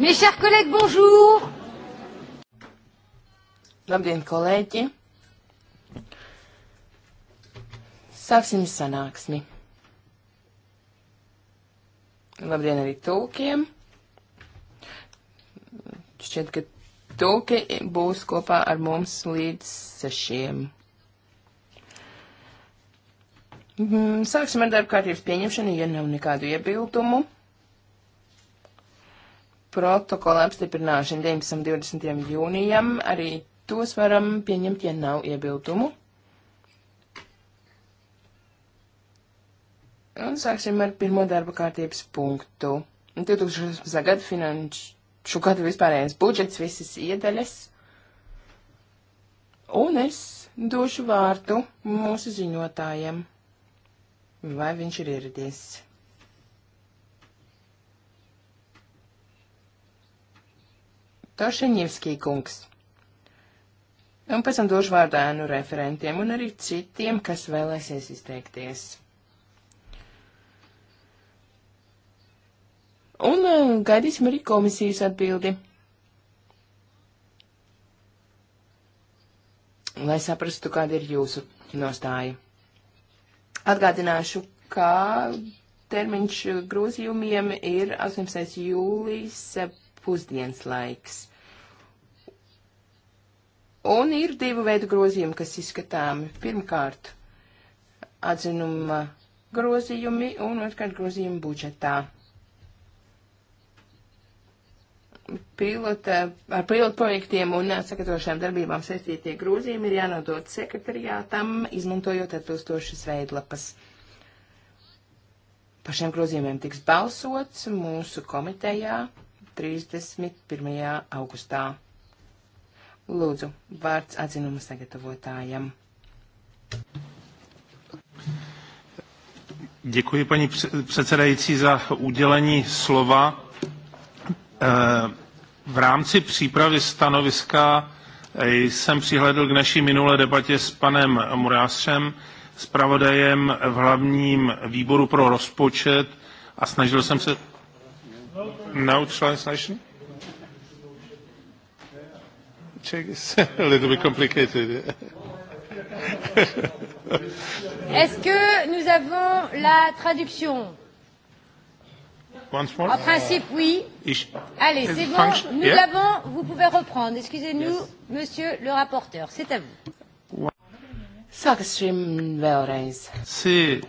Mes chers collègues, bonjour! Labdien, kolēģi! Sāksim sanāksmi. Labdien arī tulkiem. Šķiet, ka tulki būs kopā ar mums līdz sešiem. Mm, sāksim ar darba kārtības pieņemšanu, ja nav nekādu iebildumu protokola apstiprināšanu 19. 20. jūnijam. Arī tos varam pieņemt, ja nav iebildumu. Un sāksim ar pirmo darba kārtības punktu. 2016. gada finanšu gada vispārējais budžets, visas iedaļas. Un es došu vārdu mūsu ziņotājiem. Vai viņš ir ieradies? Tošiņievskī kungs. Un pēc tam došu vārdu ēnu referentiem un arī citiem, kas vēlēsies izteikties. Un uh, gaidīsim arī komisijas atbildi. Lai saprastu, kāda ir jūsu nostāja. Atgādināšu, ka termiņš grozījumiem ir 18. jūlijas pusdienas laiks. Un ir divu veidu grozījumi, kas izskatāmi. Pirmkārt, atzinuma grozījumi un otrkārt grozījumi budžetā. Pilota, ar pilotu projektiem un sagatavošajām darbībām saistītie grozījumi ir jānodod sekretariātam, izmantojot atbilstošas veidlapas. Par šiem grozījumiem tiks balsots mūsu komitejā 31. augustā. Lūdzu, vārds atzinuma sagatavotājam. Děkuji paní předsedající za udělení slova. V rámci přípravy stanoviska jsem přihledl k naší minulé debatě s panem Murášem, zpravodajem v hlavním výboru pro rozpočet a snažil jsem se... No translation? Czech is a little bit complicated. Est-ce que nous avons la traduction Once more? En principe, oui. Ich, Allez, c'est bon. Function? Nous yeah. avons. Vous pouvez reprendre. Excusez-nous, yes. Monsieur le rapporteur. C'est à vous. Sāksim vēlreiz. Si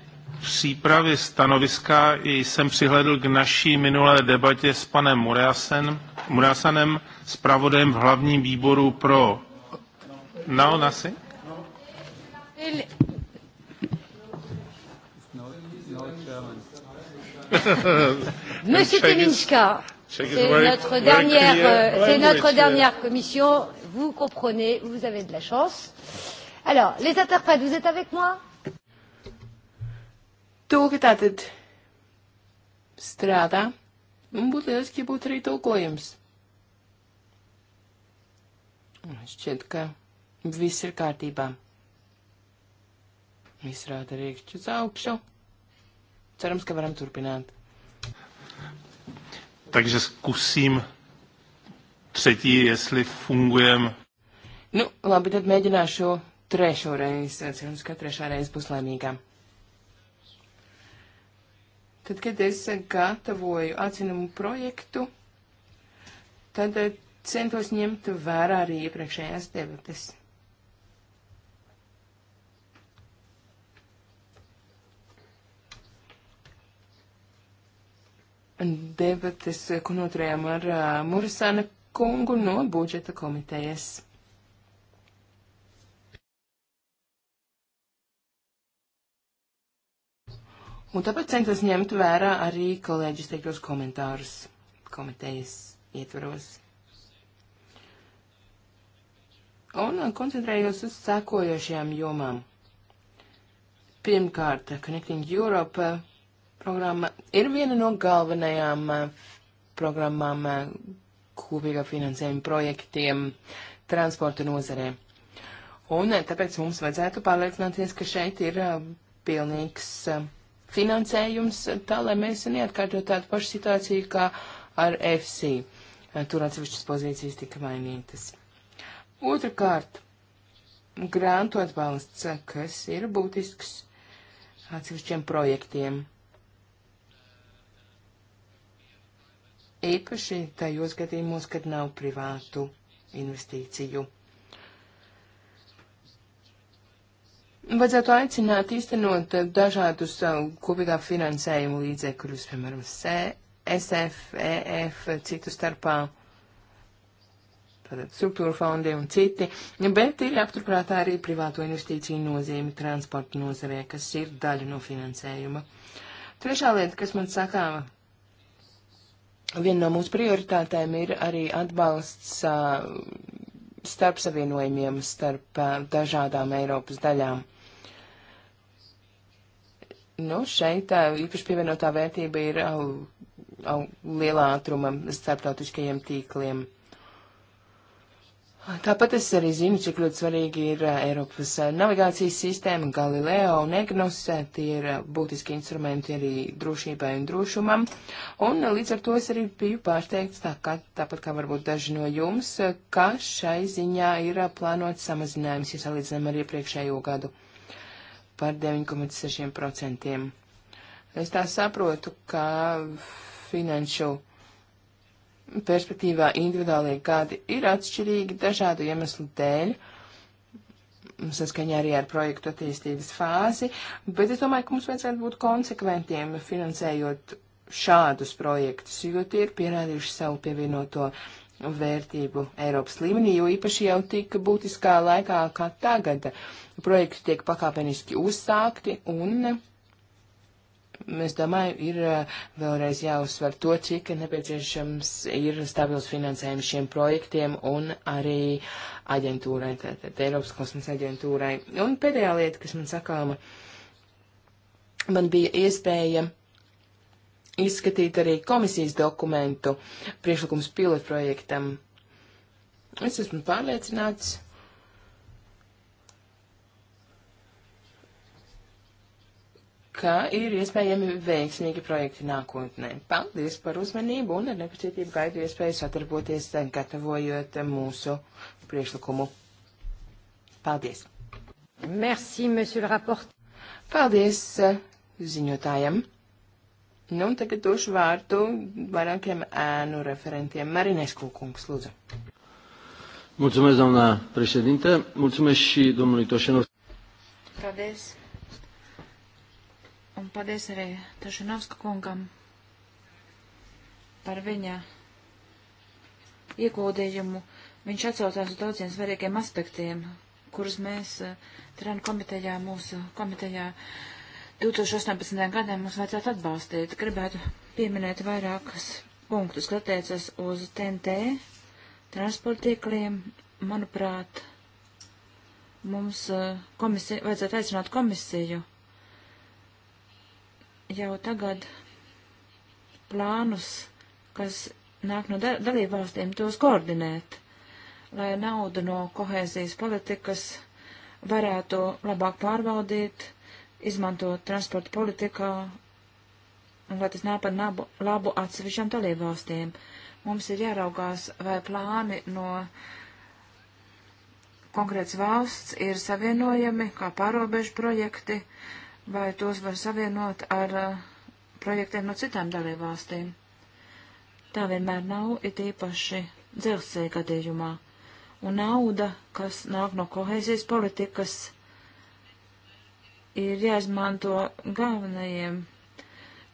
přípravy stanoviska jsem přihledl k naší minulé debatě s panem Mureasenem. Mureasenem zpravodajem v hlavním výboru pro Naonasi. Monsieur Teminska, c'est notre dernière, euh, c'est notre euh. dernière commission. Vous comprenez, vous avez de la chance. Alors, les interprètes, vous êtes avec moi Tūki tātad strādā, un būtu lieliski, ja būtu arī tulkojums. Šķiet, ka viss ir kārtībā. Viss rāda rīkšķi uz augšu. Cerams, ka varam turpināt. Takže zkusím třetí, jestli fungujeme. Nu, labi, tad mēģināšu trešo reizi. Cerams, ka trešā reize būs laimīgā. Tad, kad es gatavoju atzinumu projektu, tad eh, centos ņemt vērā arī iepriekšējās debates. Debates, ko noturējām ar uh, Murasana kungu no budžeta komitejas. Un tāpēc centos ņemt vērā arī kolēģis teiktos komentārus komitejas ietvaros un uh, koncentrējos uz sekojošajām jomām. Pirmkārt, Connecting Europe uh, programma ir viena no galvenajām uh, programmām kopīga finansējuma projektiem transporta nozarē. Un tāpēc mums vajadzētu pārliecināties, ka šeit ir pilnīgs finansējums, tā lai mēs neatkārtot tādu pašu situāciju kā ar FC. Tur atsevišķas pozīcijas tika mainītas. Otrakārt, grāntu atbalsts, kas ir būtisks atsevišķiem projektiem. Īpaši tajos gadījumos, kad nav privātu investīciju. Vajadzētu aicināt īstenot dažādus uh, kopīgā finansējuma līdzekļus, piemēram, SF, EF, citu starpā tātad struktūra fondi un citi, bet ir jāpaturprātā arī privāto investīciju nozīme transporta nozarē, kas ir daļa no finansējuma. Trešā lieta, kas man sakāma, viena no mūsu prioritātēm ir arī atbalsts uh, starp savienojumiem, starp uh, dažādām Eiropas daļām. Nu, šeit uh, īpaši pievienotā vērtība ir au, au, lielā ātruma starptautiskajiem tīkliem. Tāpat es arī zinu, cik ļoti svarīgi ir eh, Eiropas eh, navigācijas sistēma, Galileo un Egnos, eh, tie ir būtiski instrumenti arī drošībai un drošumam, un līdz ar to es arī biju pārsteigts, tā kā, tāpat kā varbūt daži no jums, ka šai ziņā ir plānots samazinājums, ja salīdzinām ar iepriekšējo gadu, par 9,6%. Es tā saprotu, ka finanšu perspektīvā individuālie gadi ir atšķirīgi dažādu iemeslu dēļ, saskaņā arī ar projektu attīstības fāzi, bet es domāju, ka mums vajadzētu būt konsekventiem finansējot šādus projektus, jo tie ir pierādījuši savu pievienoto vērtību Eiropas līmenī, jo īpaši jau tik būtiskā laikā kā tagad projekti tiek pakāpeniski uzsākti un Es domāju, ir eh, vēlreiz jāuzsver to, cik nepieciešams ir stabils finansējums šiem projektiem un arī aģentūrai, tātad Eiropas kosmosa aģentūrai. Un pēdējā lieta, kas man sakāma, man bija iespēja izskatīt arī komisijas dokumentu priekšlikums pilotprojektam. Es esmu pārliecināts, ka ir iespējami veiksmīgi projekti nākotnē. Paldies par uzmanību un ar nepacietību gaidu iespēju sadarboties, gatavojot mūsu priešlikumu. Paldies! Merci, monsieur le rapport. Paldies eh, ziņotājam. Nu, un tagad došu vārdu vairākiem ēnu referentiem. Marinesku kungs, lūdzu. Mulțumesc, doamna președinte. Mulțumesc și domnului Toșenov. Paldies. Un paldies arī Tašanovska kungam par viņa ieguldījumu. Viņš atsaucās uz daudziem svarīgiem aspektiem, kurus mēs eh, Trenu komitejā, mūsu komitejā 2018. gadā mums vajadzētu atbalstīt. Gribētu pieminēt vairākas punktus, kas attiecas uz TNT transporttīkliem. Manuprāt, mums eh, komisija, vajadzētu aicināt komisiju jau tagad plānus, kas nāk no dalību valstīm, tos koordinēt, lai naudu no kohēzijas politikas varētu labāk pārvaldīt, izmantot transporta politikā, un lai tas nāk par labu, labu atsevišķām dalību valstīm. Mums ir jāraugās, vai plāni no konkrēts valsts ir savienojami kā pārobežu projekti, uh, vai tos var savienot ar uh, projektiem no citām dalībvalstīm. Tā vienmēr nav, it īpaši dzelzceļa gadījumā. Un nauda, kas nāk no kohēzijas politikas, ir jāizmanto galvenajiem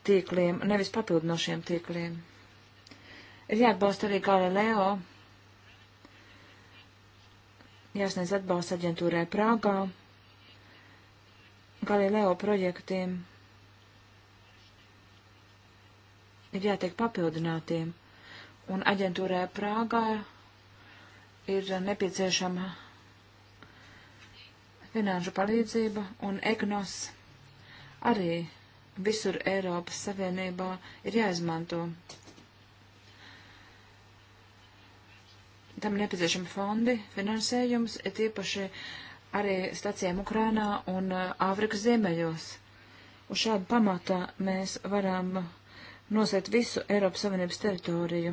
tīkliem, nevis papildinošiem tīkliem. Ir jāatbalsta arī Galileo, jāsniedz atbalsts aģentūrai Prāgā Galileo projektiem ir jātiek papildinātiem, un aģentūrē Prāgā ir nepieciešama finanšu palīdzība un EGNOS arī visur Eiropas Savienībā ir jāizmanto. Tam nepieciešami fondi, finansējums, ir tīpaši uh, arī stacijām Ukrainā un uh, Āfrikas ziemeļos. Uz šādu pamatā mēs varam nosēt visu Eiropas Savienības teritoriju.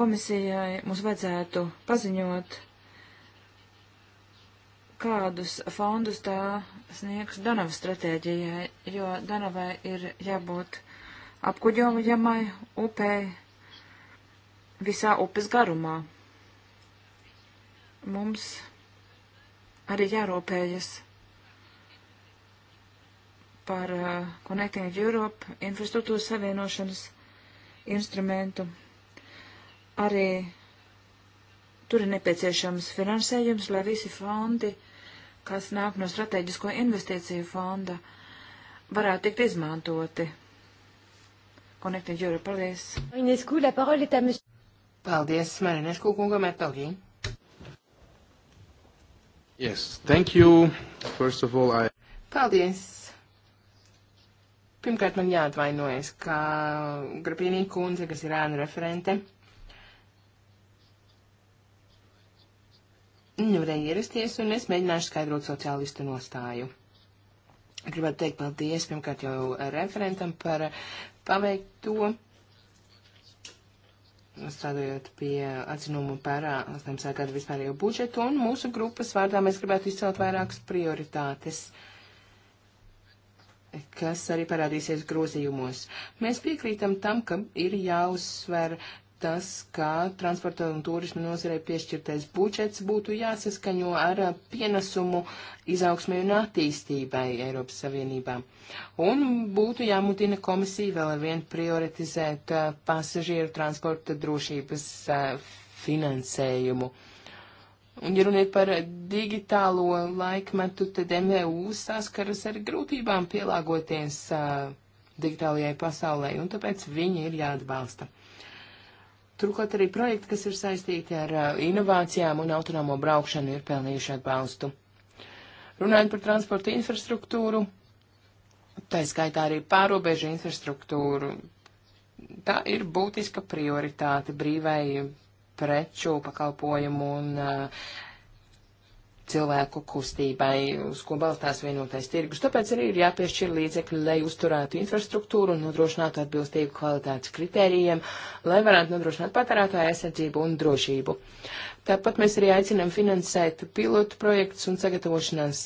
Komisijai mums vajadzētu paziņot, kādus fondus tā sniegs Danavas stratēģijai, jo Danavai ir jābūt apkuģojamai upē visā upes garumā. Mums arī jārūpējas par uh, Connecting Europe infrastruktūras savienošanas instrumentu. Arī tur ir nepieciešams finansējums, lai visi fondi, kas nāk no strateģisko investīciju fonda, varētu tikt izmantoti. Connecting Europe, paldies! Paldies, Marinesku kungam, Ertogī! Yes, thank you. First of all, I... Paldies. Pirmkārt, man jāatvainojas, ka Grapīnī kundze, kas ir ēnu referente, nevarēja ierasties, un es mēģināšu skaidrot sociālistu nostāju. Gribētu teikt paldies pirmkārt jau referentam par paveikto strādājot pie atzinumu par 18. gada vispārējo budžetu, un mūsu grupas vārdā mēs gribētu izcelt vairākas prioritātes, kas arī parādīsies grozījumos. Mēs piekrītam tam, ka ir jāuzsver tas, ka transporta un turisma nozarei piešķirtais budžets būtu jāsaskaņo ar pienesumu izaugsmē un attīstībai Eiropas Savienībā. Un būtu jāmutina komisija vēl ar vienu prioritizēt uh, pasažieru transporta drošības uh, finansējumu. Un, ja runiet par digitālo laikmetu, tad MVU saskaras ar grūtībām pielāgoties uh, digitālajai pasaulē, un tāpēc viņi ir jāatbalsta. Turklāt arī projekti, kas ir saistīti ar uh, inovācijām un autonomo braukšanu, ir pelnījuši atbalstu. Runājot par transporta infrastruktūru, tā skaitā arī pārobežu infrastruktūru, tā ir būtiska prioritāte brīvai preču pakalpojumu un uh, cilvēku kustībai, uz ko balstās vienotais tirgus. Tāpēc arī ir jāpiešķir līdzekļi, lai uzturētu infrastruktūru un nodrošinātu atbilstību kvalitātes kritērijiem, lai varētu nodrošināt patērētāju aizsardzību un drošību. Tāpat mēs arī aicinām finansēt pilotu projektus un sagatavošanās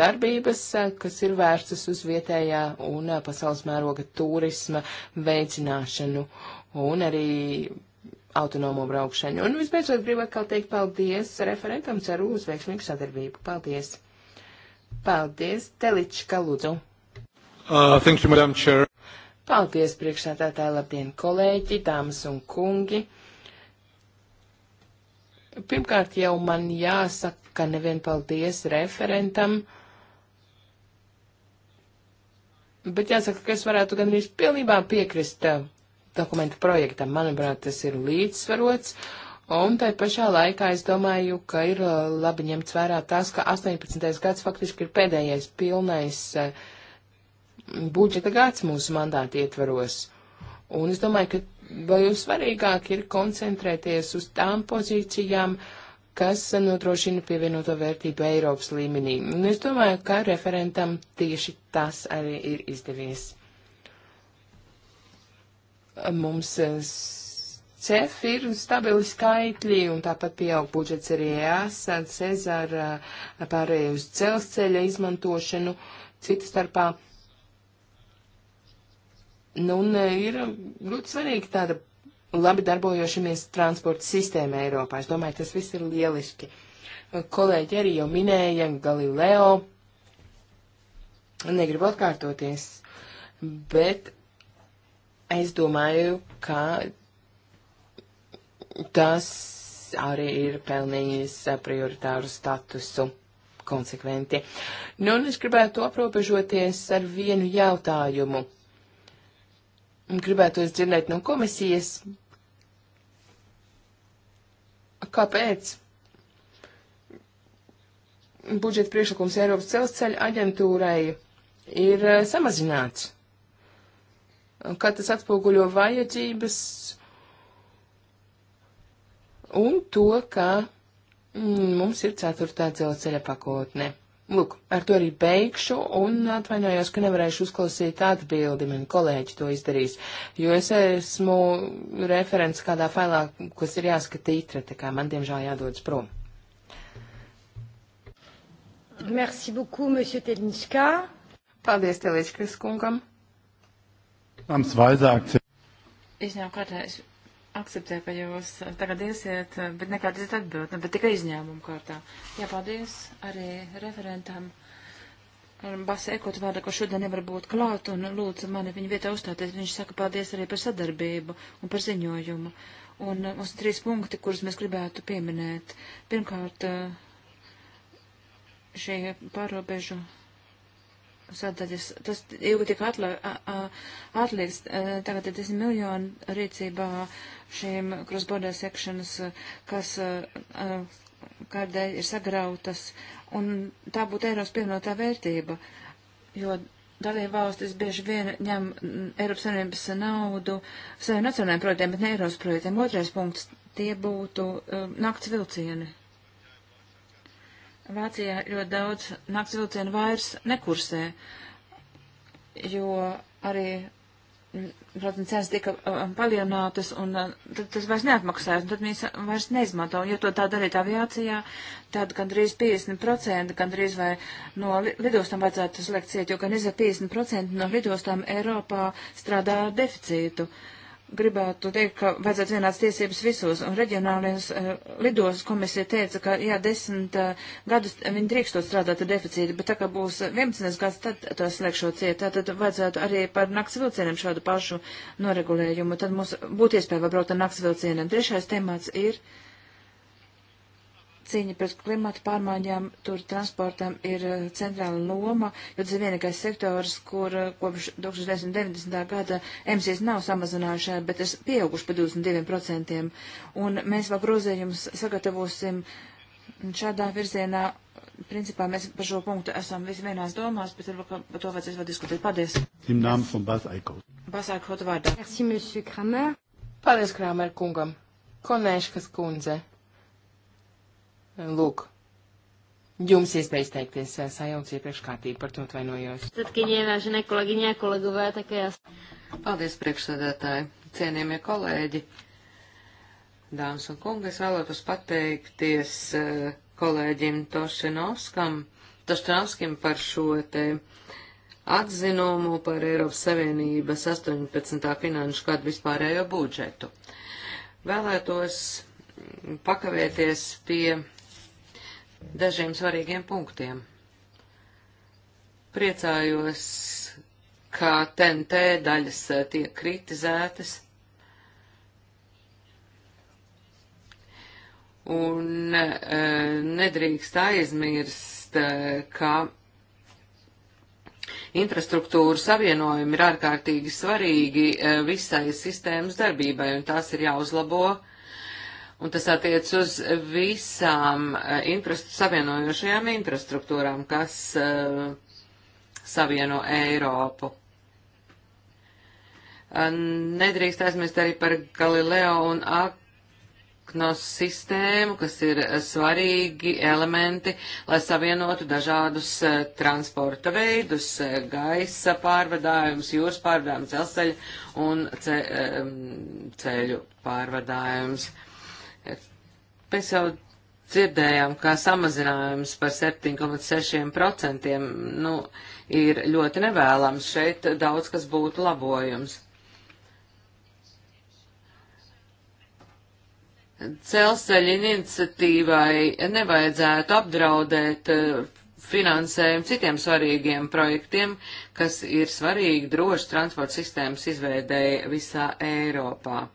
darbības, kas ir vērstas uz vietējā un pasaules mēroga turisma veicināšanu un arī autonomo braukšanu. Un visbeidzot gribu atkal teikt paldies referentam, ceru uz veiksmīgu sadarbību. Paldies! Paldies, Telička Lūdzu! Uh, thank you, Madam Chair. Paldies, priekšsētātāji, labdien, kolēģi, dāmas un kungi! Pirmkārt jau man jāsaka nevien paldies referentam, bet jāsaka, ka es varētu gandrīz pilnībā piekrist uh, dokumenta projektam. Manuprāt, tas ir līdzsvarots. Un tai pašā laikā es domāju, ka ir uh, labi ņemts vērā tas, ka 18. gads faktiski ir pēdējais pilnais uh, budžeta gads mūsu mandāta ietvaros. Un es domāju, ka vēl jau svarīgāk ir koncentrēties uz tām pozīcijām, kas nodrošina pievienoto vērtību Eiropas līmenī. Un es domāju, ka referentam tieši tas arī ir izdevies. Mums eh, CEF ir stabili skaitļi, un tāpat pieaug budžets arī EASA, Cezar, pārējai uz celsceļa izmantošanu, citu starpā. Nu, un eh, ir ļoti svarīgi tāda labi darbojošamies transporta sistēma Eiropā. Es domāju, tas viss ir lieliski. Kolēģi arī jau minēja Galileo. Negribu atkārtoties, bet Es domāju, ka tas arī ir pelnījis prioritāru statusu konsekventi. Nu, un es gribētu aprobežoties ar vienu jautājumu. Gribētu es dzirdēt no komisijas, kāpēc budžeta priekšlikums Eiropas celsceļa aģentūrai ir eh, samazināts kā tas atspoguļo vajadzības un to, ka mm, mums ir ceturtā dzelzceļa pakotne. Lūk, ar to arī beigšu un atvainojos, ka nevarēšu uzklausīt atbildi, man kolēģi to izdarīs, jo es esmu referents kādā failā, kas ir jāskata itra, tā kā man diemžēl jādodas prom. Merci beaucoup, monsieur Telinska. Paldies, Telinska skungam. Amtsweise akceptē. Izņēmu kārtā es akceptēju, ka jūs tagad iesiet, bet nekādīt atbild, ne, nu, bet tikai izņēmumu kārtā. Jā, paldies arī referentam. Basa Ekot vārda, ka šodien nevar būt klāt un lūdzu mani viņa vietā uzstāties. Viņš saka paldies arī par sadarbību un par ziņojumu. Un mums ir trīs punkti, kurus mēs gribētu pieminēt. Pirmkārt, šie pārobežu sadaļas. Tas ilgi tika atlīdz, tagad ir 10 miljonu rīcībā šīm cross-border sekšanas, kas kārdēļ ir sagrautas, un tā būtu Eiropas pievienotā vērtība, jo dalībvalstis bieži vien ņem Eiropas Savienības naudu saviem nacionālajiem projektiem, bet ne Eiropas projektiem. Otrais punkts - tie būtu um, nakts vilcieni. Vācijā ļoti daudz nakts vilcienu vairs nekursē, jo arī, protams, cenas tika palielinātas, un tad tas vairs neatmaksājas, un tad mēs vairs neizmanto. Un, ja to tā darītu aviācijā, tad gandrīz 50%, gandrīz vai no lidostām vajadzētu slēgt ciet, jo gan izvēl 50% no lidostām Eiropā strādā deficītu. Uh, gribētu teikt, ka vajadzētu vienāds tiesības visos, un reģionālajās uh, eh, lidos komisija teica, ka jā, desmit uh, gadus viņi drīkstot strādāt ar deficītu, bet tā kā būs 11 gads, tad to slēgšot ciet, tad vajadzētu arī par nakts vilcieniem šādu pašu noregulējumu, tad mums būtu iespēja braukt ar nakts vilcieniem. Trešais temats ir. Uh, cīņa pret klimatu pārmaiņām, tur transportam ir eh, centrāla loma, jo tas ir vienīgais sektors, kur eh, kopš 1990. gada emisijas nav samazinājušās, bet ir pieauguši par 22%. Un mēs vēl grozējumus sagatavosim šādā virzienā. Principā mēs par šo punktu esam visi vienās domās, bet varbūt par to vajadzēs vēl diskutēt. Paldies. Bas Aikot vārdā. Merci, Paldies, Krāmer kungam. Konēškas kundze. Lūk, jums iespēja izteikties eh, sajauc iepriekš kārtību, par to atvainojos. Tad, kad ievēžanē kolēģiņē, koleguvē, tā kā jās. Paldies, priekšsēdētāji, cienījamie kolēģi. Dāmas un kungi, es vēlētos pateikties eh, kolēģim Tošinovskam, Tošinovskim par šo te atzinumu par Eiropas Savienības 18. finanšu gadu vispārējo budžetu. Vēlētos pakavēties pie dažiem svarīgiem punktiem. Priecājos, ka TNT daļas eh, tiek kritizētas. Un e, nedrīkst aizmirst, eh, ka infrastruktūra savienojumi ir ārkārtīgi svarīgi visai sistēmas darbībai, un tās ir jāuzlabo. E, Un tas attiec uz visām eh, infrast savienojošajām infrastruktūrām, kas uh, savieno Eiropu. Uh, nedrīkst aizmirst arī par Galileo un Aknos sistēmu, kas ir eh, svarīgi elementi, lai savienotu dažādus uh, transporta veidus - gaisa pārvadājums, jūras pārvadājums, dzelzceļa un ce, um, ceļu pārvadājums. Uh, Mēs jau dzirdējām, ka samazinājums par 7,6% nu, ir ļoti nevēlams. Šeit daudz kas būtu labojums. Celseļa iniciatīvai nevajadzētu apdraudēt eh, finansējumu citiem svarīgiem projektiem, kas ir svarīgi droši transporta sistēmas izveidēja visā Eiropā.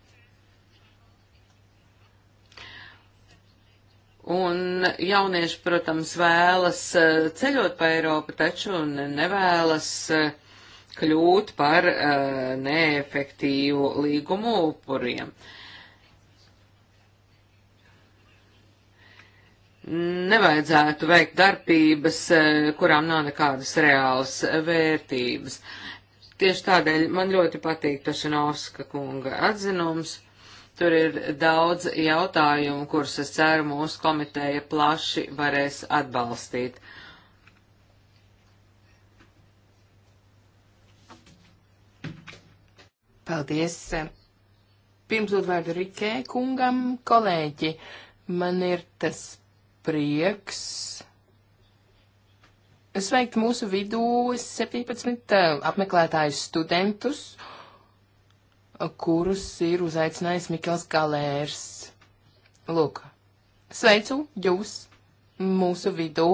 Un jaunieši, protams, vēlas eh, ceļot pa Eiropu, taču nevēlas eh, kļūt par eh, neefektīvu līgumu upuriem. Nevajadzētu veikt darbības, kurām nav nekādas reālas vērtības. Tieši tādēļ man ļoti patīk Tošinovska kunga atzinums. Tur ir daudz jautājumu, kurus es ceru mūsu komiteja plaši varēs atbalstīt. Paldies. Pirms dod vārdu Rikē kungam, kolēģi, man ir tas prieks sveikt mūsu vidū 17 eh, apmeklētājus studentus kurus ir uzaicinājis Mikls Galērs. Lūk, sveicu jūs mūsu vidū,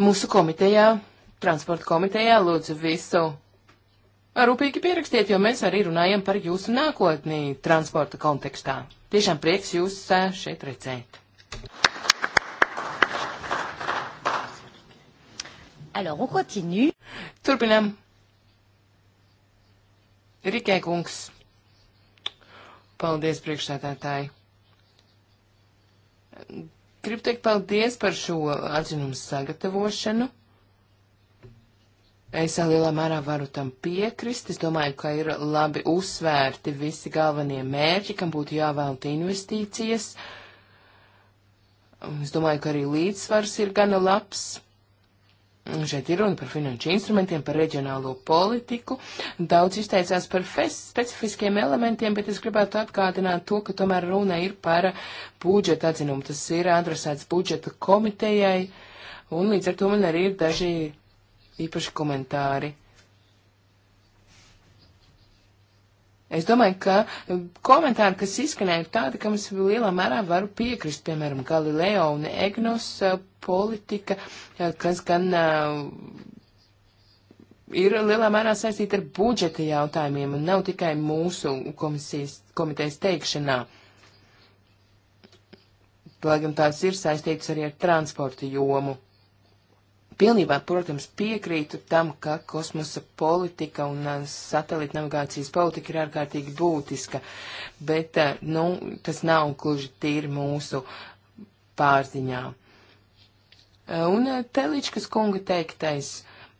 mūsu komitejā, transporta komitejā, lūdzu visu. Rūpīgi pierakstiet, jo mēs arī runājam par jūsu nākotnī transporta kontekstā. Tiešām prieks jūs šeit redzēt. Alors, on continue. Turpinam Rikē kungs. Paldies, priekšsēdētāji. Gribu teikt paldies par šo atzinumu sagatavošanu. Es lielā mērā varu tam piekrist. Es domāju, ka ir labi uzsvērti visi galvenie mērķi, kam būtu jāvēlta investīcijas. Es domāju, ka arī līdzsvars ir gana labs. Šeit ir runa par finanšu instrumentiem, par reģionālo politiku. Daudz izteicās par specifiskiem elementiem, bet es gribētu atgādināt to, ka tomēr runa ir par budžeta atzinumu. Tas ir adresēts budžeta komitejai, un līdz ar to man arī ir daži īpaši komentāri. Es domāju, ka komentāri, kas izskanēja, ir tādi, kam es lielā mērā varu piekrist, piemēram, Galileo un Egnos politika, kas gan ir lielā mērā saistīta ar budžeta jautājumiem un nav tikai mūsu komisijas, komitejas teikšanā. Lai gan tās ir saistītas arī ar transporta jomu. Pilnībā, protams, piekrītu tam, ka kosmosa politika un uh, satelīta navigācijas politika ir ārkārtīgi būtiska, bet, uh, nu, tas nav gluži tīri mūsu pārziņā. Uh, un Teličkas kunga teiktais.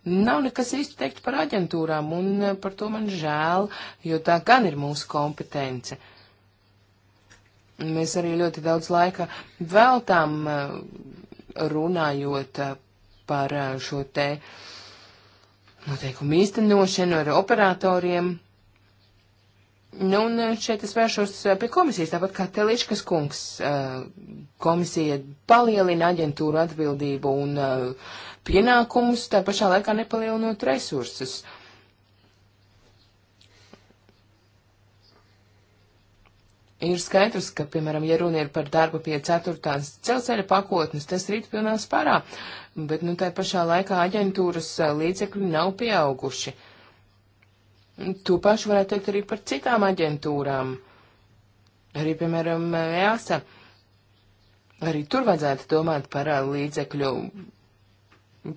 Nav nekas īsti teikt par aģentūrām, un par to man žēl, jo tā gan ir mūsu kompetence. Mēs arī ļoti daudz laika veltām runājot par eh, šo te noteikumu īstenošanu ar operatoriem. Nu, un eh, šeit es vēršos eh, pie komisijas, tāpat kā Teliškas kungs. Komisija palielina aģentūru atbildību un pienākumus, tā pašā laikā nepalielinot resursus. Uh, ir skaidrs, ka, piemēram, ja runa ir par darbu pie ceturtās celceļa pakotnes, tas rīt pilnā spārā, bet, nu, tā pašā laikā aģentūras eh, līdzekļi nav pieauguši. To pašu varētu teikt arī par citām aģentūrām. Arī, piemēram, EASA. Arī tur vajadzētu domāt par eh, līdzekļu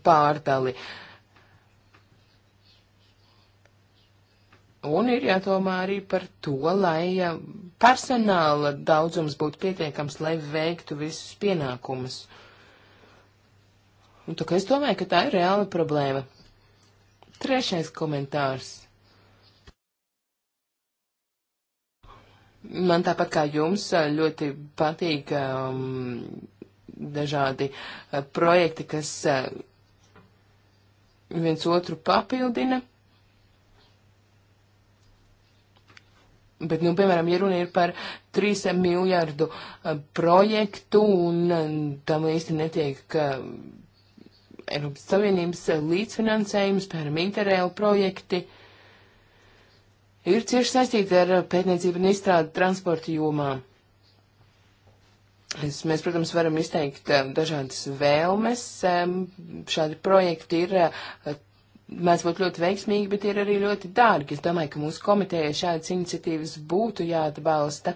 pārdali. Uh, Un ir jādomā arī par to, lai personāla daudzums būtu pietiekams, lai veiktu visus pienākumus. Un tā kā es domāju, ka tā ir reāla problēma. Trešais komentārs. Man tāpat kā jums ļoti patīk um, dažādi uh, projekti, kas uh, viens otru papildina. Bet, nu, piemēram, ja runa ir par 3 miljardu uh, projektu un uh, tam īsti netiek uh, Eiropas Savienības līdzfinansējums, piemēram, interēlu projekti, ir cieši saistīti ar pētniecību un izstrādi transporta jomā. Es, mēs, protams, varam izteikt dažādas vēlmes. Šādi projekti ir mēs būtu ļoti veiksmīgi, bet ir arī ļoti dārgi. Es domāju, ka mūsu komitejai šādas iniciatīvas būtu jāatbalsta.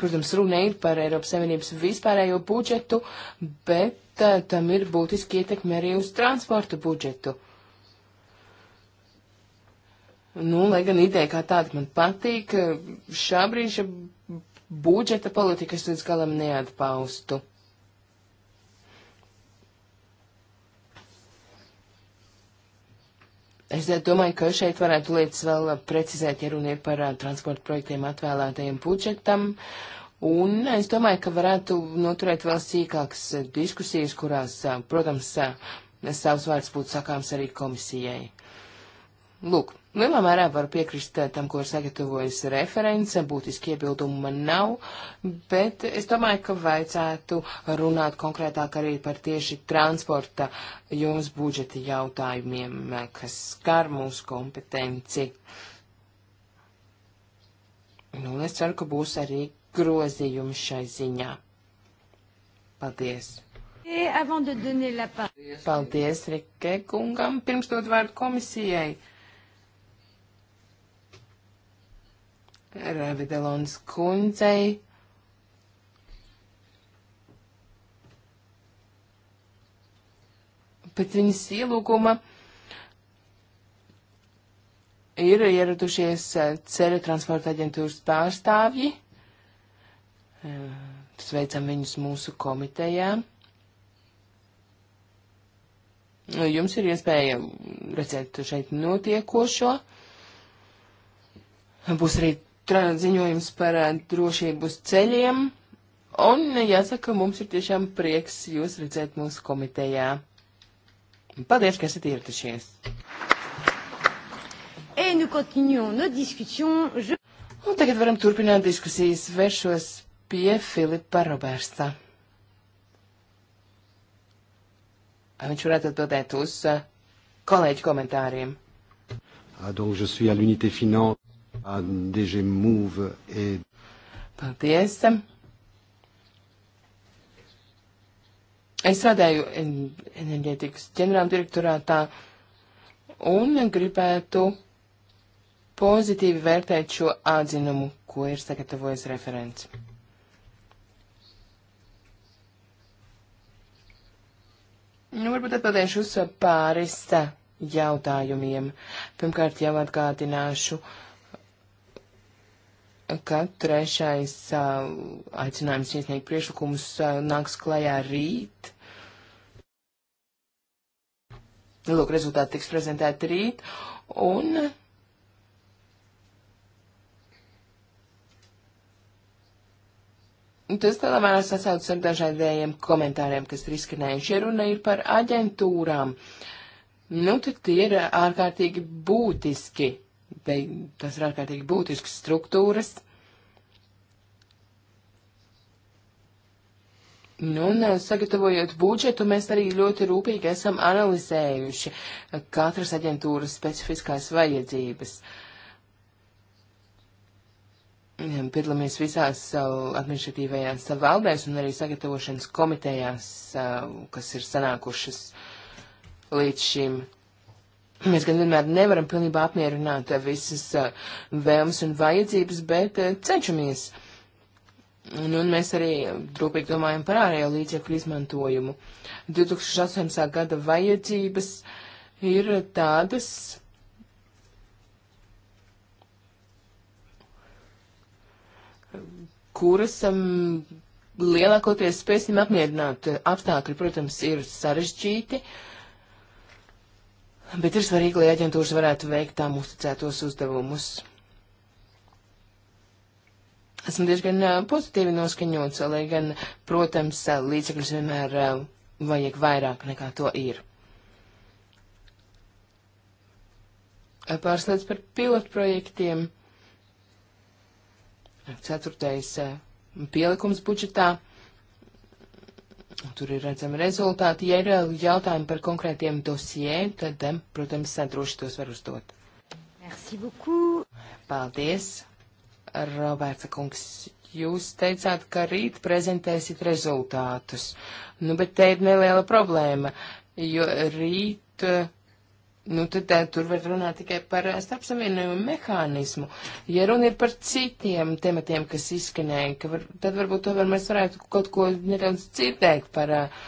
Protams, runa ir par Eiropas Savienības vispārējo budžetu, bet uh, tam ir būtiski ietekme arī uz transporta budžetu. Nu, lai gan ideja kā tāda man patīk, eh, šā brīža budžeta politikas līdz galam neatpaustu. Es domāju, ka šeit varētu lietas vēl precizēt, ja runa ir par transporta projektiem atvēlētajiem budžetam. Un es domāju, ka varētu noturēt vēl sīkākas diskusijas, kurās, protams, savs vārds būtu sakāms arī komisijai. Lūk, Lielā mērā var piekrist eh, tam, ko ir sagatavojis referents, būtiski iebildumu man nav, bet es domāju, ka vajadzētu runāt konkrētāk arī par tieši transporta jums budžeta jautājumiem, eh, kas skar mūsu kompetenci. Nu, un es ceru, ka būs arī grozījumi šai ziņā. Paldies! Paldies, Rikē kungam, pirms dod vārdu komisijai. Revidelons kundzei. Pēc viņas ielūguma ir ieradušies eh, ceļu transporta aģentūras pārstāvji. Eh, sveicam viņus mūsu komitejā. Eh, jums ir iespēja redzēt šeit notiekošo. Būs arī ziņojums par eh, drošību uz ceļiem. Un jāsaka, mums ir tiešām prieks jūs redzēt mūsu komitejā. Paldies, ka esat ieradušies. Un tagad varam turpināt diskusijas. Vēršos pie Filipa Roberta. Viņš varētu atbildēt uz eh, kolēģu komentāriem. Ah, donc je suis à l'unité finance. Paldies! Es strādāju enerģētikas ģenerāldirektorātā un gribētu pozitīvi vērtēt šo atzinumu, ko ir sagatavojis referents. Nu, varbūt atbildēšu uz pāris jautājumiem. Pirmkārt, jau atgādināšu, uh, ka trešais uh, aicinājums iesniegt priešlikumus uh, nāks klajā rīt. Lūk, rezultāti tiks prezentēti rīt. Un Tas lielā mērā sasaucas ar dažādiem komentāriem, kas ir izskanējuši. Ja runa ir par aģentūrām, nu tad tie ir ārkārtīgi būtiski te, tas ir ārkārtīgi būtisks struktūras. Nu, un eh, sagatavojot budžetu, mēs arī ļoti rūpīgi esam analizējuši katras aģentūras specifiskās vajadzības. Piedalāmies visās eh, administratīvajās valdēs un arī sagatavošanas komitejās, eh, kas ir sanākušas līdz šim Mēs gan vienmēr nevaram pilnībā apmierināt visas uh, vēlmes un vajadzības, bet uh, cenšamies. Un, un mēs arī rūpīgi domājam par ārējo līdzekļu izmantojumu. 2018. gada vajadzības ir tādas, kuras um, lielākoties spēsim apmierināt. Apstākļi, protams, ir sarežģīti. Uh, bet ir svarīgi, lai aģentūras varētu veikt tām uzticētos uzdevumus. Esmu diezgan pozitīvi noskaņots, lai gan, protams, līdzekļus vienmēr vajag vairāk nekā to ir. Pāris lietas par pilotprojektiem. Ceturtais pielikums budžetā. Tur ir redzami rezultāti. Ja ir eh, jautājumi par konkrētiem dosijiem, tad, eh, protams, droši tos var uzdot. Merci beaucoup. Paldies, Roberta kungs. Jūs teicāt, ka rīt prezentēsit rezultātus. Nu, bet te ir neliela problēma, jo rīt. Uh, Nu, tad tā, eh, tur var runāt tikai par eh, starpsavienojumu mehānismu. Ja runa ir par citiem tematiem, kas izskanēja, ka var, tad varbūt to var mēs varētu kaut ko nedaudz dzirdēt par uh,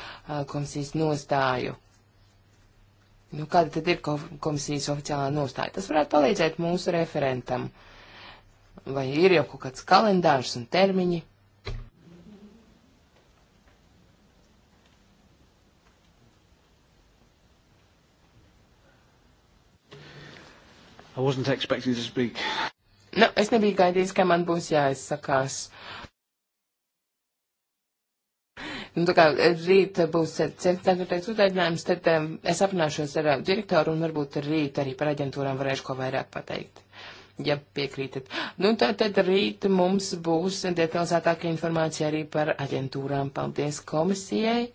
komisijas nostāju. Nu, kāda tad ir komisijas oficiālā nostāja? Tas varētu palīdzēt mūsu referentam. Vai ir jau kaut kāds kalendārs un termiņi? I wasn't expecting to speak. Nu, es nebiju gaidījis, ka man būs jāizsakās. Nu, tā kā rīt būs centrālais uzaicinājums, tad um, es apināšos ar uh, direktoru un varbūt rīt arī par aģentūrām varēšu ko vairāk pateikt, ja piekrītat. Nu, tā tad rīt mums būs detalizētāka informācija arī par aģentūrām. Paldies komisijai!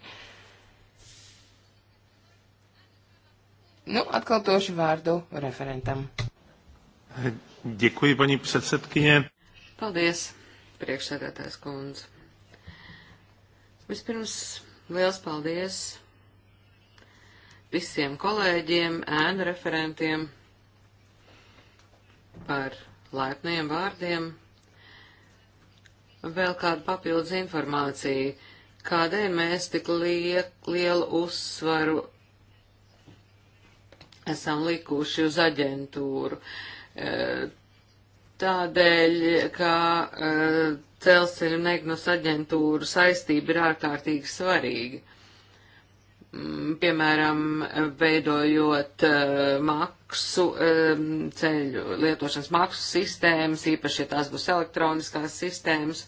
Nu, atkal došu vārdu referentam. Děkuji, paní předsedkyně. Paldies, priekšsēdētājs kundze. Vispirms liels paldies visiem kolēģiem, ēnu referentiem par laipniem vārdiem. Vēl kāda papildus informācija, kādēļ mēs tik liek, lielu uzsvaru esam likuši uz aģentūru. E, tādēļ, ka e, Celsiņa un Egnus aģentūru saistība ir ārkārtīgi svarīga. Mm, piemēram, veidojot e, maksu ceļu, lietošanas maksu sistēmas, īpaši, ja tās būs elektroniskās sistēmas.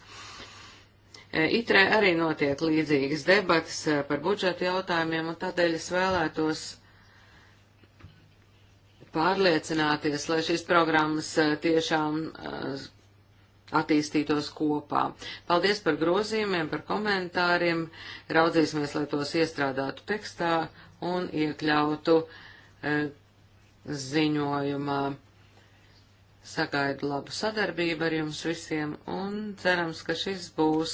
Itrē arī notiek līdzīgas debatas par budžetu jautājumiem, un tādēļ es vēlētos pārliecināties, lai šīs programmas eh, tiešām eh, attīstītos kopā. Paldies par grozījumiem, par komentāriem, raudzīsimies, lai tos iestrādātu tekstā un iekļautu eh, ziņojumā. Sagaidu labu sadarbību ar jums visiem un cerams, ka šis būs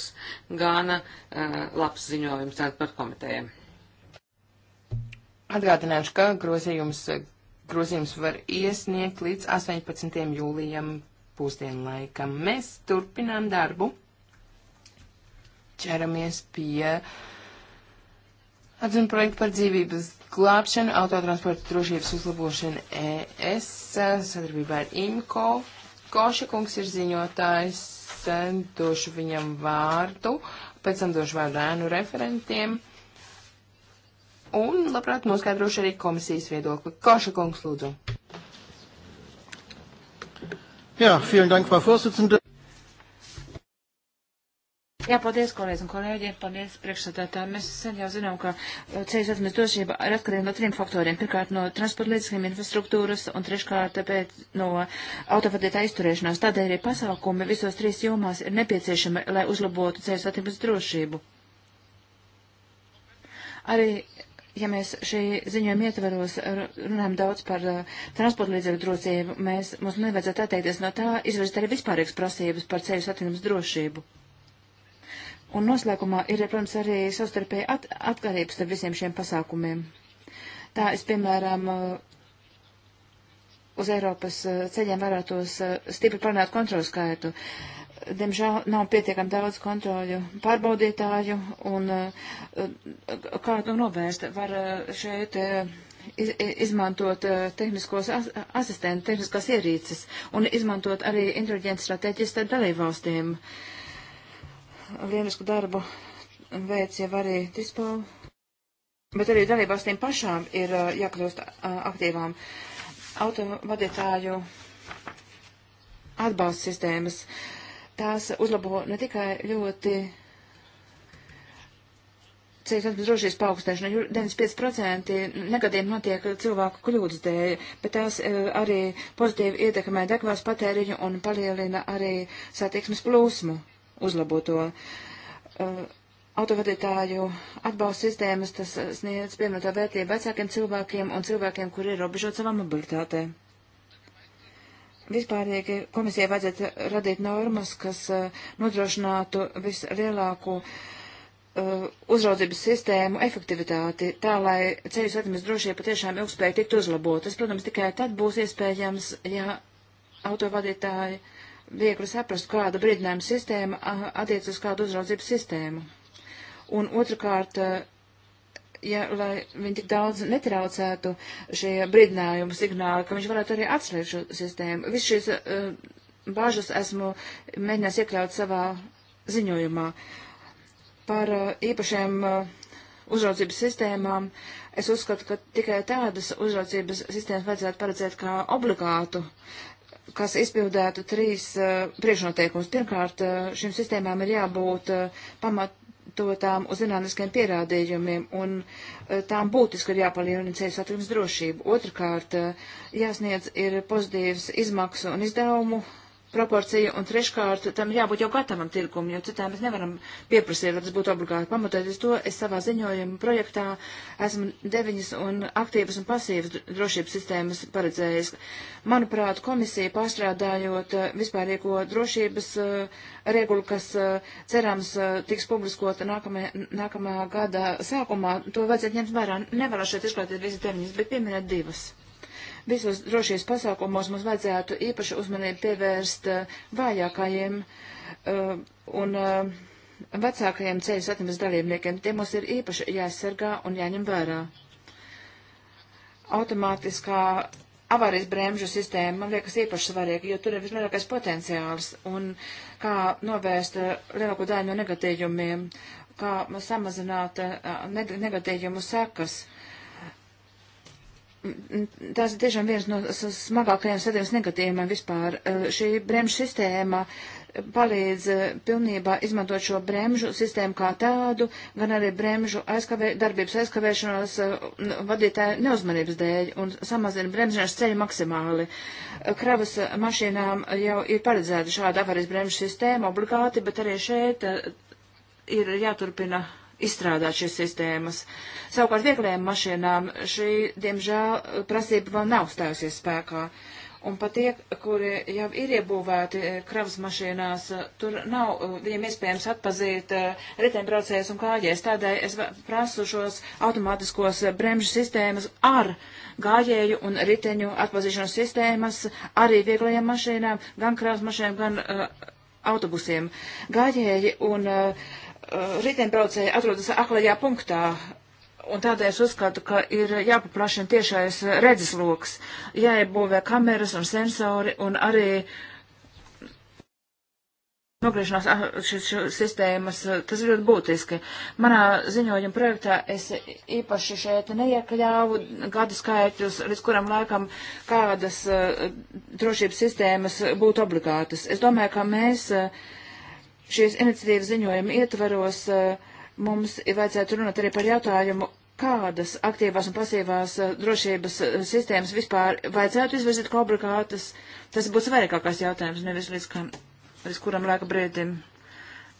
gana uh, labs ziņojums transporta komitējiem. Atgādināšu, ka grozījums Grozījums var iesniegt līdz 18. jūlijam pusdienlaikam. Mēs turpinām darbu, ķeramies pie atzinu projektu par dzīvības glābšanu, autotransporta drošības uzlabošanu ES sadarbībā ar IMCO. Koša kungs ir ziņotājs, došu viņam vārdu, pēc tam došu vārdu ēnu referentiem un labprāt noskaidrošu arī komisijas viedokli. Koša kungs, lūdzu. Jā, vielen dank, Frau Vorsitzende. Jā, paldies, kolēģi un kolēģi, paldies priekšsādātājiem. Mēs sen jau zinām, ka uh, ceļu satiksmes drošība ir atkarīga no trim faktoriem. Pirmkārt, no transporta līdzekļiem infrastruktūras un treškārt pēc, no autovadītāja izturēšanās. Tādēļ arī pasākumi visos trīs jomās ir nepieciešami, lai uzlabotu ceļu satiksmes drošību. Arī ja mēs šī ziņojuma ietvaros runājam daudz par uh, transporta līdzekļu drošību, mēs, mums nevajadzētu atteikties no tā, izvirst arī vispārīgas prasības par ceļu satinums drošību. Un noslēgumā ir, protams, arī savstarpēja at atkarības ar visiem šiem pasākumiem. Tā es, piemēram, uh, uz Eiropas uh, ceļiem varētos uh, stipri panākt kontrolu skaitu. Uh, diemžēl nav pietiekami daudz kontroļu pārbaudītāju un eh, kā to novērst. Var eh, šeit eh, iz, izmantot tehniskos asistentus, tehniskās ierīces un izmantot arī inteliģentas stratēģijas starp dalībvalstīm. Lielisku darbu veids jau arī dispau, bet arī dalībvalstīm pašām ir jākļūst aktīvām autovadītāju atbalsta sistēmas. Uh, tās uzlabo ne tikai ļoti ceļu satiksmes drošības paaugstināšana. 95% negadiem notiek cilvēku kļūdas dēļ, bet tās eh, arī pozitīvi ietekmē degvās patēriņu un palielina arī satiksmes plūsmu uzlaboto. Uh, eh, Autovadītāju atbalsta sistēmas tas sniedz pievienotā vērtība vecākiem cilvēkiem un cilvēkiem, kuri ir robežot savā mobilitātē vispārīgi komisijai vajadzētu radīt normas, kas eh, nodrošinātu vislielāko uh, uzraudzības sistēmu efektivitāti, tā lai ceļu satiksmes drošība patiešām ilgspēja tikt uzlabot. Tas, protams, tikai tad būs iespējams, ja autovadītāji viegli saprast, kāda brīdinājuma sistēma attiec uz kādu uzraudzības sistēmu. Un otrkārt, uh, ja, lai viņi tik daudz netraucētu šie brīdinājumu signāli, ka viņš varētu arī atslēgt šo sistēmu. Viss šīs uh, bāžas esmu mēģinājis iekļaut savā ziņojumā par uh, īpašiem uh, uzraudzības sistēmām. Es uzskatu, ka tikai tādas uzraudzības sistēmas vajadzētu paredzēt kā obligātu kas izpildētu trīs uh, priekšnoteikumus. Pirmkārt, uh, šīm sistēmām ir jābūt uh, pamat pamatotām uz zinātniskiem pierādījumiem, un eh, tām būtiski ir jāpalielina ceļu satiksmes drošību. Otrakārt, eh, jāsniedz ir pozitīvs izmaksu un izdevumu proporcija, un treškārt tam jābūt jau gatavam tirgumam, jo citādi mēs nevaram pieprasīt, lai tas būtu obligāti. Pamatoties to, es savā ziņojuma projektā esmu deviņas un aktīvas un pasīvas drošības sistēmas paredzējis. Manuprāt, komisija pārstrādājot eh, vispārīgo drošības uh, regulu, kas uh, cerams uh, tiks publiskota nākamā, nākamā gada sākumā, to vajadzētu ņemt vērā. Nevaru šeit izklātīt visas deviņas, bet pieminēt divas visos drošības pasākumos mums vajadzētu īpašu uzmanību pievērst eh, vājākajiem eh, un eh, vecākajiem ceļu satiksmes dalībniekiem. Tie mums ir īpaši jāaizsargā un jāņem vērā. Automātiskā avārijas bremžu sistēma, man liekas, īpaši svarīga, jo tur ir vislielākais potenciāls un kā novērst lielāko daļu no negatījumiem, kā samazināt negatīvumu sekas. Mm, mm, tas ir tiešām viens no smagākajiem sadarbības negadījumiem vispār. Eh, šī bremžu sistēma palīdz eh, pilnībā izmantot šo bremžu sistēmu kā tādu, gan arī bremžu aizkavē, darbības aizkavēšanos eh, vadītāju neuzmanības dēļ un samazina bremžēšanas ceļu maksimāli. Kravas mašīnām jau ir paredzēta šāda avarijas bremžu sistēma obligāti, bet arī šeit ir jāturpina izstrādāt šīs sistēmas. Savukārt vieglajām mašīnām šī, diemžēl, prasība vēl nav stājusies spēkā. Un pat tie, kuri jau ir iebūvēti eh, kravas mašīnās, eh, tur nav eh, viņiem iespējams atpazīt riteņbraucējus un kājies. Tādēļ es prasu šos automātiskos bremžu sistēmas ar gājēju un riteņu atpazīšanas sistēmas arī vieglajām mašīnām, gan kravas mašīnām, gan uh, autobusiem. Gājēji un uh, riteņbraucēji atrodas aklajā punktā. Un tādēļ es uzskatu, ka ir jāpaplašina tiešais redzesloks, jāiebūvē kameras un sensori un arī nogriešanās ah, šīs sistēmas. Tas ir ļoti būtiski. Manā ziņojuma projektā es īpaši šeit neiekļāvu gadu skaitļus, līdz kuram laikam kādas eh, drošības sistēmas būtu obligātas. Es domāju, ka mēs. Uh, šīs iniciatīvas ziņojuma ietvaros eh, mums ir vajadzētu runāt arī par jautājumu, kādas aktīvās un pasīvās eh, drošības eh, sistēmas vispār vajadzētu izvirzīt kā obligātas. Tas būtu svarīgākais jautājums, nevis līdz, kam, līdz kuram laika brīdim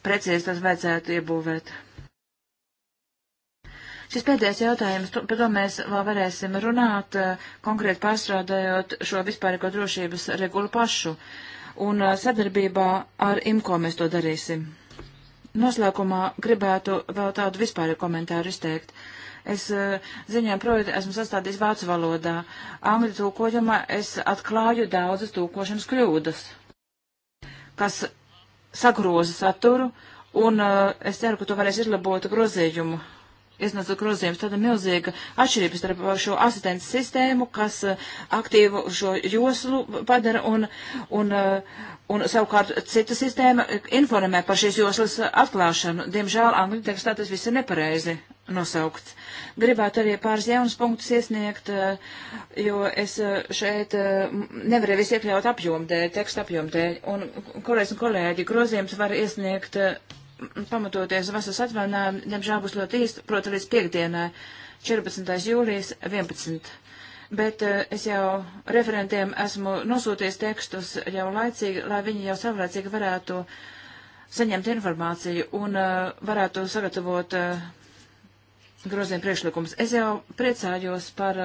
precīzi tas vajadzētu iebūvēt. Šis pēdējais jautājums, par to mēs vēl varēsim runāt, konkrēti pārstrādājot šo vispārīgo drošības regulu pašu. Uh, un eh, sadarbībā ar IMCO mēs to darīsim. Noslēgumā gribētu vēl tādu vispārēju komentāru izteikt. Es eh, ziņām projektu esmu sastādījis vācu valodā. Angļu tūkoģumā es atklāju daudzas tūkošanas kļūdas, kas sagroza saturu, un eh, es ceru, ka to varēs izlabot grozījumu iznāca grozījums, tāda milzīga atšķirības starp šo asistentu sistēmu, kas eh, aktīvu šo joslu padara un, un, eh, un savukārt cita sistēma informē par šīs joslas atklāšanu. Diemžēl angļu tekstā tas viss ir nepareizi nosaukts. Gribētu arī pāris jaunus punktus iesniegt, eh, jo es šeit nevarēju visu iekļaut apjomu dēļ, tekstu apjomu dēļ. Un kolēģis un kolēģi grozījums var iesniegt pamatoties vasaras atvainājumu, diemžēl būs ļoti īsti, proti līdz piekdienai, 14. jūlijas 11. Bet eh, es jau referentiem esmu nosūties tekstus jau laicīgi, lai viņi jau savlaicīgi varētu saņemt informāciju un eh, varētu sagatavot eh, groziem priekšlikums. Es jau priecājos par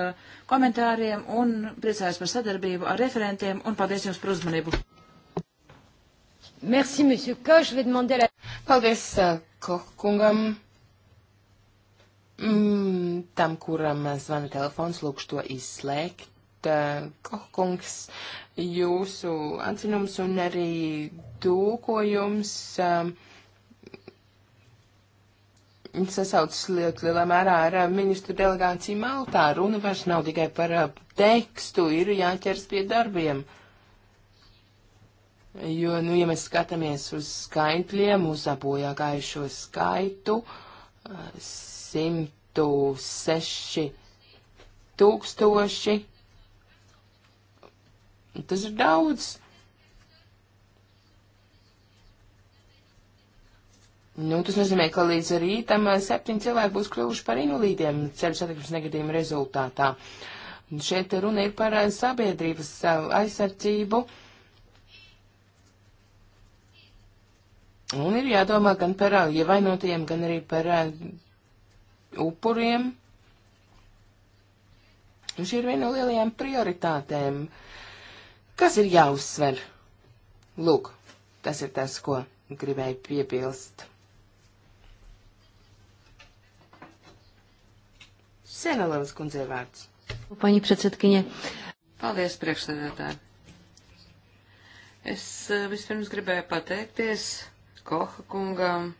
komentāriem un priecājos par sadarbību ar referentiem un paldies jums par uzmanību. Merci, monsieur Koch. Je vais demander la... Paldies, uh, Koch kungam. Mm, tam, kuram zvana telefons, lūkšu to izslēgt. Eh, Koch kungs, jūsu atzinums un arī tūkojums um, sasaucas liet, lielā mērā ar ministru delegāciju Maltā. Runa vairs nav tikai par tekstu, ir jāķers pie darbiem. Uh, Jo, nu, ja mēs skatāmies uz skaitļiem, uz abojā gājušo skaitu, 106 eh, tūkstoši, tas ir daudz. Nu, tas nozīmē, ka līdz rītam eh, septiņi cilvēki būs kļuvuši par invalīdiem ceļu satiksmes negadījumu rezultātā. Šeit runa ir par eh, sabiedrības aizsardzību. Uh, Un ir jādomā gan par ievainotajiem, gan arī par uh, upuriem. Un šī ir viena no lielajām prioritātēm. Kas ir jāuzsver? Lūk, tas ir tas, ko gribēju piebilst. Senelovas kundzei vārds. Paņi predsedkiņa. Paldies, priekšsēdētāji. Es vispirms gribēju pateikties Koha kungam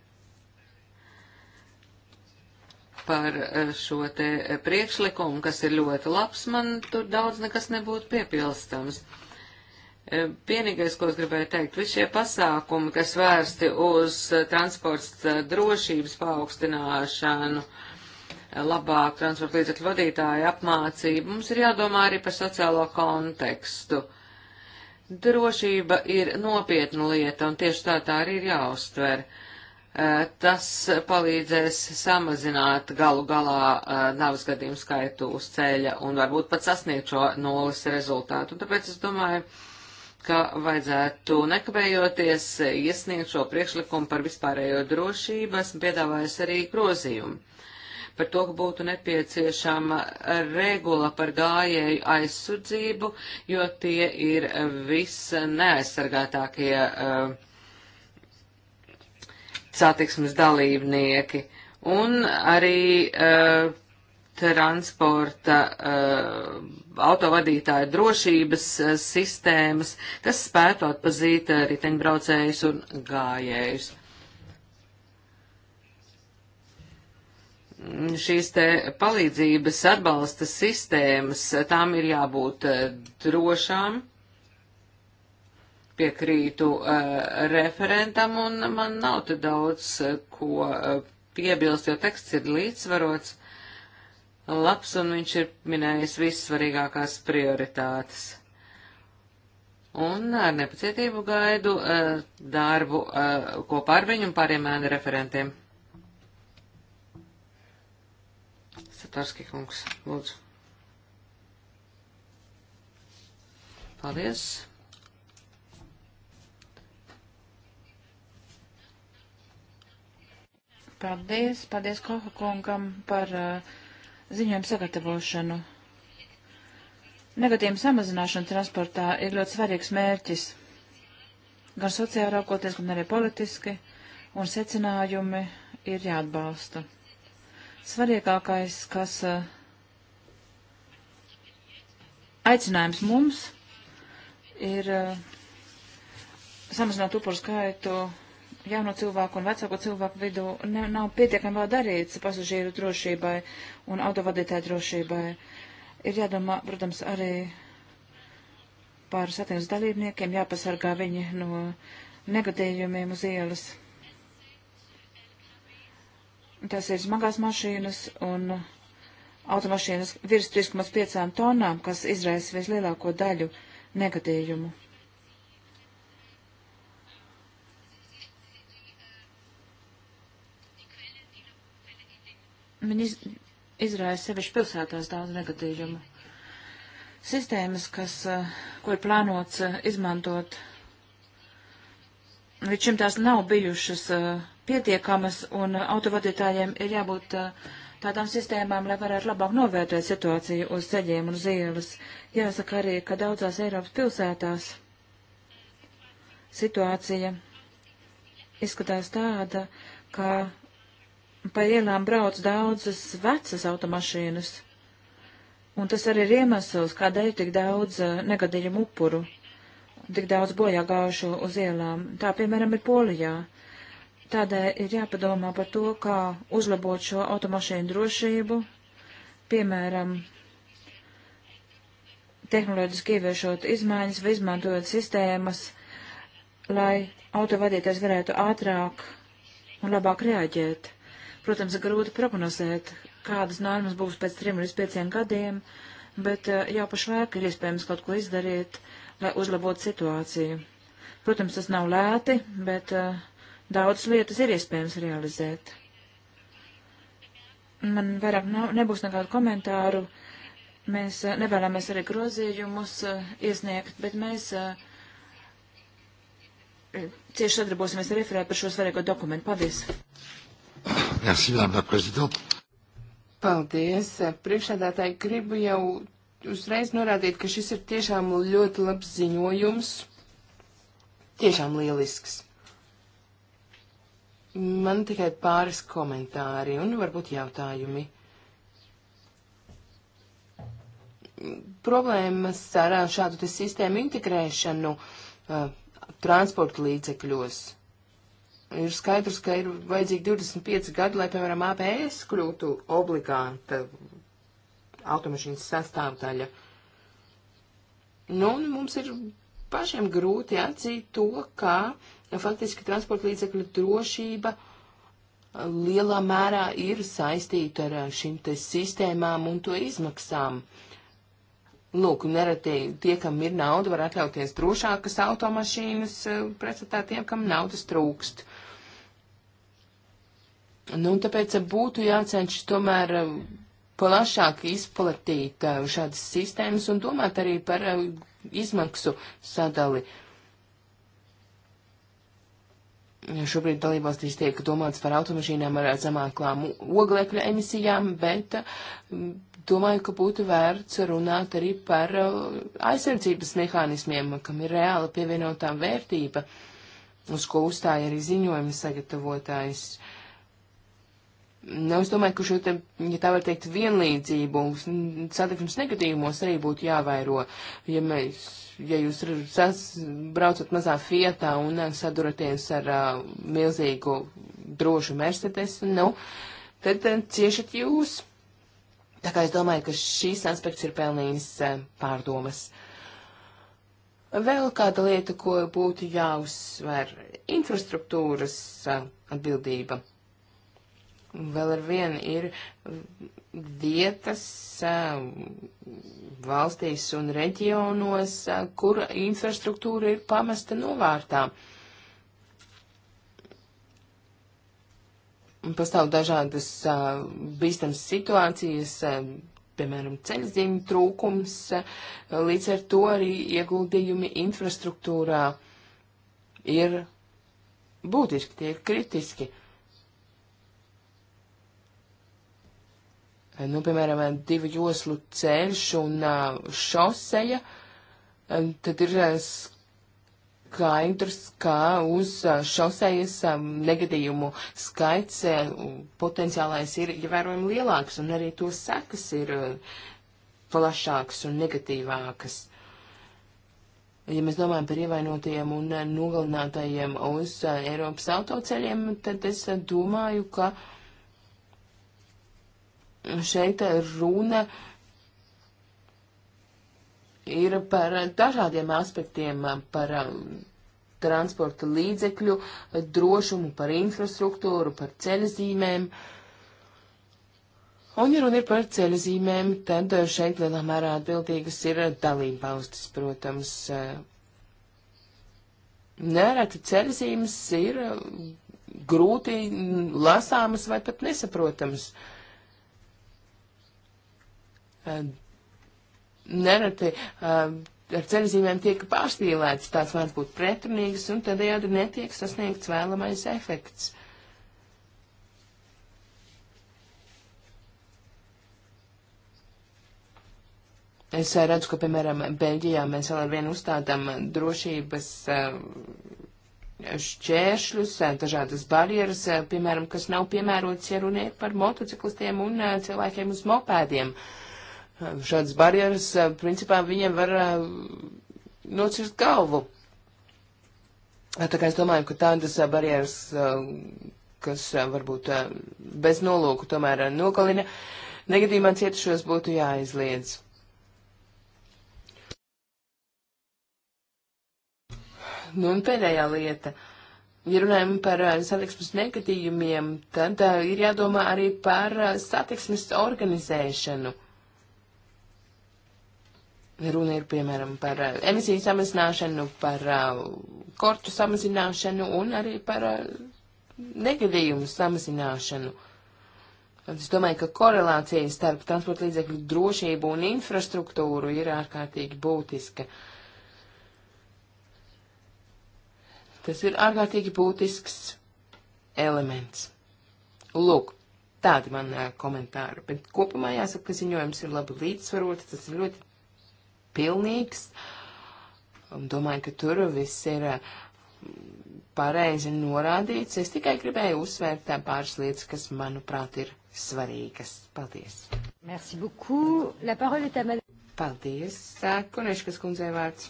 par eh, šo te eh, priekšlikumu, kas ir ļoti labs, man tur daudz nekas nebūtu piepilstams. Eh, vienīgais, ko es gribēju teikt, visi šie pasākumi, kas vērsti uz transporta drošības paaugstināšanu, labāk transporta līdzekļu vadītāju apmācību, mums ir jādomā arī par sociālo kontekstu. Uh, Drošība ir nopietna lieta, un tieši tā tā arī ir jāuztver. Eh, tas palīdzēs samazināt galu galā eh, navas gadījumu skaitu uz ceļa un varbūt pat sasniegt šo nulles rezultātu. Un tāpēc es domāju, ka vajadzētu nekavējoties iesniegt šo priekšlikumu par vispārējo drošību. Esmu piedāvājis arī grozījumu par to, ka būtu nepieciešama regula par gājēju aizsudzību, jo tie ir visneaizsargātākie uh, satiksmes dalībnieki. Un arī uh, transporta uh, autovadītāja drošības sistēmas, kas spētu atpazīt riteņbraucējus un gājējus. šīs te palīdzības atbalsta sistēmas, tām ir jābūt eh, drošām. Piekrītu eh, referentam un man nav te daudz, eh, ko piebilst, jo teksts ir līdzsvarots, labs un viņš ir minējis vissvarīgākās prioritātes. Un ar nepacietību gaidu darbu kopā ar viņu un pāriem referentiem. Krasnodarski kungs, lūdzu. Paldies. Paldies, paldies Koha kungam par uh, ziņojumu sagatavošanu. Negadījumu samazināšana transportā ir ļoti svarīgs mērķis, gan sociāli raukoties, gan arī politiski, un secinājumi ir jāatbalsta svarīgākais, kas eh, aicinājums mums ir eh, samazināt upuru skaitu jauno cilvēku un vecāko cilvēku vidū ne, nav pietiekami vēl darīts pasažieru drošībai un autovadītāju drošībai. Ir jādomā, protams, arī par satiekas dalībniekiem, jāpasargā viņi no negadījumiem uz ielas. Tas ir smagās mašīnas un automašīnas virs 3,5 tonām, kas izraisa vislielāko daļu negadījumu. Viņi iz, izraisa sevišķi pilsētās daudz negadījumu. Sistēmas, kas, eh, ko ir plānots eh, izmantot līdz šim tās nav bijušas uh, pietiekamas, un uh, autovadītājiem ir jābūt uh, tādām sistēmām, lai varētu labāk novērtēt situāciju uz ceļiem un uz ielas. Jāsaka arī, ka daudzās Eiropas pilsētās situācija izskatās tāda, ka pa ielām brauc daudzas vecas automašīnas, un tas arī ir iemesls, kādēļ tik daudz uh, negadījumu upuru tik daudz bojā gājušo uz ielām. Tā, piemēram, ir Polijā. Tādēļ ir jāpadomā par to, kā uzlabot šo automašīnu drošību, piemēram, tehnoloģiski ieviešot izmaiņas vai izmantojot sistēmas, lai autovadītājs varētu ātrāk un labāk reaģēt. Protams, ir grūti prognozēt, kādas normas būs pēc trim līdz pieciem gadiem, bet eh, jau pašlaik ir iespējams kaut ko izdarīt, uh, lai uzlabotu situāciju. Protams, tas nav lēti, bet uh, eh, daudz lietas ir iespējams realizēt. Man vairāk nav, nebūs nekādu komentāru. Mēs uh, nevēlamies arī grozījumus uh, iesniegt, bet mēs uh, cieši sadarbosimies ar referē par šo svarīgo dokumentu. Paldies! Merci, Madame la Présidente. Paldies. Priekšādātāji gribu jau uzreiz norādīt, ka šis ir tiešām ļoti labs ziņojums. Tiešām lielisks. Man tikai pāris komentāri un varbūt jautājumi. Problēmas ar šādu te sistēmu integrēšanu uh, transporta līdzekļos. Ir skaidrs, ka ir vajadzīgi 25 gadi, lai, piemēram, APS kļūtu obligāta automašīnas sastāvdaļa. Nu, un mums ir pašiem grūti atzīt to, ka faktiski transporta līdzekļu drošība uh, lielā mērā ir saistīta ar uh, šīm te sistēmām un to izmaksām. Lūk, nereti tie, kam ir nauda, var atļauties drošākas automašīnas uh, pretstatā tiem, kam naudas trūkst. Nu, un tāpēc būtu jācenšas tomēr plašāk izplatīt eh, šādas sistēmas un domāt arī par eh, izmaksu sadali. Šobrīd dalībvalstīs tiek domāts par automašīnām ar zemākām oglekļa emisijām, bet mm, domāju, ka būtu vērts runāt arī par eh, aizsardzības mehānismiem, kam ir reāla pievienotā vērtība, uz ko uzstāja arī ziņojuma sagatavotājs. Uh, Nu, es domāju, ka šo te, ja tā var teikt, vienlīdzību satiksmes negadījumos arī būtu jāvairo. Ja, mēs, ja jūs sas, braucat mazā fietā un uh, saduraties ar uh, milzīgu drošu Mercedes, nu, tad uh, ciešat jūs. Tā kā es domāju, ka šīs aspekts ir pelnījis uh, pārdomas. Vēl kāda lieta, ko būtu jāuzsver - infrastruktūras uh, atbildība vēl ar vienu ir vietas valstīs un reģionos, kur infrastruktūra ir pamesta novārtā. Pastāv dažādas bīstamas situācijas, piemēram, ceļzīmju trūkums, līdz ar to arī ieguldījumi infrastruktūrā ir būtiski, tie ir kritiski. Eh, nu, piemēram, eh, divu joslu ceļš un eh, šoseja, tad ir skaidrs, ka uz šosejas negadījumu skaits potenciālais ir ievērojami lielāks, un arī to sekas ir plašākas un negatīvākas. Ja mēs domājam par ievainotajiem un nogalinātajiem uz Eiropas autoceļiem, tad es domāju, ka uh, šeit runa ir par dažādiem aspektiem, par um, transporta līdzekļu drošumu, par infrastruktūru, par ceļzīmēm. Un, ja runa ir par ceļzīmēm, tad šeit lielā mērā atbildīgas ir dalībvalstis, protams. Nereti ceļzīmes ir grūti lasāmas vai pat nesaprotamas. Uh, nereti ar ceļzīmēm tiek pārstīlēts, tās var būt pretrunīgas, un tādējādi netiek sasniegts vēlamais efekts. Es eh, redzu, ka, piemēram, Beļģijā mēs vēl ar vienu uzstādām eh, drošības eh, šķēršļus, dažādas barjeras, piemēram, kas nav piemērotas, ja runiet par motociklistiem un cilvēkiem uz mopēdiem. Uh, šādas barjeras, eh, principā viņiem var eh, nocirst galvu. Eh, tā kā es domāju, ka tādas barjeras, kas varbūt bez nolūku tomēr nokalina, negadījumā cietušos būtu jāizliedz. Nu, un pēdējā lieta. Ja runājam par satiksmes negadījumiem, tad ir jādomā arī par satiksmes organizēšanu. Uh, Runa ir, piemēram, par uh, emisiju samazināšanu, par uh, kortu samazināšanu un arī par uh, negadījumu samazināšanu. Es domāju, ka korelācija starp transporta līdzekļu drošību un infrastruktūru ir ārkārtīgi būtiska. Tas ir ārkārtīgi būtisks elements. Lūk, tādi man komentāri, bet kopumā jāsaka, ka ziņojums ir labi līdzsvarots, tas ir ļoti pilnīgs. Domāju, ka tur viss ir eh, pareizi norādīts. Es tikai gribēju uzsvērt tā pāris lietas, kas, manuprāt, ir svarīgas. Paldies! Merci beaucoup. La parole est à madame. Paldies. Eh, Koneškas kundzei vārds.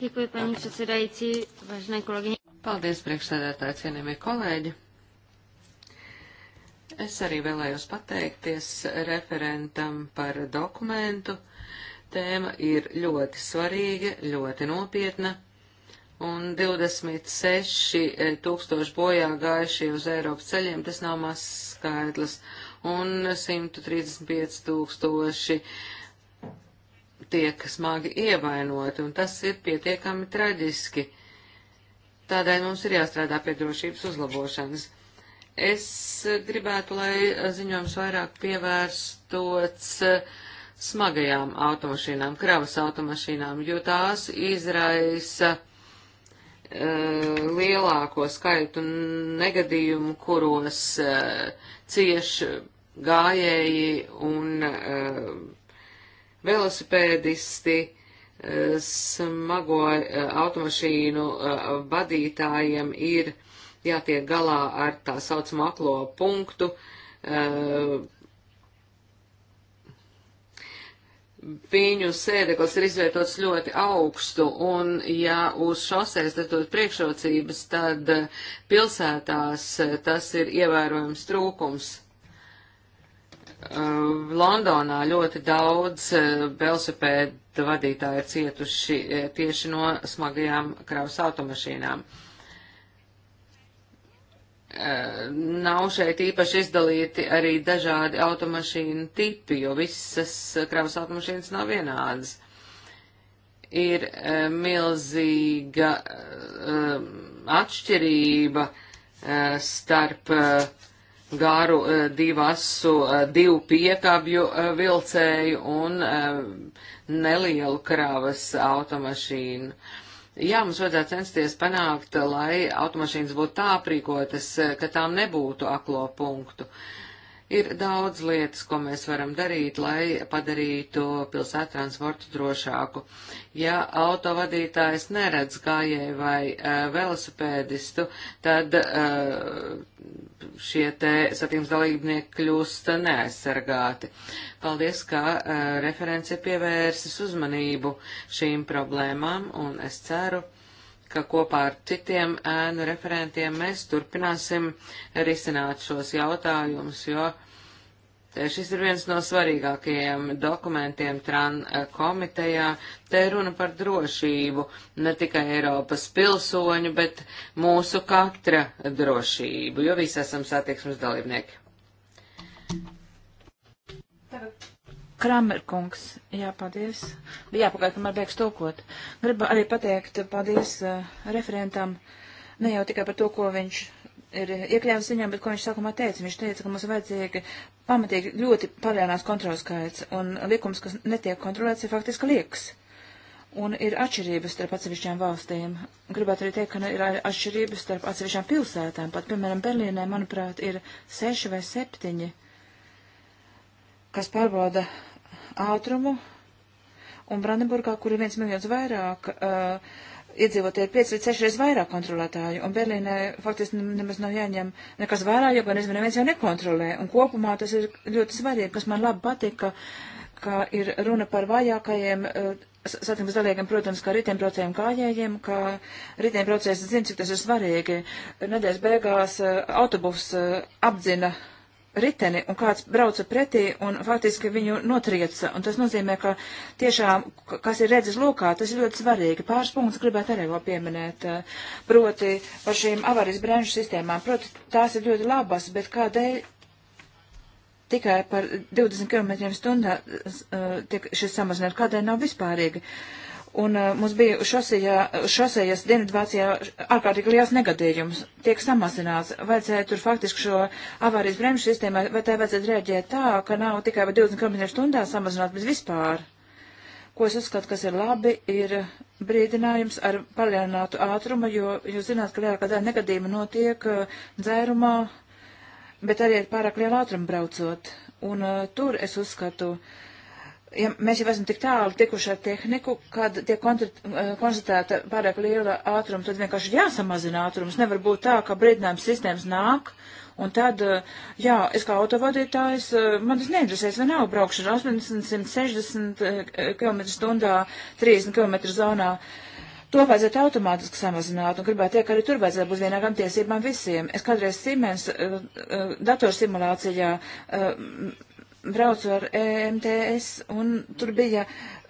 Děkuji, paní předsedající, vážené kolegyně. Paldies, priekšsēdētāji, cienījamie kolēģi. Es arī vēlējos pateikties referentam par dokumentu. Uh, Tēma ir ļoti svarīga, ļoti nopietna, un 26 e, tūkstoši bojā gājušie uz Eiropas ceļiem, tas nav mazs skaitlis, un 135 tūkstoši tiek smagi ievainoti, un tas ir pietiekami traģiski. Tādēļ mums ir jāstrādā pie drošības uzlabošanas. Es gribētu, lai ziņojums vairāk pievērstos uh, smagajām automašīnām, kravas automašīnām, jo tās izraisa uh, lielāko skaitu negadījumu, kuros uh, cieš gājēji un uh, velosipēdisti smago automašīnu vadītājiem ir jātiek galā ar tā saucamo aklo punktu, viņu sēdeklis ir izvietots ļoti augstu, un ja uz šoseis tas dod priekšrocības, tad eh, pilsētās eh, tas ir ievērojams trūkums. Eh, Londonā ļoti daudz velosipēdu vadītāji ir cietuši tieši no smagajām kravas automašīnām. Uh, Nav šeit īpaši izdalīti arī dažādi automašīnu tipi, jo visas kravas automašīnas nav vienādas. Ir e, milzīga e, atšķirība e, starp garu divasu, divu piekabju vilcēju un nelielu kravas automašīnu. Jā, mums vajadzētu censties panākt, lai automašīnas būtu tā aprīkotas, ka tām nebūtu aklo punktu. Uh, Ir daudz lietas, ko mēs varam darīt, lai padarītu pilsētu transportu drošāku. Ja autovadītājs neredz gājēju vai uh, velosipēdistu, tad uh, šie te satiksmes dalībnieki kļūst neaizsargāti. Paldies, ka uh, referents ir pievērsis uzmanību šīm problēmām, un es ceru, uh, ka kopā ar citiem ēnu referentiem mēs turpināsim risināt šos jautājumus, jo šis ir viens no svarīgākajiem dokumentiem TRAN eh, komitejā. Te runa par drošību ne tikai Eiropas pilsoņu, bet mūsu katra drošību, jo visi esam satiksmes dalībnieki. Kramerkungs, jā, paldies. Jāpagaid, kamēr beigs tūkot. Gribu arī pateikt paldies uh, referentam, ne jau tikai par to, ko viņš ir iekļāvis ziņā, bet ko viņš sākumā teica. Viņš teica, ka mums vajadzīgi pamatīgi ļoti palielinās kontrolas skaits, un likums, kas netiek kontrolēts, ir faktiski liekas. Un ir atšķirības starp atsevišķām valstīm. Gribētu arī teikt, ka ir atšķirības starp atsevišķām pilsētām. Pat, piemēram, Berlīnē, manuprāt, ir seši vai septiņi, kas pārbauda ātrumu, un Brandenburgā, kur ir viens miljons vairāk, uh, iedzīvotie ir 5 līdz 6 reizes vairāk kontrolētāju, un Berlīnē faktiski nemaz nav jāņem nekas vairāk, jo gan nezinu, neviens jau nekontrolē, un kopumā tas ir ļoti svarīgi, kas man labi patika, ka ir runa par vājākajiem uh, satiksmes dalībniekiem, protams, kā riteņbraucējiem kājējiem, kā riteņbraucējs zina, cik tas ir svarīgi. Nedēļas beigās uh, autobus uh, apdzina riteni un kāds brauca pretī un faktiski viņu notrieca. Un tas nozīmē, ka tiešām, kas ir redzes lokā, tas ir ļoti svarīgi. Pāris punktus gribētu arī vēl pieminēt, eh, proti par šīm avarijas bremžu sistēmām. Proti, tās ir ļoti labas, bet kādēļ tikai par 20 km stundā eh, tiek šis samazinājums, kādēļ nav vispārīgi. Uh, Un uh, mums bija šosejas Dienvidvācijā ārkārtīgi liels negadījums, tiek samazināts. Vajadzēja tur faktiski šo avārijas bremžu sistēmu, vai tā vajadzētu rēģēt tā, ka nav tikai 20 km stundā samazināt, bet vispār. Ko es uzskatu, kas ir labi, ir brīdinājums ar palielinātu ātrumu, jo jūs zināt, ka lielākā daļa negadījuma notiek uh, dzērumā, bet arī ar pārāk lielu ātrumu braucot. Un uh, tur es uzskatu. Uh, ja mēs jau esam tik tālu tikuši ar tehniku, kad tiek eh, konstatēta pārāk liela ātruma, tad vienkārši jāsamazina ātrums. Nevar būt tā, ka brīdinājums sistēmas nāk, un tad, eh, jā, es kā autovadītājs, eh, man tas neinteresēs, vai nav braukšana 80, 160 km stundā, 30 km zonā. To vajadzētu automātiski samazināt, un gribētu teikt, ka arī tur vajadzētu būt vienādām tiesībām visiem. Es kādreiz Siemens uh, datorsimulācijā uh, braucu ar EMTS, un tur bija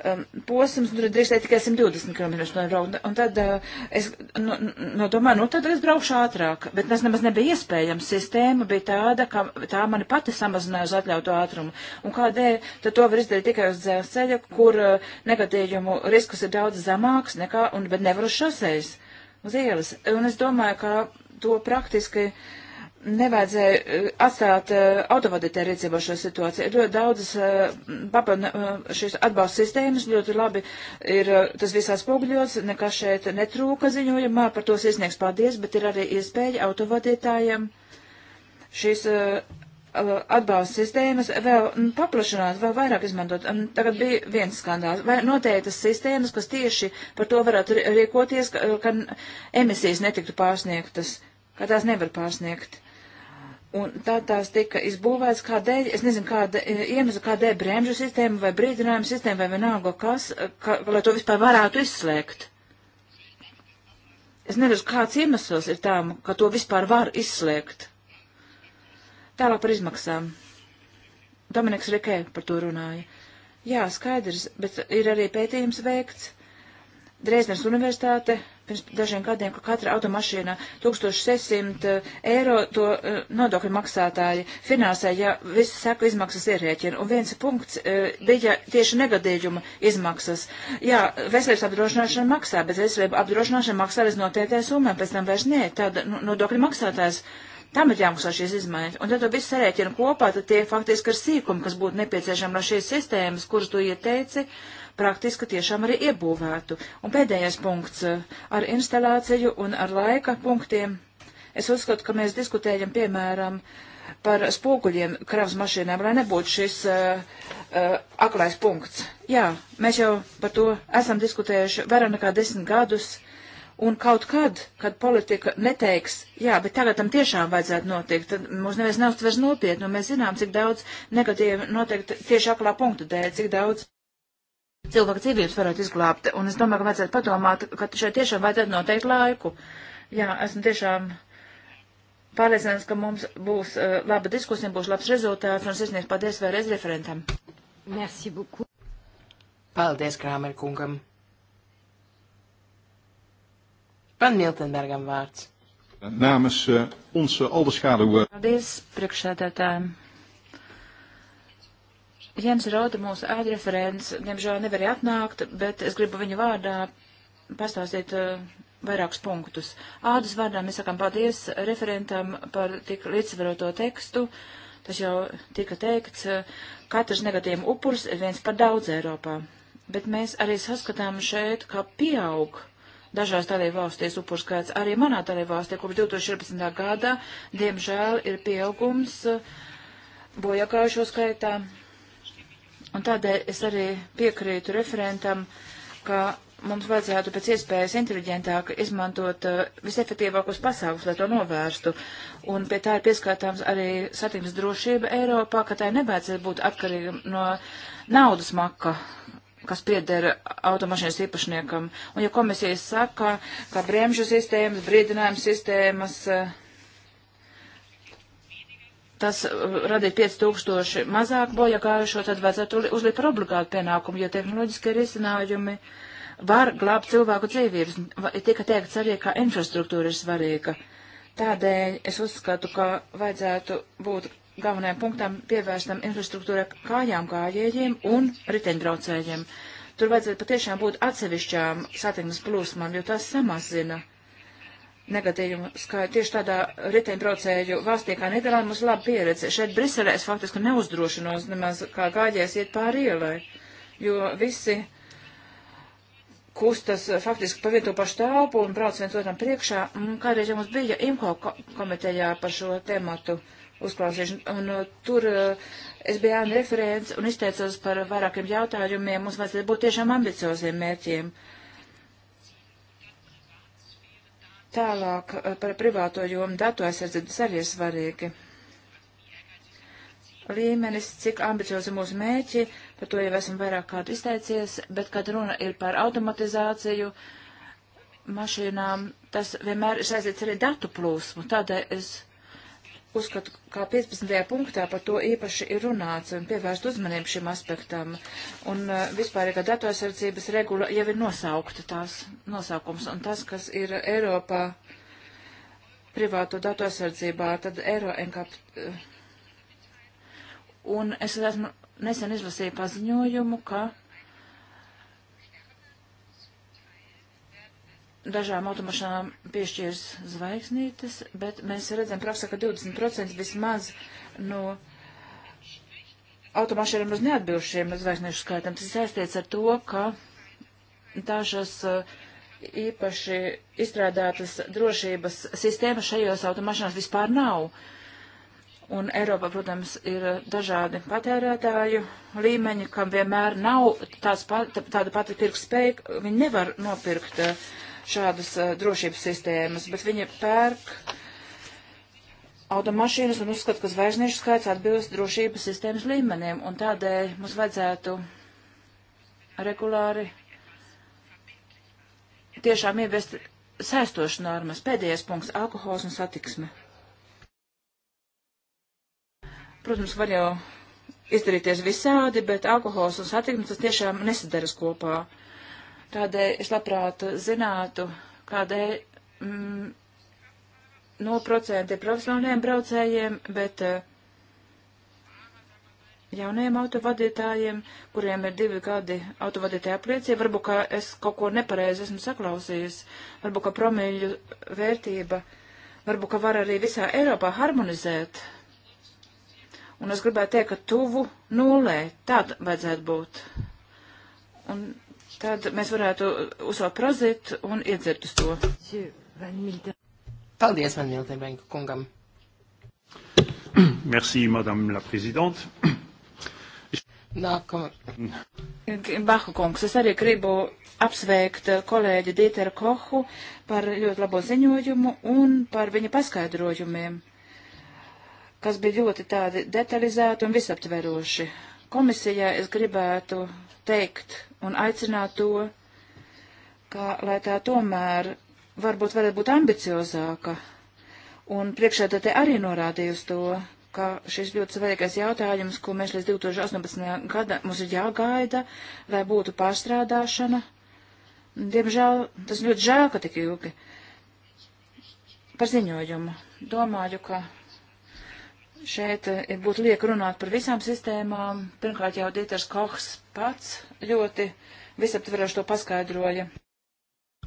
um, posms, tur drīkstēja tikai 120 km no braukt, un tad uh, es nu, nu, domāju, nu tad es braukšu ātrāk, bet tas nemaz nebija iespējams. Sistēma bija tāda, ka tā mani pati samazināja uz atļautu ātrumu, un kādēļ tad to var izdarīt tikai uz dzelzceļa, kur uh, negadījumu risks ir daudz zemāks nekā, un, bet nevar uz šoseis, uz ielas. Un es domāju, ka to praktiski. Uh, nevajadzēja eh, atstāt uh, eh, autovadītāju rīcībā šo situāciju. Ļoti daudzas uh, eh, papildu uh, šīs atbalsta sistēmas ļoti labi ir tas viss atspoguļots, nekas šeit netrūka ziņojumā, par tos iesniegs paldies, bet ir arī iespēja autovadītājiem šīs atbalsta sistēmas vēl m, mm, paplašināt, vēl vairāk izmantot. Un tagad bija viens skandāls. Vai noteiktas sistēmas, kas tieši par to varētu rīkoties, ka, ka emisijas netiktu pārsniegtas, ka tās nevar pārsniegt. Un tā tās tika izbūvēts, kādēļ, es nezinu, kāda eh, iemesla, kādēļ bremžu sistēma vai brīdinājuma sistēma vai vienalga kas, eh, ka, lai to vispār varētu izslēgt. Es neredzu, kāds iemesls ir tām, ka to vispār var izslēgt. Tālāk par izmaksām. Dominiks Rikē par to runāja. Jā, skaidrs, bet ir arī pētījums veikts. Dresdens universitāte pirms dažiem gadiem, ka katra automašīna 1600 eh, eiro to uh, nodokļu maksātāji finansē, ja visi saka izmaksas ierēķina. Un viens punkts uh, bija tieši negadījuma izmaksas. Jā, veselības apdrošināšana maksā, bet veselība apdrošināšana maksā līdz noteiktē summai, pēc tam vairs nē, tad nu, nodokļu maksātājs. Tam ir jāmaksā šīs izmaiņas. Un tad to visu sarēķinu kopā, tad tie faktiski ir sīkumi, kas būtu nepieciešami no šīs sistēmas, kuras tu ieteici. Uh, praktiski tiešām arī iebūvētu. Un pēdējais punkts eh, ar instalāciju un ar laika punktiem. Es uzskatu, ka mēs diskutējam, piemēram, par spoguļiem kravas mašīnām, lai nebūtu šis uh, uh, aklais punkts. Jā, mēs jau par to esam diskutējuši vairāk nekā desmit gadus. Un kaut kad, kad politika neteiks, jā, bet tagad tam tiešām vajadzētu notikt, tad mūs neviens neuztvers nopietni, un mēs zinām, cik daudz negatīvi notiek tieši aklā punkta dēļ, cik daudz cilvēku dzīvības varētu izglābt. Un es domāju, ka vajadzētu padomāt, ka šeit tiešām vajadzētu noteikt laiku. Jā, esmu tiešām pārliecināts, ka mums būs uh, laba diskusija, būs labs rezultāts, un es izniegšu paldies vēlreiz referentam. Merci beaucoup. Paldies, Krāmer kungam. Pan Miltenbergam vārds. Namens uh, onze Aldeschade. Paldies, priekšsēdētājiem. Uh, Jens Rauda, mūsu ēdreferents, diemžēl nevarēja atnākt, bet es gribu viņa vārdā pastāstīt uh, vairākus punktus. Ādas vārdā mēs sakām paldies referentam par tik līdzsvaroto tekstu. Tas jau tika teikts, uh, katrs negatīvs upurs ir viens par daudz Eiropā. Bet mēs arī saskatām šeit, ka pieaug Dažās dalībvalstīs upuru skaits arī manā dalībvalstī kopš 2014. gada, diemžēl, ir pieaugums eh, bojākājušo skaitā Un tādēļ es arī piekrītu referentam, ka mums vajadzētu pēc iespējas inteliģentāk izmantot uh, visefektīvākos pasākus, lai to novērstu. Un pie tā ir pieskaitāms arī satiksmes drošība Eiropā, ka tai nevajadzētu būt atkarīga no naudas maka kas pieder automašīnas īpašniekam. Un ja komisijas saka, ka bremžu sistēmas, brīdinājums sistēmas, uh, tas uh, radīja 5000 mazāk bojagājušo, tad vajadzētu uzlikt par obligātu pienākumu, jo tehnoloģiskie risinājumi var glābt cilvēku dzīvības. Tika teikts arī, ka infrastruktūra ir svarīga. Tādēļ es uzskatu, ka vajadzētu būt galvenajam punktam pievērstam infrastruktūrai kājām gājējiem un riteņbraucējiem. Tur vajadzētu patiešām būt atsevišķām satiksmes plūsmām, jo tas samazina uh, negadījumu skaitu. Tieši tādā riteņbraucēju valstī kā Nederlanda mums labi pieredze. Šeit Briselē es faktiski neuzdrošinos nemaz kā gājies iet pāri ielai, jo visi kustas faktiski pa vietu pašu telpu un brauc viens otram priekšā. Kādreiz jau mums bija IMCO komitejā par šo tematu uzklausīšanu, un, un uh, tur uh, es biju referents un izteicos par vairākiem jautājumiem. Mums vajadzētu būt tiešām ambicioziem mērķiem. Uh, Tālāk eh, par privāto jomu datu aizsardzības arī ir svarīgi. Līmenis, cik ambiciozi mūsu mēķi, par to jau esam vairāk kārt izteicies, bet kad runa ir par automatizāciju mašīnām, tas vienmēr ir saistīts arī datu plūsmu. Tādēļ es uzskatu, kā 15. punktā par to īpaši ir runāts un pievērst uzmanību šim aspektam. Un eh, vispārīgā datu aizsardzības regula jau ir nosaukta tās nosaukums. Un tas, kas ir Eiropā privāto datu aizsardzībā, tad Eiro NKP. Eh, un es esmu nesen izlasīju paziņojumu, ka dažām automašīnām piešķirs zvaigznītes, bet mēs redzam praksē, ka 20% vismaz no automašīnām uz neatbilšiem zvaigznīšu skaitam. Tas saistīts ar to, ka dažas eh, īpaši izstrādātas drošības sistēmas šajos automašīnās vispār nav. Un Eiropā, protams, ir dažādi patērētāju līmeņi, kam vienmēr nav tāds pat, tāda pati pirkspēja, viņi nevar nopirkt uh, šādas uh, drošības sistēmas, bet viņi pērk automašīnas un uzskata, ka zvaigznīšu skaits atbilst drošības sistēmas līmenim, un tādēļ mums vajadzētu regulāri tiešām ieviest saistošu normas. Pēdējais punkts - alkohols un satiksme. Protams, var jau izdarīties visādi, bet alkohols un satiksme tas tiešām nesadaras kopā. Tādēļ es labprāt zinātu, kādēļ mm, no procenti profesionāliem braucējiem, bet eh, jauniem autovadītājiem, kuriem ir divi gadi autovadītāja apliecība, varbūt, ka es kaut ko nepareizi esmu saklausījis, varbūt, ka promīļu vērtība, varbūt, ka var arī visā Eiropā harmonizēt. Un es gribētu teikt, ka tuvu nulē tāda vajadzētu būt. Un tad mēs varētu uzsākt prozīt un iedzert uz to. Paldies, man Miltenbenku kungam. Merci, madame la présidente. Nākamā. Bahu kungs, es arī gribu apsveikt kolēģi Dieteru Kohu par ļoti labo ziņojumu un par viņa paskaidrojumiem, kas bija ļoti tādi detalizēti un visaptveroši. Komisijai es gribētu teikt un aicināt to, ka, lai tā tomēr varbūt varētu būt ambiciozāka, un priekšētā te arī norādīja uz to, ka šis ļoti svarīgais jautājums, ko mēs līdz 2018. gada mums ir jāgaida, lai būtu pārstrādāšana. Diemžēl tas ļoti žēl, ka tik ilgi par ziņojumu. Domāju, ka Šeit eh, būtu liek runāt par visām sistēmām. Pirmkārt jau Dīters Kochs pats ļoti visaptveroši to paskaidroja.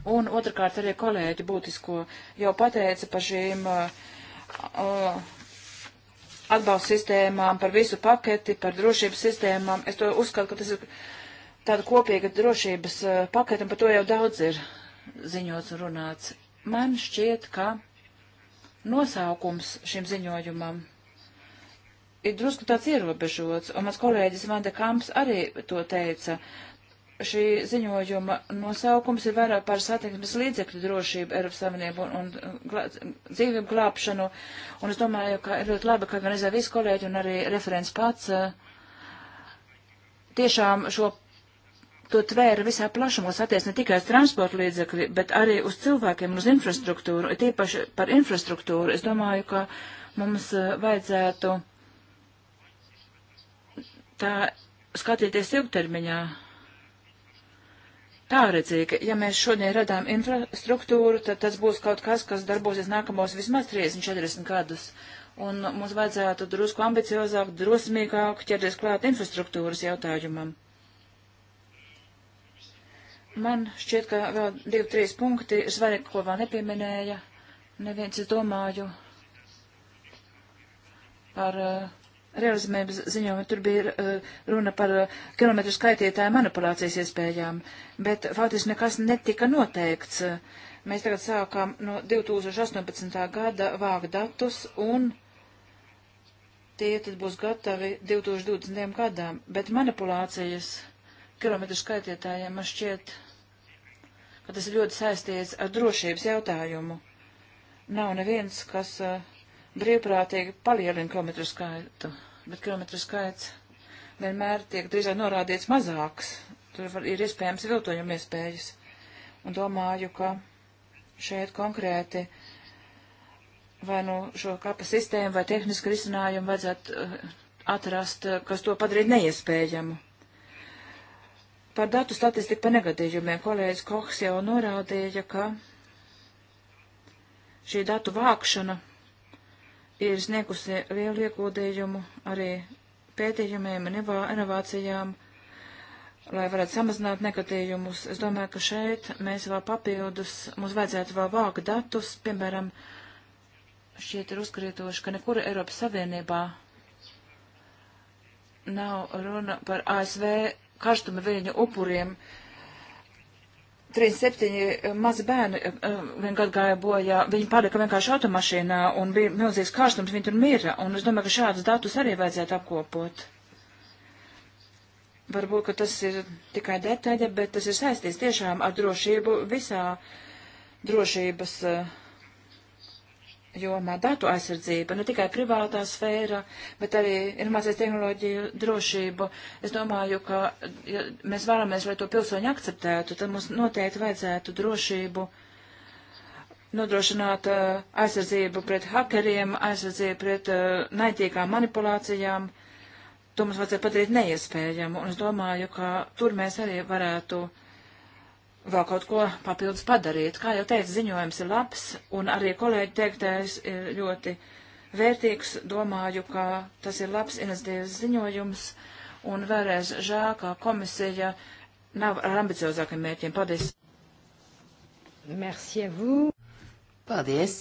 Un otrkārt arī kolēģi būtisko jau pateica par šīm uh, atbalsta sistēmām, par visu paketi, par drošības sistēmām. Es to uzskatu, ka tas ir tāda kopīga drošības uh, paketa, un par to jau daudz ir ziņots un runāts. Man šķiet, ka nosaukums šim ziņojumam ir drusku tāds ierobežots, un mans kolēģis Vanda Kamps arī to teica. Šī ziņojuma nosaukums ir vairāk par satiksmes līdzekļu drošību Eiropas Savienību un, un glā, dzīvību glābšanu, un es domāju, ka ir ļoti labi, ka gan es ar visu kolēģi un arī referents pats eh, tiešām šo to tvēra visā plašumos attiec ne tikai uz transporta līdzekļi, bet arī uz cilvēkiem, uz infrastruktūru, tīpaši par infrastruktūru. Es domāju, ka mums eh, vajadzētu tā skatīties ilgtermiņā. Tālredzīgi, ja mēs šodien radām infrastruktūru, tad tas būs kaut kas, kas darbosies nākamos vismaz 30-40 gadus. Un mums vajadzētu drusku ambiciozāk, drosmīgāk ķerties klāt infrastruktūras jautājumam. Man šķiet, ka vēl divi, trīs punkti ir svarīgi, ko vēl nepieminēja. Neviens, es domāju, par uh, realizējuma ziņojumi, tur bija eh, runa par eh, kilometru skaitītāju manipulācijas iespējām, bet faktiski nekas netika noteikts. Mēs tagad sākām no 2018. gada vākt datus un tie tad būs gatavi 2020. gadām, bet manipulācijas kilometru skaitītājiem man šķiet, ka tas ir ļoti saistīts ar drošības jautājumu. Nav neviens, kas uh, brīvprātīgi palielina kilometru skaitu, bet kilometru skaits vienmēr tiek drīzāk norādīts mazāks. Tur var, ir iespējams viltojuma iespējas. Un domāju, ka šeit konkrēti vai nu šo kapa sistēmu vai tehnisku risinājumu vajadzētu uh, atrast, eh, kas to padarītu neiespējamu. Par datu statistiku par negadījumiem kolēģis Kochs jau norādīja, ka šī datu vākšana ir sniegusi lielu ieguldījumu arī pētījumiem, inovācijām, lai varētu samazināt negatīvumus. Es domāju, ka šeit mēs vēl papildus, mums vajadzētu vēl vākt datus, piemēram, šķiet ir uzkrītoši, ka nekur Eiropas Savienībā nav runa par ASV karstuma viļņu upuriem, uh, 37 eh, mazi bērni eh, eh, vienkārši gāja bojā, viņi palika vienkārši automašīnā un bija milzīgs kārstums, viņi tur mira, un es domāju, ka šādus datus arī vajadzētu apkopot. Varbūt, ka tas ir tikai detaļa, bet tas ir saistīts tiešām ar drošību visā drošības uh, jomā datu aizsardzība, ne tikai privātā sfēra, bet arī informācijas tehnoloģiju drošību. Es domāju, ka ja mēs vēlamies, lai to pilsoņi akceptētu, tad mums noteikti vajadzētu drošību nodrošināt uh, aizsardzību pret hakeriem, aizsardzību pret uh, naitīgām manipulācijām. To mums vajadzētu padarīt neiespējamu, un es domāju, ka tur mēs arī varētu uh, vēl kaut ko papildus padarīt. Kā jau teicu, ziņojums ir labs, un arī kolēģi teiktais ir ļoti vērtīgs. Domāju, ka tas ir labs iniciatīvas ziņojums, un vēlreiz žēl, ka komisija nav ar ambiciozākiem mērķiem. Paldies! Merci à vous! Paldies!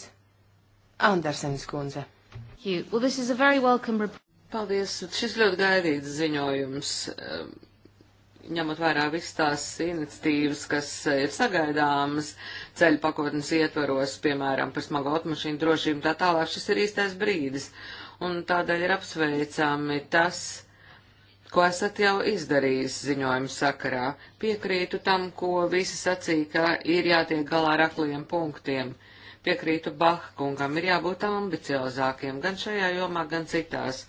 Andersens kundze. Well, this is a very welcome report. Paldies! Šis ļoti gaidīts ziņojums. Um, ņemot vērā visas tās iniciatīvas, kas eh, ir sagaidāmas ceļu pakotnes ietvaros, piemēram, par smagu automašīnu drošību tā tālāk, šis ir īstais brīdis. Un tādēļ ir apsveicami tas, ko esat jau izdarījis ziņojumu sakarā. Piekrītu tam, ko visi sacīja, ka ir jātiek galā ar akliem punktiem. Piekrītu Bahkungam, ir jābūt ambiciozākiem gan šajā jomā, gan citās.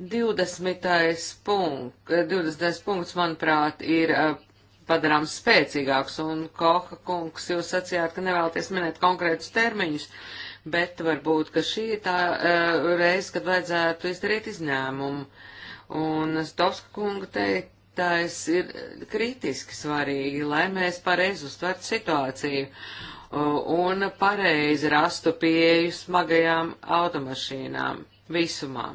20. Punkt, 20. punkts, manuprāt, ir eh, padarāms spēcīgāks, un Koha kungs, jūs sacījāt, ka nevēlaties minēt konkrētus termiņus, bet varbūt, ka šī ir tā uh, reize, kad vajadzētu izdarīt izņēmumu. Un Stovska kunga teiktais ir kritiski svarīgi, lai mēs pareizi uztvertu situāciju uh, un pareizi rastu pieeju smagajām automašīnām visumā.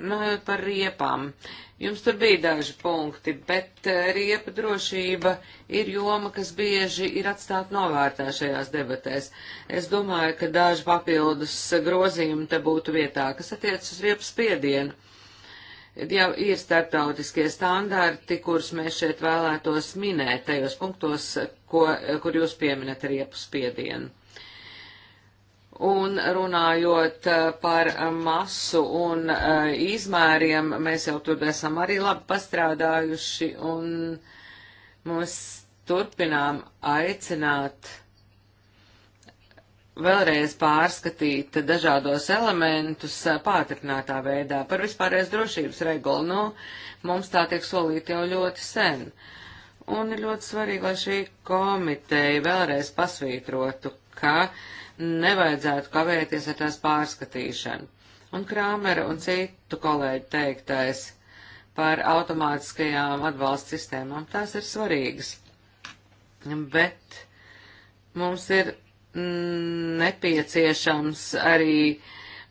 Runājot nu, par riepām, jums tur bija daži punkti, bet eh, riepa drošība ir joma, kas bieži ir atstāta novērtā šajās debatēs. Es domāju, ka daži papildus grozījumi te būtu vietā, kas attiec uz riepas spiedienu. Jau ir starptautiskie standarti, kurus mēs šeit vēlētos minēt tajos punktos, ko, kur jūs pieminat riepu spiedienu. Un runājot eh, par masu un eh, izmēriem, mēs jau tur esam arī labi pastrādājuši un mums turpinām aicināt vēlreiz pārskatīt dažādos elementus eh, pātrinātā veidā par vispārējais drošības regulu. Nu, mums tā tiek solīta jau ļoti sen. Un ir ļoti svarīgi, lai šī komiteja vēlreiz pasvītrotu, ka uh, nevajadzētu kavēties ar tās pārskatīšanu. Un Krāmera un citu kolēģu teiktais par automātiskajām atbalsta sistēmām, tās ir svarīgas. Bet mums ir nepieciešams arī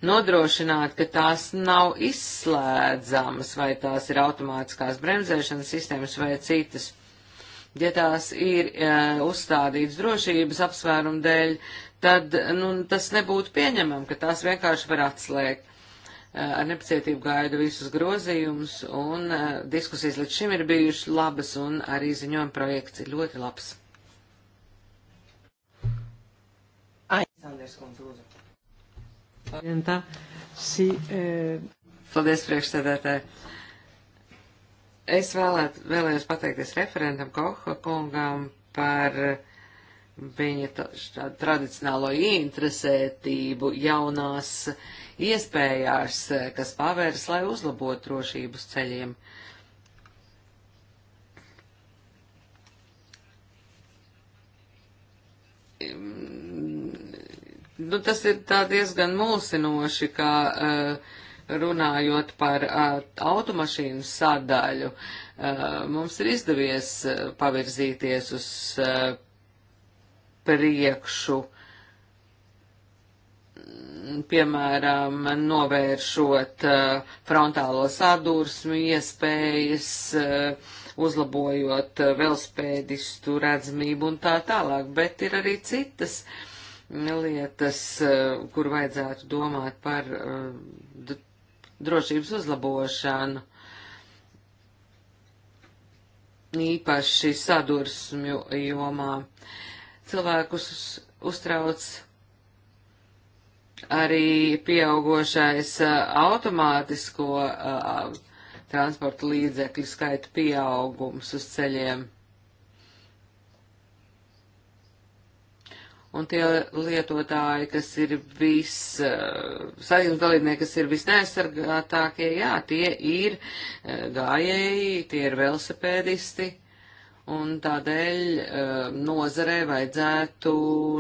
nodrošināt, ka tās nav izslēdzamas, vai tās ir automātiskās bremzēšanas sistēmas vai citas. Ja tās ir e, uzstādītas drošības apsvērumu dēļ, tad nu, tas nebūtu pieņemam, ka tās vienkārši var atslēgt. Eh, ar nepacietību gaidu visus grozījumus, un eh, diskusijas līdz šim ir bijušas labas, un arī ziņojuma projekts ir ļoti labs. Aizanders, kundze, lūdzu. Si, e... Eh, Paldies, priekšsēdētāji. Es vēlēt, vēlējos pateikties referentam Koha kungam par uh, viņa tradicionālo ieinteresētību jaunās iespējās, kas pavērs, lai uzlabotu drošības ceļiem. Nu, tas ir tā diezgan mulsinoši, ka uh, runājot par uh, automašīnu sadaļu, uh, mums ir izdevies pavirzīties uz priekšu, piemēram, novēršot uh, frontālo sadursmu iespējas, uh, uzlabojot uh, velospēdistu redzamību un tā tālāk, bet ir arī citas mm, lietas, kur vajadzētu domāt par drošības uzlabošanu īpaši sadursmju jomā. Uh, Cilvēkus uz, uztrauc arī pieaugošais uh, automātisko uh, transporta līdzekļu skaita pieaugums uz ceļiem. Un tie lietotāji, kas ir vis, uh, saimnes dalībnieki, kas ir visneaizsargātākie, jā, tie ir uh, gājēji, tie ir velosipēdisti, uh, un tādēļ eh, nozarē vajadzētu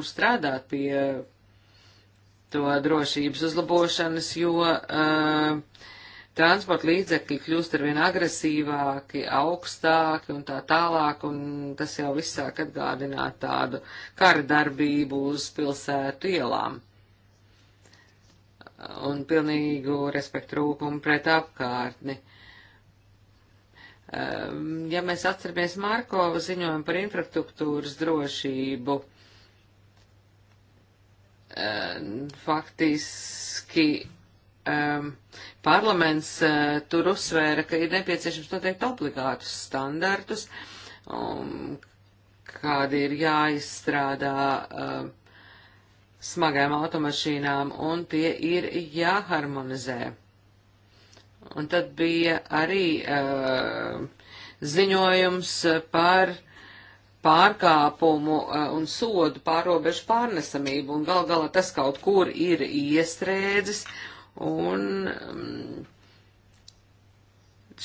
strādāt pie to drošības uzlabošanas, jo uh, transporta līdzekļi kļūst arvien agresīvāki, augstāki un tā tālāk, un tas jau viss sāk atgādināt tādu kara darbību uz pilsētu ielām un pilnīgu respektu trūkumu pret apkārtni. Uh, Ehm, ja mēs atceramies Markova ziņojumu par infrastruktūras drošību, ehm, faktiski ehm, parlaments eh, tur uzsvēra, ka ir nepieciešams noteikt obligātus standartus, um, kādi ir jāizstrādā smagajām automašīnām, un tie ir jāharmonizē. Un tad bija arī uh, ziņojums par pārkāpumu uh, un sodu pārobežu pārnesamību, un gal galā tas kaut kur ir iestrēdzis, un um,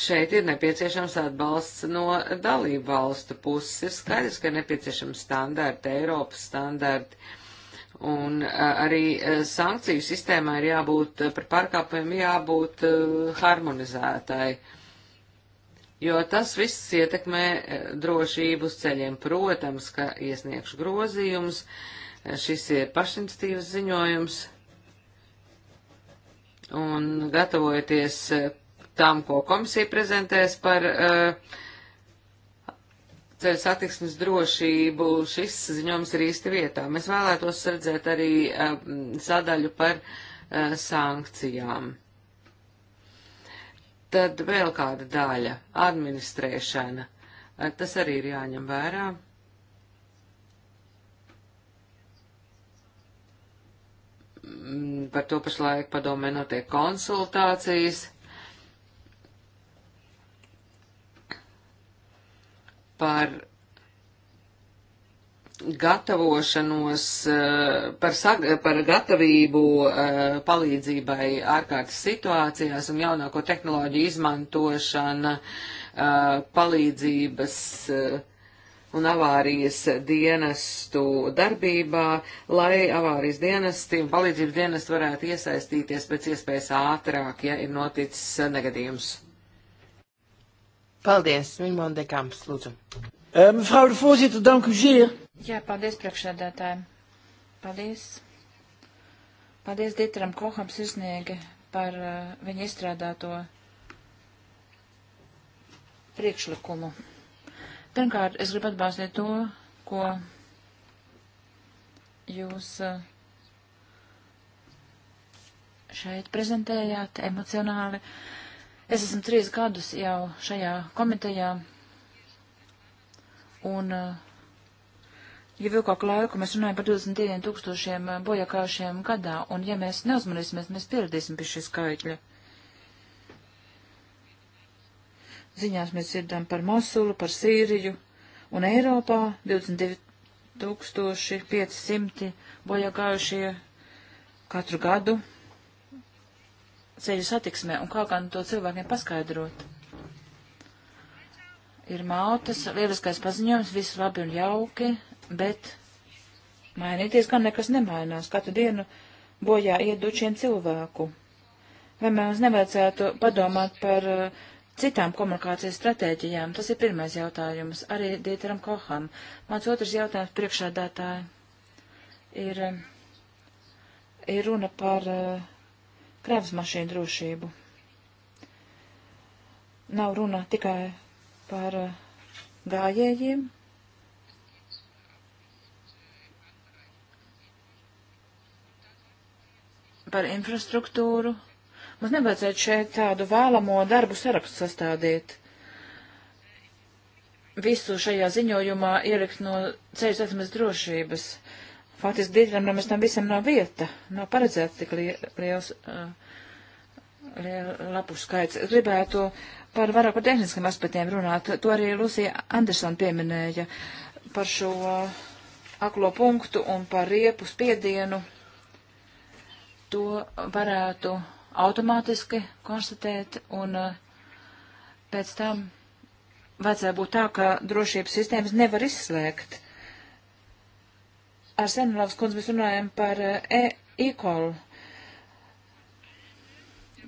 šeit ir nepieciešams atbalsts no dalību valstu puses. Ir skaidrs, ka nepieciešams standarti, Eiropas standarti. Uh, Un arī sankciju sistēmā ir jābūt par pārkāpumiem, jābūt harmonizētai, jo tas viss ietekmē drošību uz ceļiem. Protams, ka iesniegšu grozījumus, šis ir pašinstīvas ziņojums, un gatavojoties tam, ko komisija prezentēs par uh, ceļu satiksmes drošību šis ziņojums ir īsti vietā. Mēs vēlētos redzēt arī eh, sadaļu par eh, sankcijām. Tad vēl kāda daļa - administrēšana. Eh, tas arī ir jāņem vērā. Mm, par to pašlaik padomē notiek konsultācijas. par gatavošanos, eh, par, sag, par gatavību eh, palīdzībai ārkārtas situācijās un jaunāko tehnoloģiju izmantošana eh, palīdzības un avārijas dienestu darbībā, lai avārijas dienesti un palīdzības dienesti varētu iesaistīties pēc iespējas ātrāk, ja ir noticis negadījums. Paldies, Mimon Dekams, lūdzu. Eh, mevrouw de voorzitter, dank u zeer. Jā, paldies priekšsēdētājiem. Paldies. Paldies Ditaram Koham sirsniegi par uh, viņa izstrādāto priekšlikumu. Pirmkārt, es gribu atbalstīt to, ko jūs uh, šeit prezentējāt emocionāli. Uh, Es esmu trīs gadus jau šajā komitejā, un eh, jau ilgāku laiku mēs runājam par 22 tūkstošiem eh, bojakājušiem gadā, un ja mēs neuzmanīsimies, mēs pieradīsim pie šī skaitļa. Ziņās mēs dzirdam par Mosulu, par Sīriju, un Eiropā 22 tūkstoši 500 bojakājušie katru gadu ceļu satiksmē un kā gan to cilvēkiem paskaidrot. Ir mautas, lieliskais paziņojums, viss labi un jauki, bet mainīties gan nekas nemainās. Katru dienu bojā iet dučiem cilvēku. Vai mums nevajadzētu padomāt par uh, citām komunikācijas stratēģijām? Tas ir pirmais jautājums arī Dieteram Koham. Mans otrs jautājums priekšādātāji ir, eh, ir runa par uh, kravas mašīnu drošību. Nav runa tikai par eh, gājējiem. Par infrastruktūru. Mums nevajadzētu šeit tādu vēlamo darbu sarakstu sastādīt visu šajā ziņojumā ielikt no ceļu satiksmes drošības faktiski diezgan tam visam nav vieta, nav paredzēts tik li liels uh, lapu skaits. Gribētu par vairāk par tehniskiem aspektiem runāt. To arī Lūsija Andersona pieminēja par šo uh, aklo punktu un par riepu spiedienu. To varētu automātiski konstatēt un uh, pēc tam vajadzētu būt tā, ka drošības sistēmas nevar izslēgt ar Senulavas kundzi mēs runājam par eh, e-call.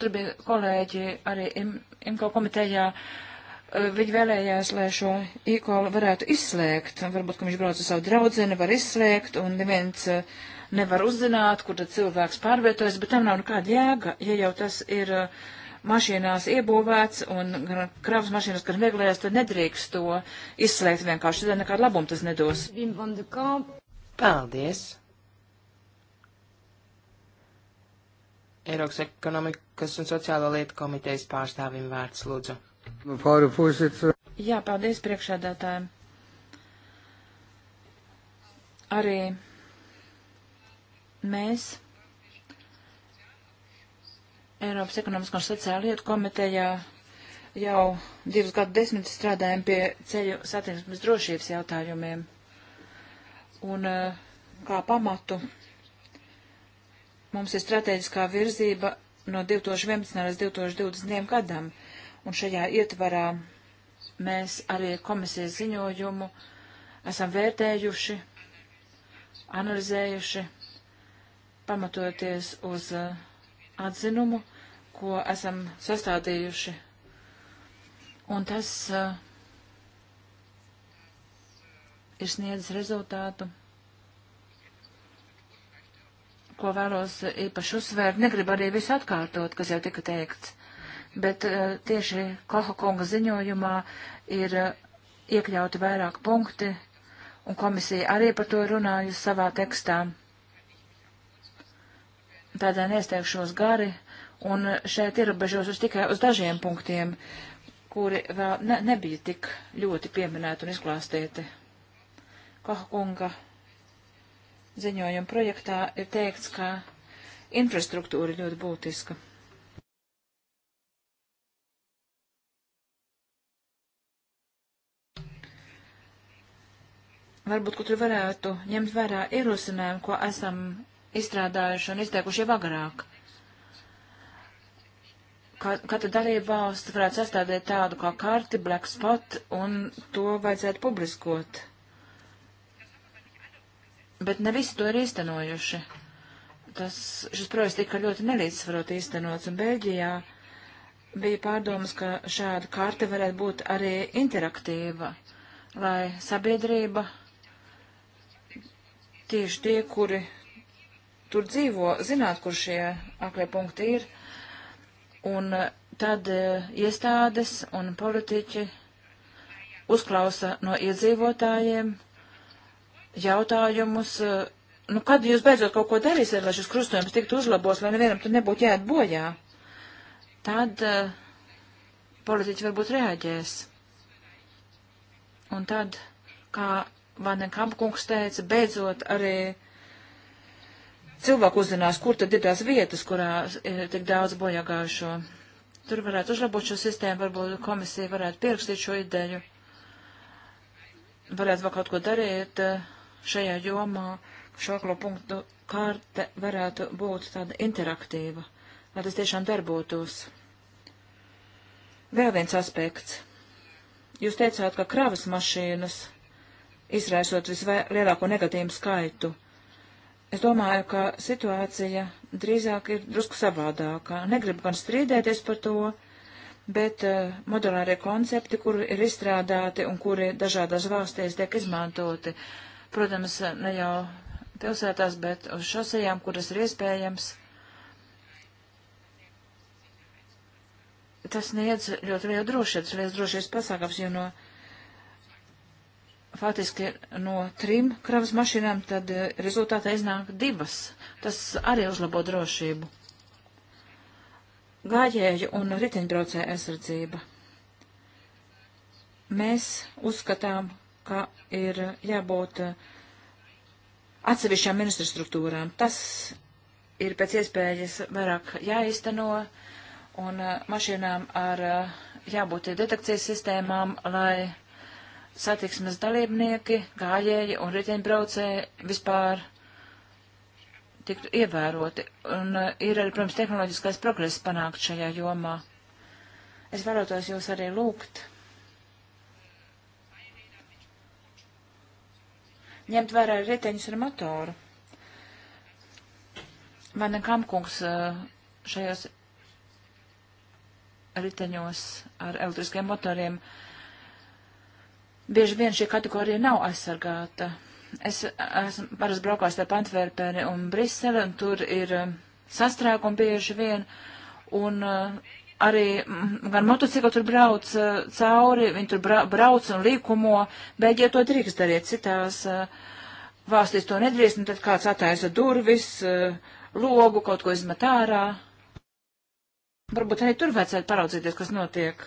Tur bija kolēģi arī IMCO komitejā. Eh, viņi vēlējās, lai šo e-call varētu izslēgt. Varbūt, ka viņš brauc ar savu draudzeni, var izslēgt, un neviens eh, nevar uzzināt, kur tad cilvēks pārvietojas, bet tam nav nekāda jēga, ja jau tas ir uh, mašīnās iebūvēts un gan kravas mašīnas, gan vieglajās, tad nedrīkst to izslēgt vienkārši, tad nekādu labumu tas nedos. Paldies! Eiropas ekonomikas un sociālo lietu komitejas pārstāvim vārds lūdzu. Nu, Jā, paldies priekšādātājiem. Arī mēs Eiropas ekonomisko un sociālo lietu komitejā jau divus gadu desmit strādājam pie ceļu satiksmes drošības jautājumiem un eh, kā pamatu mums ir strateģiskā virzība no 2011. līdz 2020. gadam, un šajā ietvarā mēs arī komisijas ziņojumu esam vērtējuši, analizējuši, pamatoties uz eh, atzinumu, ko esam sastādījuši. Un tas uh, ir sniedzis rezultātu, ko vēlos īpaši uzsvērt. Negribu arī visu atkārtot, kas jau tika teikts, bet uh, tieši Koha kunga ziņojumā ir uh, iekļauti vairāk punkti, un komisija arī par to runājusi savā tekstā. Tādēļ nesteigšos gari, un šeit ierobežošos tikai uz dažiem punktiem, kuri vēl ne, nebija tik ļoti pieminēti un izklāstīti. Kohkunga ziņojuma projektā ir teikts, ka infrastruktūra ir ļoti būtiska. Varbūt, ka tur varētu ņemt vērā ierosinājumu, ko esam izstrādājuši un izteikuši jau agrāk. Katra dalība valsts varētu sastādīt tādu kā karti, black spot, un to vajadzētu publiskot bet ne visi to ir īstenojuši. Tas, šis projekts tika ļoti nelīdzsvarot īstenots, un Beļģijā bija pārdomas, ka šāda karte varētu būt arī interaktīva, lai sabiedrība tieši tie, kuri tur dzīvo, zināt, kur šie aklie punkti ir, un tad e, iestādes un politiķi uzklausa no iedzīvotājiem, jautājumus. Eh, nu, kad jūs beidzot kaut ko darīsiet, lai šis krustojums tiktu uzlabos, lai nevienam tur nebūtu jāiet bojā? Tad uh, politiķi varbūt reaģēs. Un tad, kā Vanenkampkungs teica, beidzot arī cilvēku uzzinās, kur tad ir tās vietas, kurās ir tik daudz bojāgājušo. Tur varētu uzlabot šo sistēmu, varbūt komisija varētu pierakstīt šo ideju, varētu vēl kaut ko darīt. Uh, šajā jomā, ka šo aklo punktu karte varētu būt tāda interaktīva, lai tas tiešām darbotos. Vēl viens aspekts. Jūs teicāt, ka kravas mašīnas izraisot vislielāko negatīvu skaitu. Es domāju, ka situācija drīzāk ir drusku savādākā. Negribu gan strīdēties par to, bet uh, eh, modulārie koncepti, kuri ir izstrādāti un kuri dažādās valstīs tiek izmantoti, uh, protams, ne jau pilsētās, bet uz šosejām, kuras ir iespējams. Tas niedz ļoti lielu drošības, liels drošības pasākums, jo no faktiski no trim kravas mašīnām, tad eh, rezultātā iznāk divas. Tas arī uzlabo drošību. Gājēju un riteņbraucēju aizsardzība. Mēs uzskatām, ka ir jābūt eh, atsevišķām ministru struktūrām. Tas ir pēc iespējas vairāk jāizteno un eh, mašīnām ar eh, jābūt detekcijas sistēmām, lai satiksmes dalībnieki, gājēji un riteņbraucēji vispār tiktu ievēroti. Un ir arī, protams, tehnoloģiskais progress panākt šajā jomā. Es vēlētos jūs arī lūgt ņemt vērā riteņus ar motoru. Vai nekam kungs eh, šajos riteņos ar elektriskiem motoriem bieži vien šī kategorija nav aizsargāta? Es esmu parasti braukās starp Antverpeni un Briseli, un tur ir eh, sastrēgumi bieži vien, un uh, arī gan motocikli tur brauc uh, cauri, viņi tur bra brauc un līkumo, Beļģija to drīkst darīt, citās uh, valstīs to nedrīkst, un nu tad kāds attaisa durvis, uh, logu, kaut ko izmet ārā. Varbūt arī tur vajadzētu paraudzīties, kas notiek.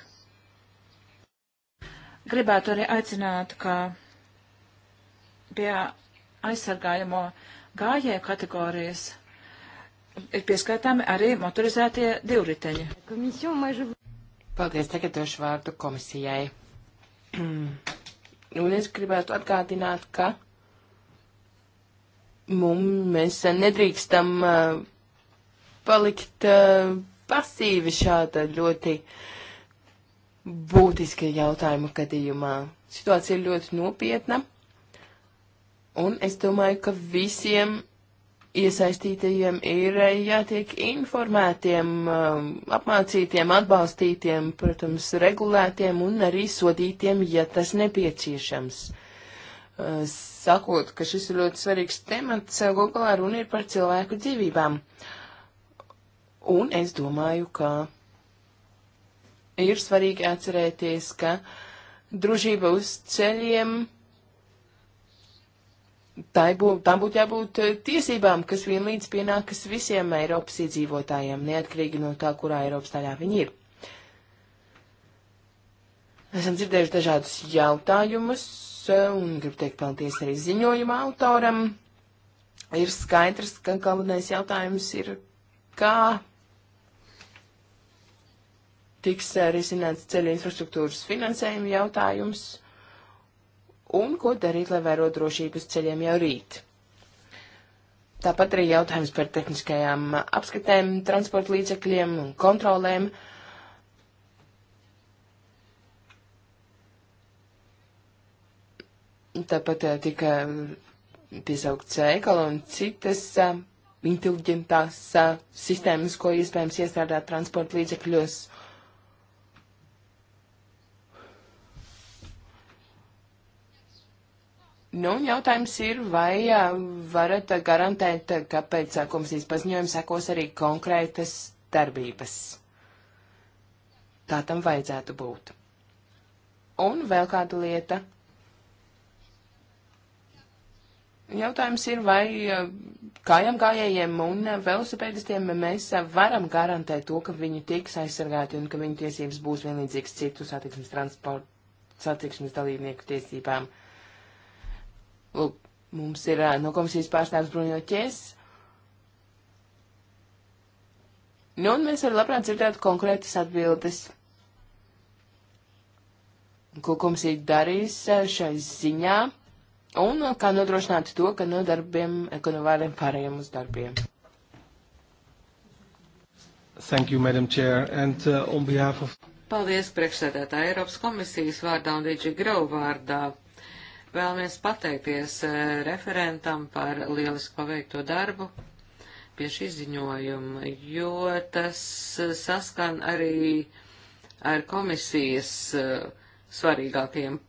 Gribētu arī aicināt, ka pie aizsargājamo gājēju kategorijas ir pieskaitāmi arī motorizētie divriteņi. Paldies, tagad došu vārdu komisijai. Un es gribētu atgādināt, ka mums mēs nedrīkstam uh, palikt uh, pasīvi šāda ļoti būtiska jautājuma gadījumā. Situācija ir ļoti nopietna, un es domāju, ka visiem iesaistītajiem ir eh, jātiek informētiem, um, apmācītiem, atbalstītiem, protams, regulētiem un arī sodītiem, ja tas nepieciešams. Eh, sakot, ka šis ir ļoti svarīgs temats, eh, Google runa ir par cilvēku dzīvībām. Un es domāju, ka ir svarīgi atcerēties, ka drošība uz ceļiem tā bū, tām būtu jābūt eh, tiesībām, kas vienlīdz pienākas visiem Eiropas iedzīvotājiem, neatkarīgi no tā, kurā Eiropas daļā viņi ir. Esam dzirdējuši dažādus jautājumus, eh, un gribu teikt paldies arī ziņojuma autoram. Ir skaidrs, ka galvenais jautājums ir, kā tiks eh, risināts ceļu infrastruktūras finansējuma jautājums un ko darīt, lai vērot drošības ceļiem jau rīt. Tāpat arī jautājums par tehniskajām apskatēm, transporta līdzekļiem un kontrolēm. Tāpat eh, tika mm, piesaukts eh, ekolo un citas eh, inteliģentās sistēmas, ko iespējams iestrādāt transporta līdzekļos. Nu, jautājums ir, vai varat garantēt, ka pēc komisijas paziņojuma sekos arī konkrētas darbības? Tā tam vajadzētu būt. Un vēl kāda lieta. Jautājums ir, vai kājām gājējiem un velosipēdistiem mēs varam garantēt to, ka viņi tiks aizsargāti un ka viņu tiesības būs vienlīdzīgas citu satiksmes transporta, satiksmes dalībnieku tiesībām. Lūk, mums ir eh, no komisijas pārstāvs Bruno Ķēs. Nu, un mēs varam labprāt dzirdēt konkrētas atbildes. Ko komisija darīs eh, šai ziņā? Un eh, kā nodrošināt to, ka no darbiem, ka no vārdiem pārējiem uz darbiem? Thank you, Madam Chair, and uh, on behalf of... Paldies, priekšsēdētā Eiropas komisijas vārdā un DG Grau vārdā. Vēlamies pateikties eh, referentam par lielisku paveikto darbu pie šī ziņojuma, jo tas eh, saskan arī ar komisijas eh, svarīgākiem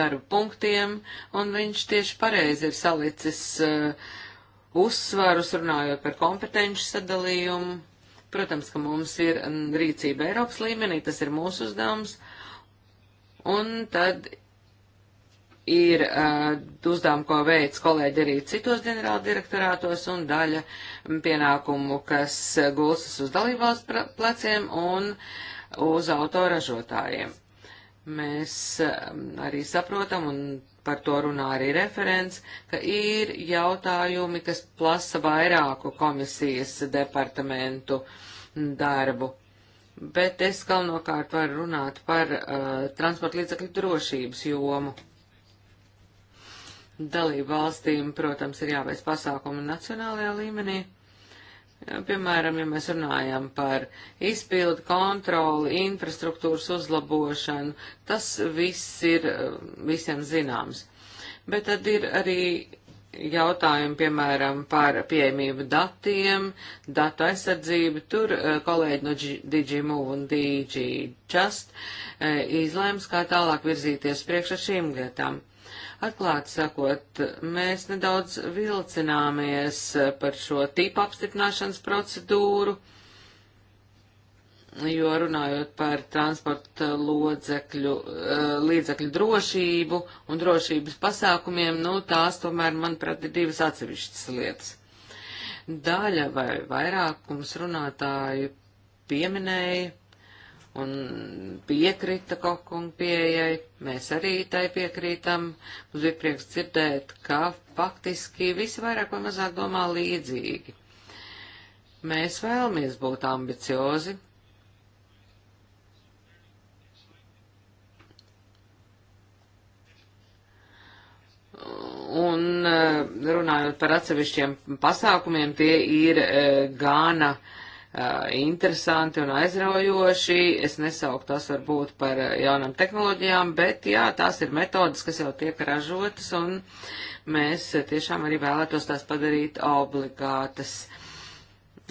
darba punktiem, un viņš tieši pareizi ir salicis uzsvarus runājot par kompetenci sadalījumu. Protams, ka mums ir mm, rīcība Eiropas līmenī, tas ir mūsu uzdevums, un tad ir uh, uzdevumi, ko veids kolēģi arī citos ģenerāla direktorātos un daļa pienākumu, kas gulstas uz dalībvalstu pleciem un uz autoražotājiem. Mēs uh, arī saprotam un par to runā arī referents, ka ir jautājumi, kas plasa vairāku komisijas departamentu darbu bet es galvenokārt varu runāt par uh, eh, transporta līdzakļu drošības jomu. Dalību valstīm, protams, ir jāveic pasākumi nacionālajā līmenī. Piemēram, ja mēs runājam par izpildu kontroli, infrastruktūras uzlabošanu, tas viss ir eh, visiem zināms. Bet tad ir arī jautājumi, piemēram, par pieejamību datiem, datu aizsardzību. Tur eh, kolēģi no DigiMove un DigiJust eh, izlēms, kā tālāk virzīties priekš ar šīm lietām. Atklāti sakot, mēs nedaudz vilcināmies par šo tipu apstiprināšanas procedūru, jo runājot par transporta lodzekļu, eh, līdzekļu drošību un drošības pasākumiem, nu tās tomēr, manuprāt, ir divas atsevišķas lietas. Daļa vai vairākums runātāju pieminēja un piekrita kokunga pieejai, mēs arī tai piekrītam. Mums bija prieks dzirdēt, ka faktiski visi vairāk vai mazāk domā līdzīgi. Mēs vēlamies būt ambiciozi. Un eh, runājot par atsevišķiem pasākumiem, tie ir eh, gāna. Uh, interesanti un aizraujoši. Es nesauku tās varbūt par jaunām tehnoloģijām, bet jā, tās ir metodas, kas jau tiek ražotas, un mēs tiešām arī vēlētos tās padarīt obligātas,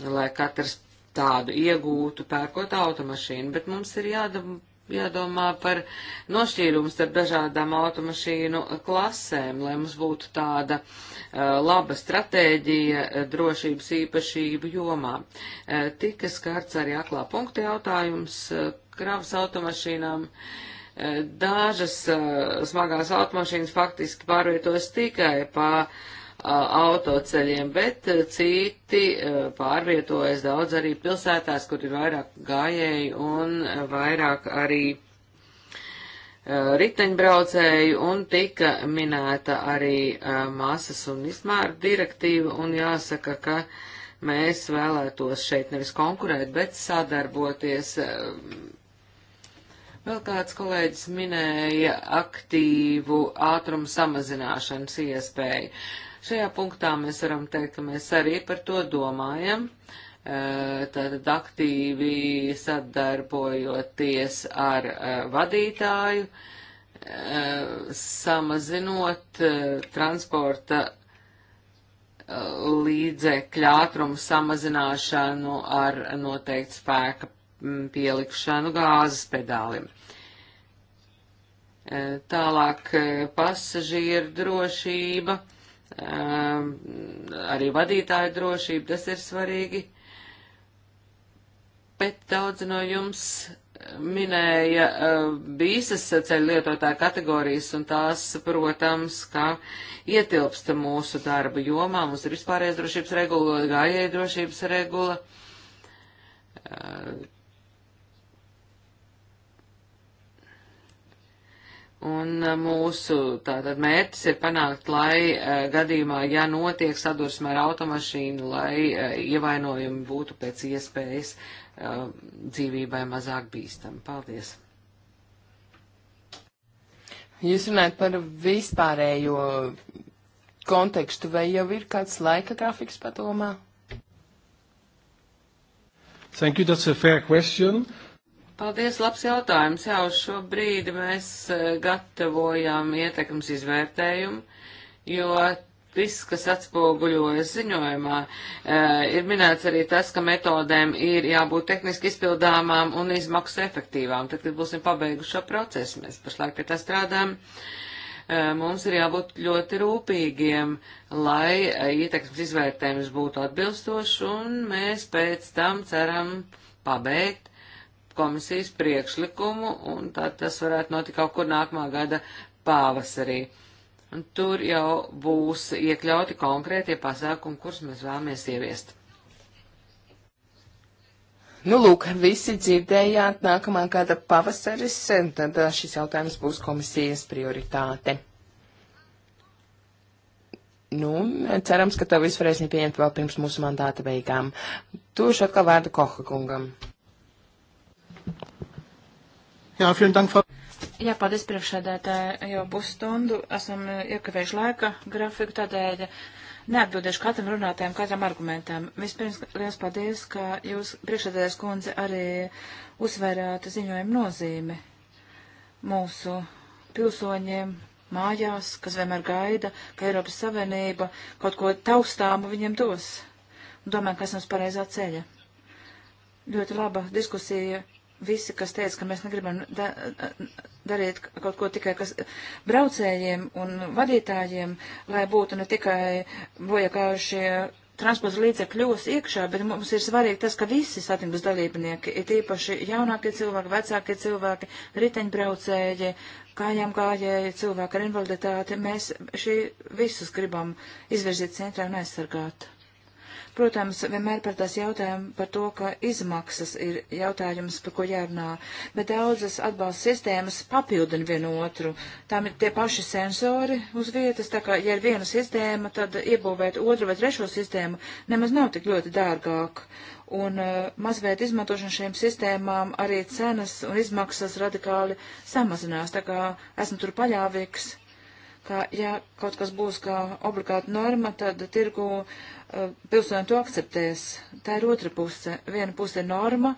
lai katrs tādu iegūtu pērkot automašīnu, bet mums ir jādab jādomā par nošķīrumu starp dažādām automašīnu klasēm, lai mums būtu tāda uh, laba stratēģija uh, drošības īpašību jomā. Uh, tika skarts arī aklā punkta jautājums uh, kravas automašīnām. Uh, dažas uh, smagās automašīnas faktiski pārvietojas tikai pa uh, autoceļiem, bet e, citi e, pārvietojas daudz arī pilsētās, kur ir vairāk gājēji un vairāk arī e, riteņbraucēju, un tika minēta arī masas un izmēru direktīva, un jāsaka, ka mēs vēlētos šeit nevis konkurēt, bet sadarboties. Vēl kāds kolēģis minēja aktīvu ātrumu samazināšanas iespēju. Uh, Šajā punktā mēs varam teikt, ka mēs arī par to domājam, tātad e, aktīvi sadarbojoties ar e, vadītāju, e, samazinot transporta līdzekļu ātrumu samazināšanu ar noteiktu spēka pielikšanu gāzes pedālim. Tālāk pasažieru drošība Ehm, arī vadītāju drošību, tas ir svarīgi. Bet daudz no jums minēja ehm, visas ceļu lietotāju kategorijas, un tās, protams, kā ietilpsta mūsu darba jomā. Mums ir vispārējais drošības regula, gājēja drošības regula ehm, Un e, mūsu tātad mērķis ir panākt, lai uh, gadījumā, ja notiek sadursme ar automašīnu, lai uh, ievainojumi būtu pēc iespējas uh, dzīvībai mazāk bīstami. Paldies! Jūs runājat par vispārējo kontekstu, vai jau ir kāds laika grafiks padomā? Thank you, that's a fair question. Uh, Paldies, labs jautājums. Jā, uz šo brīdi mēs eh, gatavojām ietekmes izvērtējumu, jo viss, kas atspoguļojas ziņojumā, eh, ir minēts arī tas, ka metodēm ir jābūt tehniski izpildāmām un izmaksu efektīvām. Tad, kad būsim pabeiguši šo procesu, mēs pašlaik pie tā strādājam, eh, mums ir jābūt ļoti rūpīgiem, lai ietekmes izvērtējums būtu atbilstošs, un mēs pēc tam ceram pabeigt komisijas priekšlikumu, un tad tas varētu notikt kaut kur nākamā gada pavasarī. Un tur jau būs iekļauti konkrētie pasākumi, kurus mēs vēlamies ieviest. Nu, lūk, visi dzirdējāt, nākamā gada pavasaris, tad šis jautājums būs komisijas prioritāte. Nu, cerams, ka to visu varēsim pieņemt vēl pirms mūsu mandāta beigām. Tūši atkal vārdu Koha kungam. Jā, vielen dank. Jā, paldies priekšsēdētāji, jau pusstundu esam iekavējuši laika grafiku, tādēļ neatbildēšu katram runātājam, katram argumentam. Vispirms liels paldies, ka jūs priekšsēdētājs kundze arī uzsvērāt ziņojumu nozīmi mūsu pilsoņiem mājās, kas vienmēr gaida, ka Eiropas Savienība kaut ko taustāmu viņiem dos. Un domāju, ka esam uz pareizā ceļa. Ļoti laba diskusija visi, kas teica, ka mēs negribam da darīt kaut ko tikai kas braucējiem un vadītājiem, lai būtu ne tikai bojakājušie transporta līdzekļi kļūs iekšā, bet mums ir svarīgi tas, ka visi satingus dalībnieki, ir tīpaši jaunākie cilvēki, vecākie cilvēki, riteņbraucēji, kājām gājēji, cilvēki ar invaliditāti, mēs šī visus gribam izvirzīt centrā un aizsargāt. Protams, vienmēr par tās jautājumu par to, ka izmaksas ir jautājums, par ko jārunā, bet daudzas atbalsta sistēmas papildina vienu otru. Tām ir tie paši sensori uz vietas, tā kā, ja ir viena sistēma, tad iebūvēt otru vai trešo sistēmu nemaz nav tik ļoti dārgāk. Un uh, mazveidu izmantošana šīm sistēmām arī cenas un izmaksas radikāli samazinās, tā kā esmu tur paļāvīgs ka, ja kaut kas būs kā obligāta norma, tad tirgu pilsoņi to akceptēs. Tā ir otra puse. Viena puse ir norma.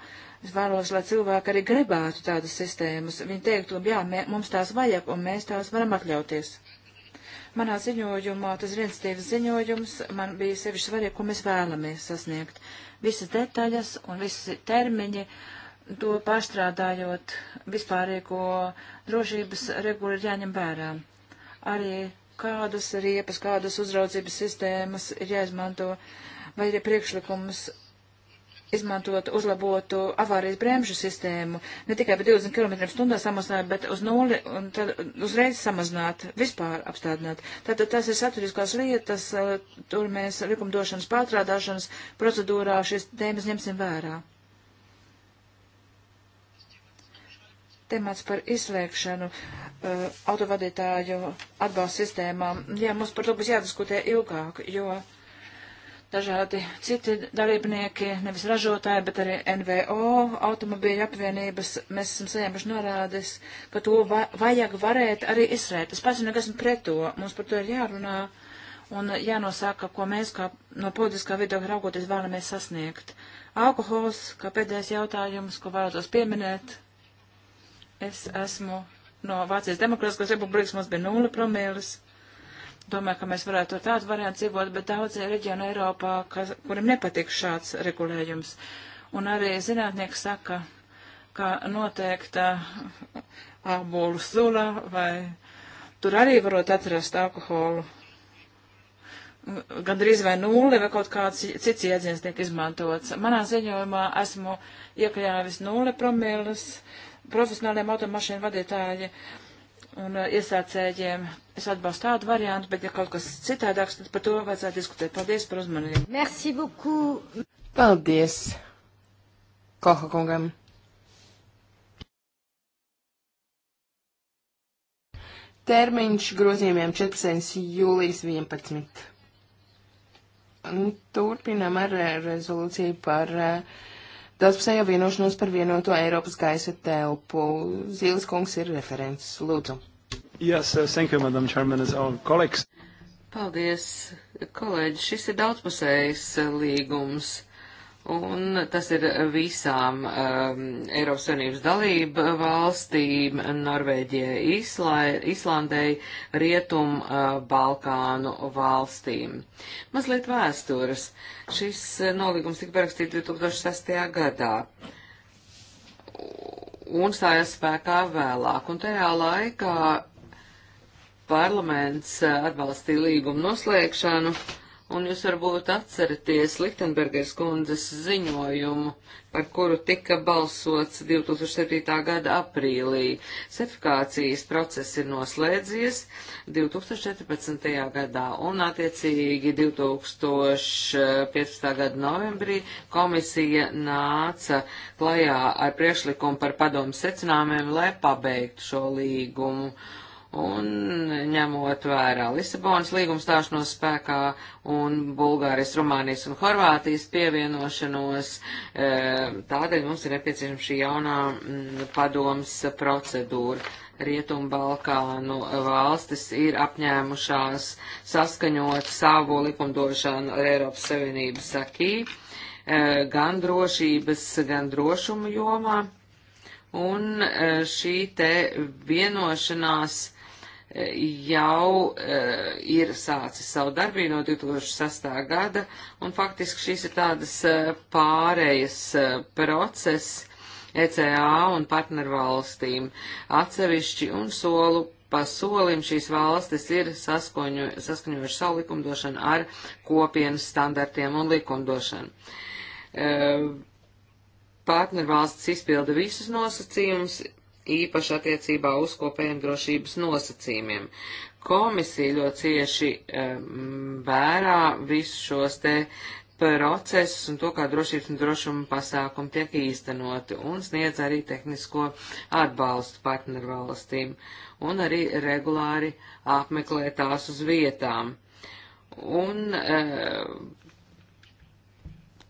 Es vēlos, lai cilvēki arī gribētu tādas sistēmas. Viņi teiktu, jā, mē, mums tās vajag un mēs tās varam atļauties. Manā ziņojumā, tas ir viens ziņojums, man bija sevišķi svarīgi, ko mēs vēlamies sasniegt. Visas detaļas un visi termiņi, to pārstrādājot vispārīgo drošības regulu ir jāņem vērā. Arī kādas riepas, kādas uzraudzības sistēmas ir jāizmanto, vai ir priekšlikums izmantot uzlabotu avārijas bremžu sistēmu, ne tikai par 20 km stundā samazināt, bet uz nulli un tad uzreiz samazināt, vispār apstādināt. Tātad tas ir saturiskās lietas, eh, tur mēs likumdošanas pārstrādāšanas procedūrā šīs tēmas ņemsim vērā. temats par izslēgšanu uh, autovadītāju atbalstu sistēmām. Jā, mums par to būs jādiskutē ilgāk, jo dažādi citi dalībnieki, nevis ražotāji, bet arī NVO, automobīļa apvienības, mēs esam saņēmuši norādes, ka to va vajag varēt arī izslēgt. Es pats neesmu pret to, mums par to ir jārunā un jānosaka, ko mēs kā no politiskā viedokļa raugoties vēlamies sasniegt. Alkohols, kā pēdējais jautājums, ko vēlētos pieminēt, Es esmu no Vācijas Demokrātiskās republikas, mums bija nula promīlis. Domāju, ka mēs varētu ar tādu variantu dzīvot, bet daudzie reģioni Eiropā, kas, kurim nepatīk šāds regulējums. Un arī zinātnieki saka, ka noteikta ābolu sula vai tur arī varot atrast alkoholu gandrīz vai nulli, vai kaut kāds cits jēdziens tiek izmantots. Manā ziņojumā esmu iekļāvis nulli promilles, profesionāliem automašīnu vadītājiem un uh, iesācējiem. Es atbalstu tādu variantu, bet ja kaut kas citādāks, tad par to vajadzētu diskutēt. Paldies par uzmanību. Merci beaucoup. Paldies. Koha kungam. Termiņš grozījumiem 14. jūlijas 11. Un turpinam ar eh, rezolūciju par uh, Daudzpusējo vienošanos par vienoto Eiropas gaisa telpu. Zīles kungs ir referents. Lūdzu. Yes, uh, thank you, Madam Chairman, as our colleagues. Paldies, kolēģi. Šis ir daudzpusējs uh, līgums. Un tas ir visām um, Eiropas Savienības dalību valstīm, Norvēģijai, Islandei, Rietum, uh, Balkānu valstīm. Mazliet vēstures. Šis uh, nolīgums tika parakstīts 2006. gadā un stājās spēkā vēlāk. Un tajā laikā parlaments uh, atbalstīja līgumu noslēgšanu. Uh, un jūs varbūt atceraties Lichtenbergers kundzes ziņojumu, par kuru tika balsots 2007. gada aprīlī. Certifikācijas process ir noslēdzies 2014. gadā, un attiecīgi 2015. gada novembrī komisija nāca klajā ar priekšlikumu par padomu secinājumiem, lai pabeigtu šo līgumu. Uh, Un ņemot vērā Lisabonas līguma stāšanos spēkā un Bulgārijas, Rumānijas un Horvātijas pievienošanos, e, tādēļ mums ir nepieciešama šī jaunā mm, padomas procedūra. Rietumu Balkānu valstis ir apņēmušās saskaņot savu likumdošanu ar Eiropas Savienības akī e, gan drošības, gan drošumu jomā. Un e, šī te vienošanās jau uh, ir sācis savu darbību no 2006. gada, un faktiski šīs ir tādas uh, pārējas uh, process ECA un partnervalstīm atsevišķi un solu pa solim šīs valstis ir saskoņu, saskaņojuši savu likumdošanu ar kopienas standartiem un likumdošanu. Uh, partnervalstis izpilda visus nosacījumus, īpaši attiecībā uz kopējiem drošības nosacījumiem. Komisija ļoti cieši vērā visus šos te procesus un to, kā drošības un drošuma pasākumi tiek īstenoti un sniedz arī tehnisko atbalstu partnervalstīm un arī regulāri apmeklē tās uz vietām. Un e,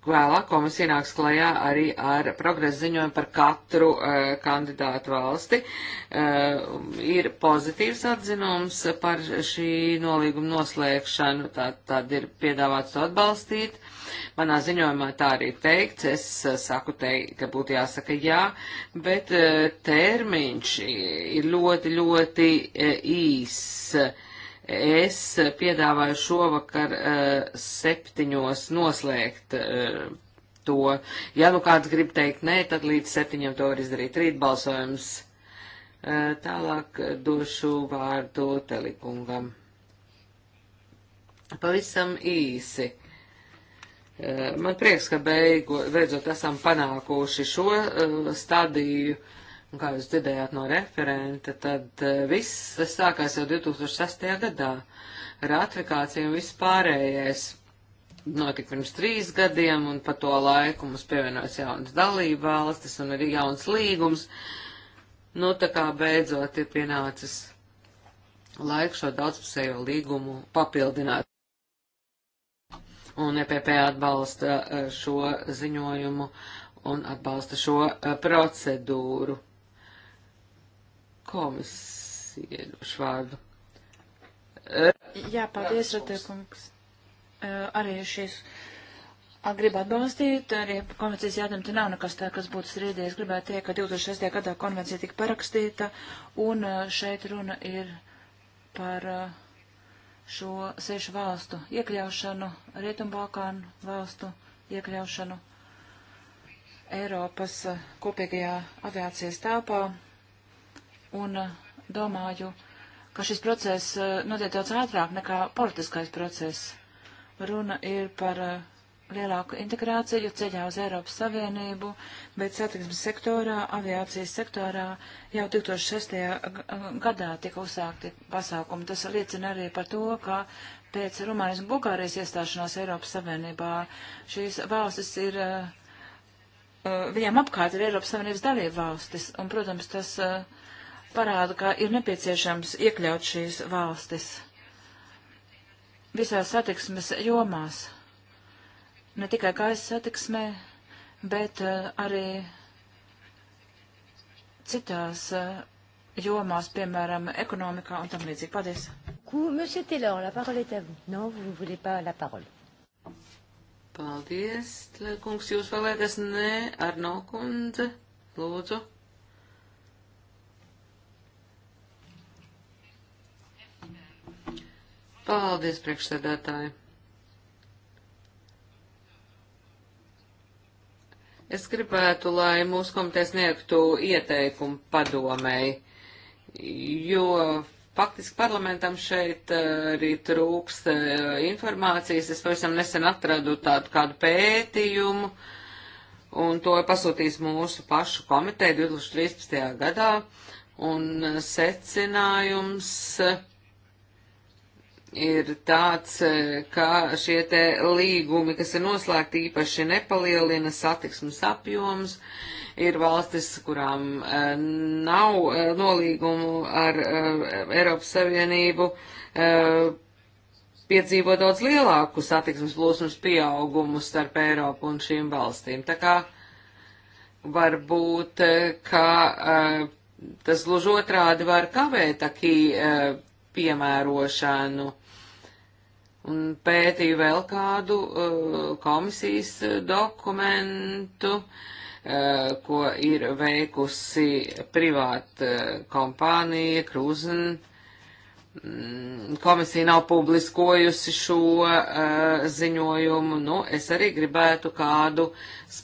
Vēlāk komisija nāks klajā arī ar progresu ziņojumu par katru uh, kandidātu valsti. Uh, ir pozitīvs atzinums par šī nolīguma noslēgšanu, tad, tad ir piedāvāts to atbalstīt. Manā ziņojumā tā arī teikts, es eh, saku te, ka būtu jāsaka jā, bet uh, termiņš ir ļoti, ļoti uh, īss. Uh, Es piedāvāju šovakar uh, septiņos noslēgt uh, to. Ja nu kāds grib teikt nē, tad līdz septiņiem to var izdarīt rīt balsojums. Uh, tālāk došu vārdu telikungam. Pavisam īsi. Man prieks, ka beigo, beidzot esam panākuši šo stadiju Un kā jūs dzirdējāt no referenta, tad eh, viss sākās jau 2006. gadā. Ratifikācija un viss pārējais notika pirms trīs gadiem, un pa to laiku mums pievienojas jaunas dalība valstis un arī jauns līgums. Nu, tā kā beidzot ir pienācis laiks šo daudzpusējo līgumu papildināt. Un EPP atbalsta eh, šo ziņojumu un atbalsta šo eh, procedūru komisija došu vārdu. Jā, paldies, Ratiekungs. Arī šīs gribu atbalstīt, arī konvencijas jādam te nav nekas tā, kas būtu strīdies. Gribētu teikt, ka 2006. gadā konvencija tika parakstīta, un šeit runa ir par šo sešu valstu iekļaušanu, Rietumbalkānu valstu iekļaušanu Eiropas kopīgajā aviācijas telpā un eh, domāju, ka šis process eh, notiek daudz ātrāk nekā politiskais process. Runa ir par eh, lielāku integrāciju ceļā uz Eiropas Savienību, bet satiksmes sektorā, aviācijas sektorā jau 2006. gadā tika uzsākti pasākumi. Tas liecina arī par to, ka pēc Rumānijas un Bulgārijas iestāšanās Eiropas Savienībā šīs valstis ir, uh, viņām apkārt ir Eiropas Savienības dalība valstis, un, protams, tas uh, parāda, ka ir nepieciešams iekļaut šīs valstis visās satiksmes jomās. Ne tikai gaisa satiksmē, bet eh, arī citās eh, jomās, piemēram, ekonomikā un tam līdzīgi. Paldies. Monsieur Taylor, la parole est à vous. Non, vous ne voulez pas la parole. Paldies, kungs, jūs vēlēties? Nē, Arno kundze, lūdzu. Paldies, priekšsēdētāji. Es gribētu, lai mūsu komiteja sniegtu ieteikumu padomēji, jo faktiski parlamentam šeit eh, arī trūkst eh, informācijas. Es pavisam nesen atradu tādu kādu pētījumu, un to pasūtīs mūsu pašu komiteja 2013. gadā, un eh, secinājums ir tāds, e, ka šie te līgumi, kas ir noslēgti īpaši nepalielina satiksmes apjoms, ir valstis, kurām e, nav e, nolīgumu ar Eiropas Savienību, piedzīvo daudz lielāku satiksmes plūsmas pieaugumu starp Eiropu un šīm valstīm. Tā kā varbūt, ka tas gluži otrādi var kavēt akī piemērošanu un pētīju vēl kādu uh, komisijas uh, dokumentu, uh, ko ir veikusi privāta uh, kompānija Kruzen. Mm, komisija nav publiskojusi šo uh, ziņojumu. Nu, es arī gribētu kādu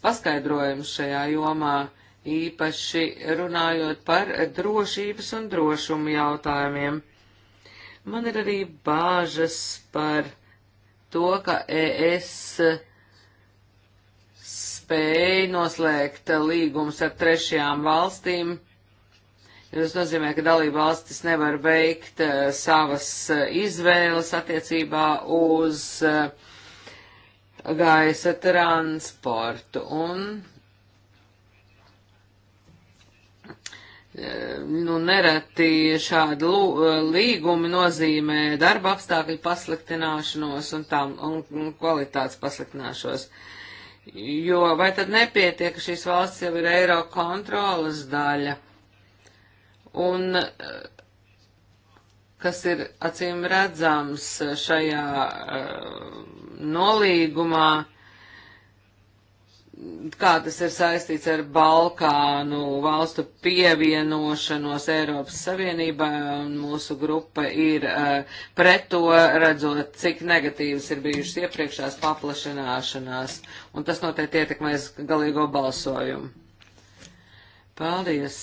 paskaidrojumu šajā jomā, īpaši runājot par drošības un drošumu jautājumiem Man ir arī bāžas par to, ka ES spēja noslēgt līgumus ar trešajām valstīm. Tas nozīmē, ka dalība valstis nevar veikt eh, savas eh, izvēles attiecībā uz eh, gaisa transportu. Un nu, nereti šādi līgumi nozīmē darba apstākļu pasliktināšanos un, tām, un kvalitātes pasliktināšanos. Jo vai tad nepietiek, ka šīs valsts jau ir eiro kontrolas daļa? Un eh, kas ir acīm redzams šajā uh, nolīgumā, uh, kā tas ir saistīts ar Balkānu valstu pievienošanos Eiropas Savienībai, un mūsu grupa ir uh, pret to, redzot, cik negatīvas ir bijušas iepriekšās paplašanāšanās, un tas noteikti ietekmēs galīgo balsojumu. Paldies!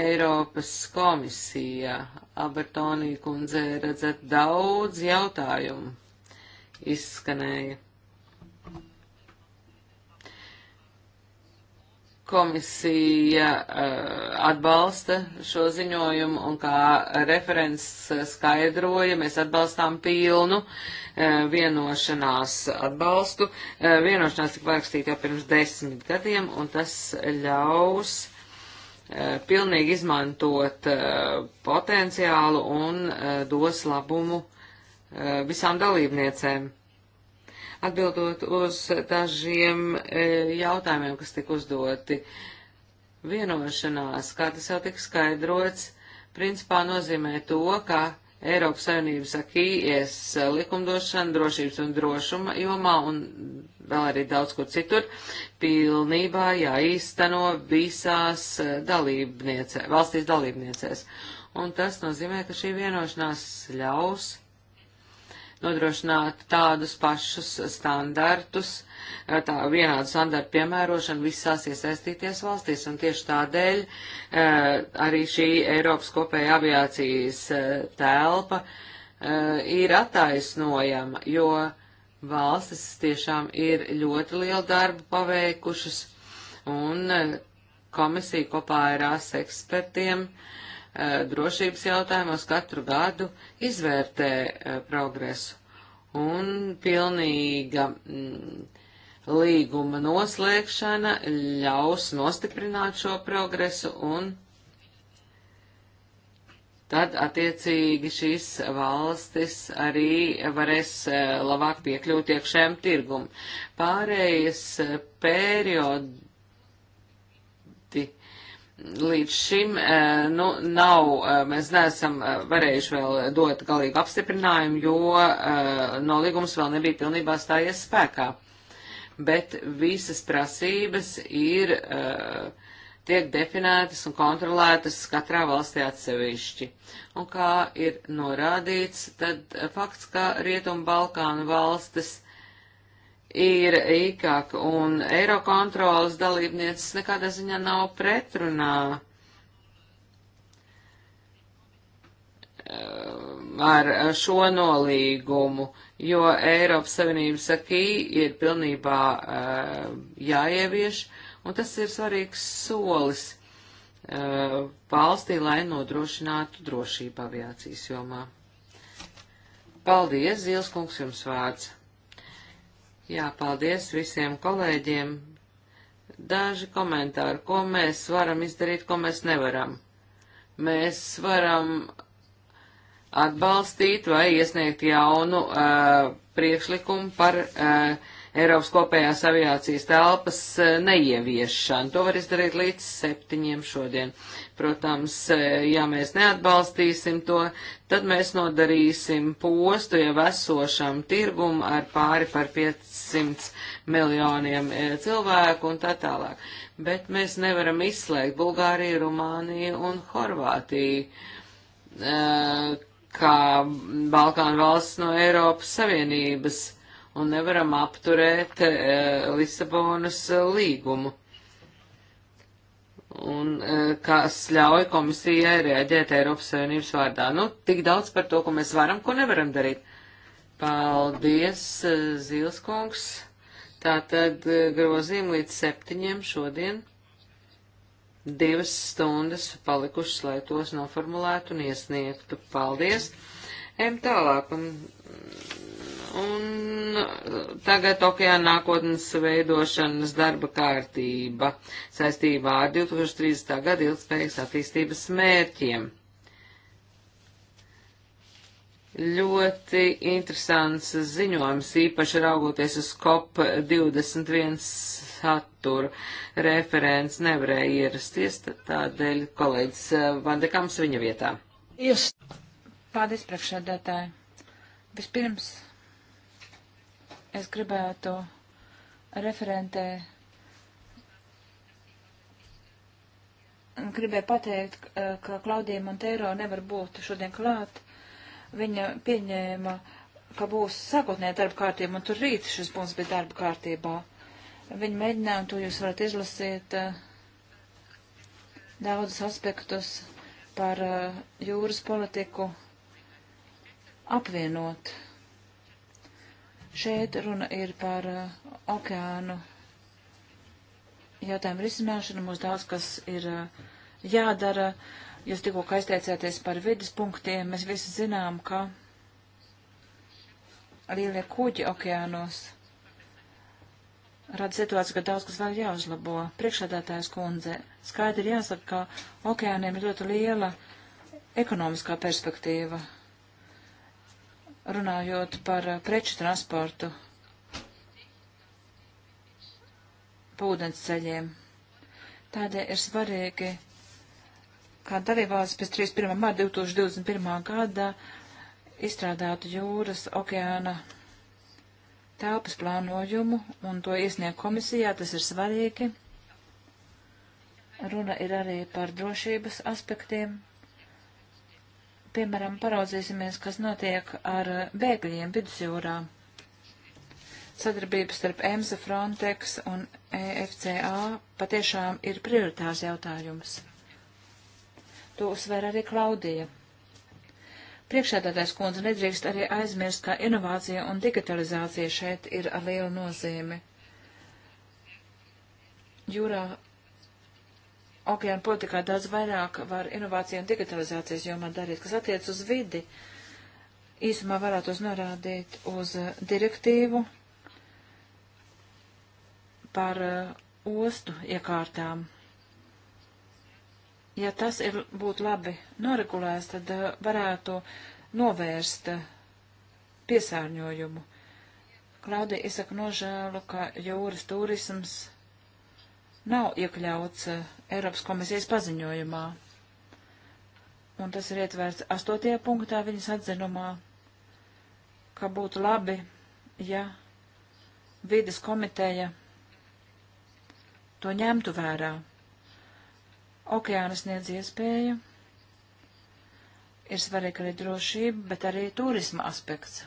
Eiropas komisija, Abertonī kundze, redzat daudz jautājumu izskanēja. Komisija eh, atbalsta šo ziņojumu un kā referents eh, skaidroja, mēs atbalstām pilnu eh, vienošanās atbalstu. Vienošanās tika parakstīta jau pirms desmit gadiem un tas ļaus pilnīgi izmantot potenciālu un dos labumu visām dalībniecēm. Atbildot uz dažiem e, jautājumiem, kas tika uzdoti, vienošanās, kā tas jau tika skaidrots, principā nozīmē to, ka Eiropas Savienības akījies likumdošana drošības un drošuma jomā un vēl arī daudz kur citur pilnībā jāīsteno visās e, dalībniecē, valstīs dalībniecēs. Un tas nozīmē, ka šī vienošanās ļaus nodrošināt tādus pašus standartus, eh, tā vienādu standartu piemērošanu visās iesaistīties valstīs, un tieši tādēļ eh, arī šī Eiropas kopēja aviācijas eh, telpa ir attaisnojama, jo valstis tiešām ir ļoti lielu darbu paveikušas, un komisija kopā ar AS ekspertiem uh, Uh, drošības jautājumos katru gadu izvērtē uh, progresu. Un pilnīga m, mm, līguma noslēgšana ļaus nostiprināt šo progresu un tad attiecīgi šīs valstis arī varēs uh, labāk piekļūt iekšējiem tirgum. Pārējais periods līdz šim eh, nu, nav, eh, mēs neesam eh, varējuši vēl dot galīgu apstiprinājumu, jo nolīgums vēl nebija pilnībā stājies spēkā. Bet visas prasības ir, tiek definētas un kontrolētas katrā valstī atsevišķi. Un kā ir norādīts, tad fakts, ka Rietumu Balkānu valstis ir IKAK un Eirokontrolas dalībnieces nekādā ziņā nav pretrunā ehm, ar šo nolīgumu, jo Eiropas Savienības akī ir pilnībā ehm, jāievieš, un tas ir svarīgs solis ehm, valstī, lai nodrošinātu drošību aviācijas jomā. Paldies, Zils kungs, jums vārds! Jā, paldies visiem kolēģiem. Daži komentāri, ko mēs varam izdarīt, ko mēs nevaram. Mēs varam atbalstīt vai iesniegt jaunu uh, priekšlikumu par uh, Eiropas kopējās aviācijas telpas uh, neieviešanu. To var izdarīt līdz septiņiem šodien. Protams, e, ja mēs neatbalstīsim to, tad mēs nodarīsim postu jau esošam tirgumu ar pāri par 500 miljoniem e, cilvēku un tā tālāk. Bet mēs nevaram izslēgt Bulgāriju, Rumāniju un Horvātiju e, kā Balkānu valsts no Eiropas Savienības un nevaram apturēt Lisabonas līgumu un e, kas ļauj komisijai reaģēt Eiropas Savienības vārdā. Nu, tik daudz par to, ko mēs varam, ko nevaram darīt. Paldies, e, Zilskungs. Tātad e, grozīm līdz septiņiem šodien. Divas stundas palikušas, lai tos noformulētu un iesniegtu. Paldies! Ejam tālāk un Un uh, tagad okajā nākotnes veidošanas darba kārtība saistībā ar 2030. gada ilgspējas attīstības mērķiem. Ļoti interesants ziņojums, īpaši raugoties uz COP21 saturu. Referents nevarēja ierasties, tādēļ kolēģis uh, Vandekams viņa vietā. Jūs. Paldies, priekšsēdētāji. Vispirms es gribētu referentē gribēju pateikt, ka Klaudija Monteiro nevar būt šodien klāt. Viņa pieņēma, ka būs sākotnēja darba kārtība, un tur rīt šis punkts bija darba kārtībā. Viņa mēģināja, un to jūs varat izlasīt, eh, daudzus aspektus par eh, jūras politiku apvienot. Šeit runa ir par uh, okeānu jautājumu risināšanu. Mums daudz kas ir uh, jādara. Jūs tikko aizteicāties par vidas punktiem. Mēs visi zinām, ka lielie kuģi okeānos rada situāciju, ka daudz kas vēl jāuzlabo. Priekšādātājs kundze, skaidri jāsaka, ka okeāniem ir ļoti liela ekonomiskā perspektīva runājot par eh, preču transportu pa ūdens ceļiem. Tādēļ ir svarīgi, kā dalībvalsts pēc 31. marta 2021. gada izstrādātu jūras okeāna telpas plānojumu un to iesniegt komisijā, tas ir svarīgi. Runa ir arī par drošības aspektiem piemēram, paraudzīsimies, kas notiek ar bēgļiem vidusjūrā. Sadarbības starp EMSA, Frontex un EFCA patiešām ir prioritārs jautājums. To uzsver arī Klaudija. Priekšēdātais kundze nedrīkst arī aizmirst, ka inovācija un digitalizācija šeit ir ar lielu nozīmi. Jūrā okeāna politikā daudz vairāk var inovāciju un digitalizācijas jomā darīt, kas attiec uz vidi. Īsumā varētu norādīt uz eh, direktīvu par eh, ostu iekārtām. Ja tas ir, būtu labi noregulēts, tad eh, varētu novērst piesārņojumu. Klaudija izsaka nožēlu, ka jūras turisms nav iekļauts eh, Eiropas komisijas paziņojumā. Un tas ir ietverts astotajā punktā viņas atzinumā, ka būtu labi, ja vides komiteja to ņemtu vērā. Okeāna sniedz iespēju. Ir svarīga arī drošība, bet arī turisma aspekts.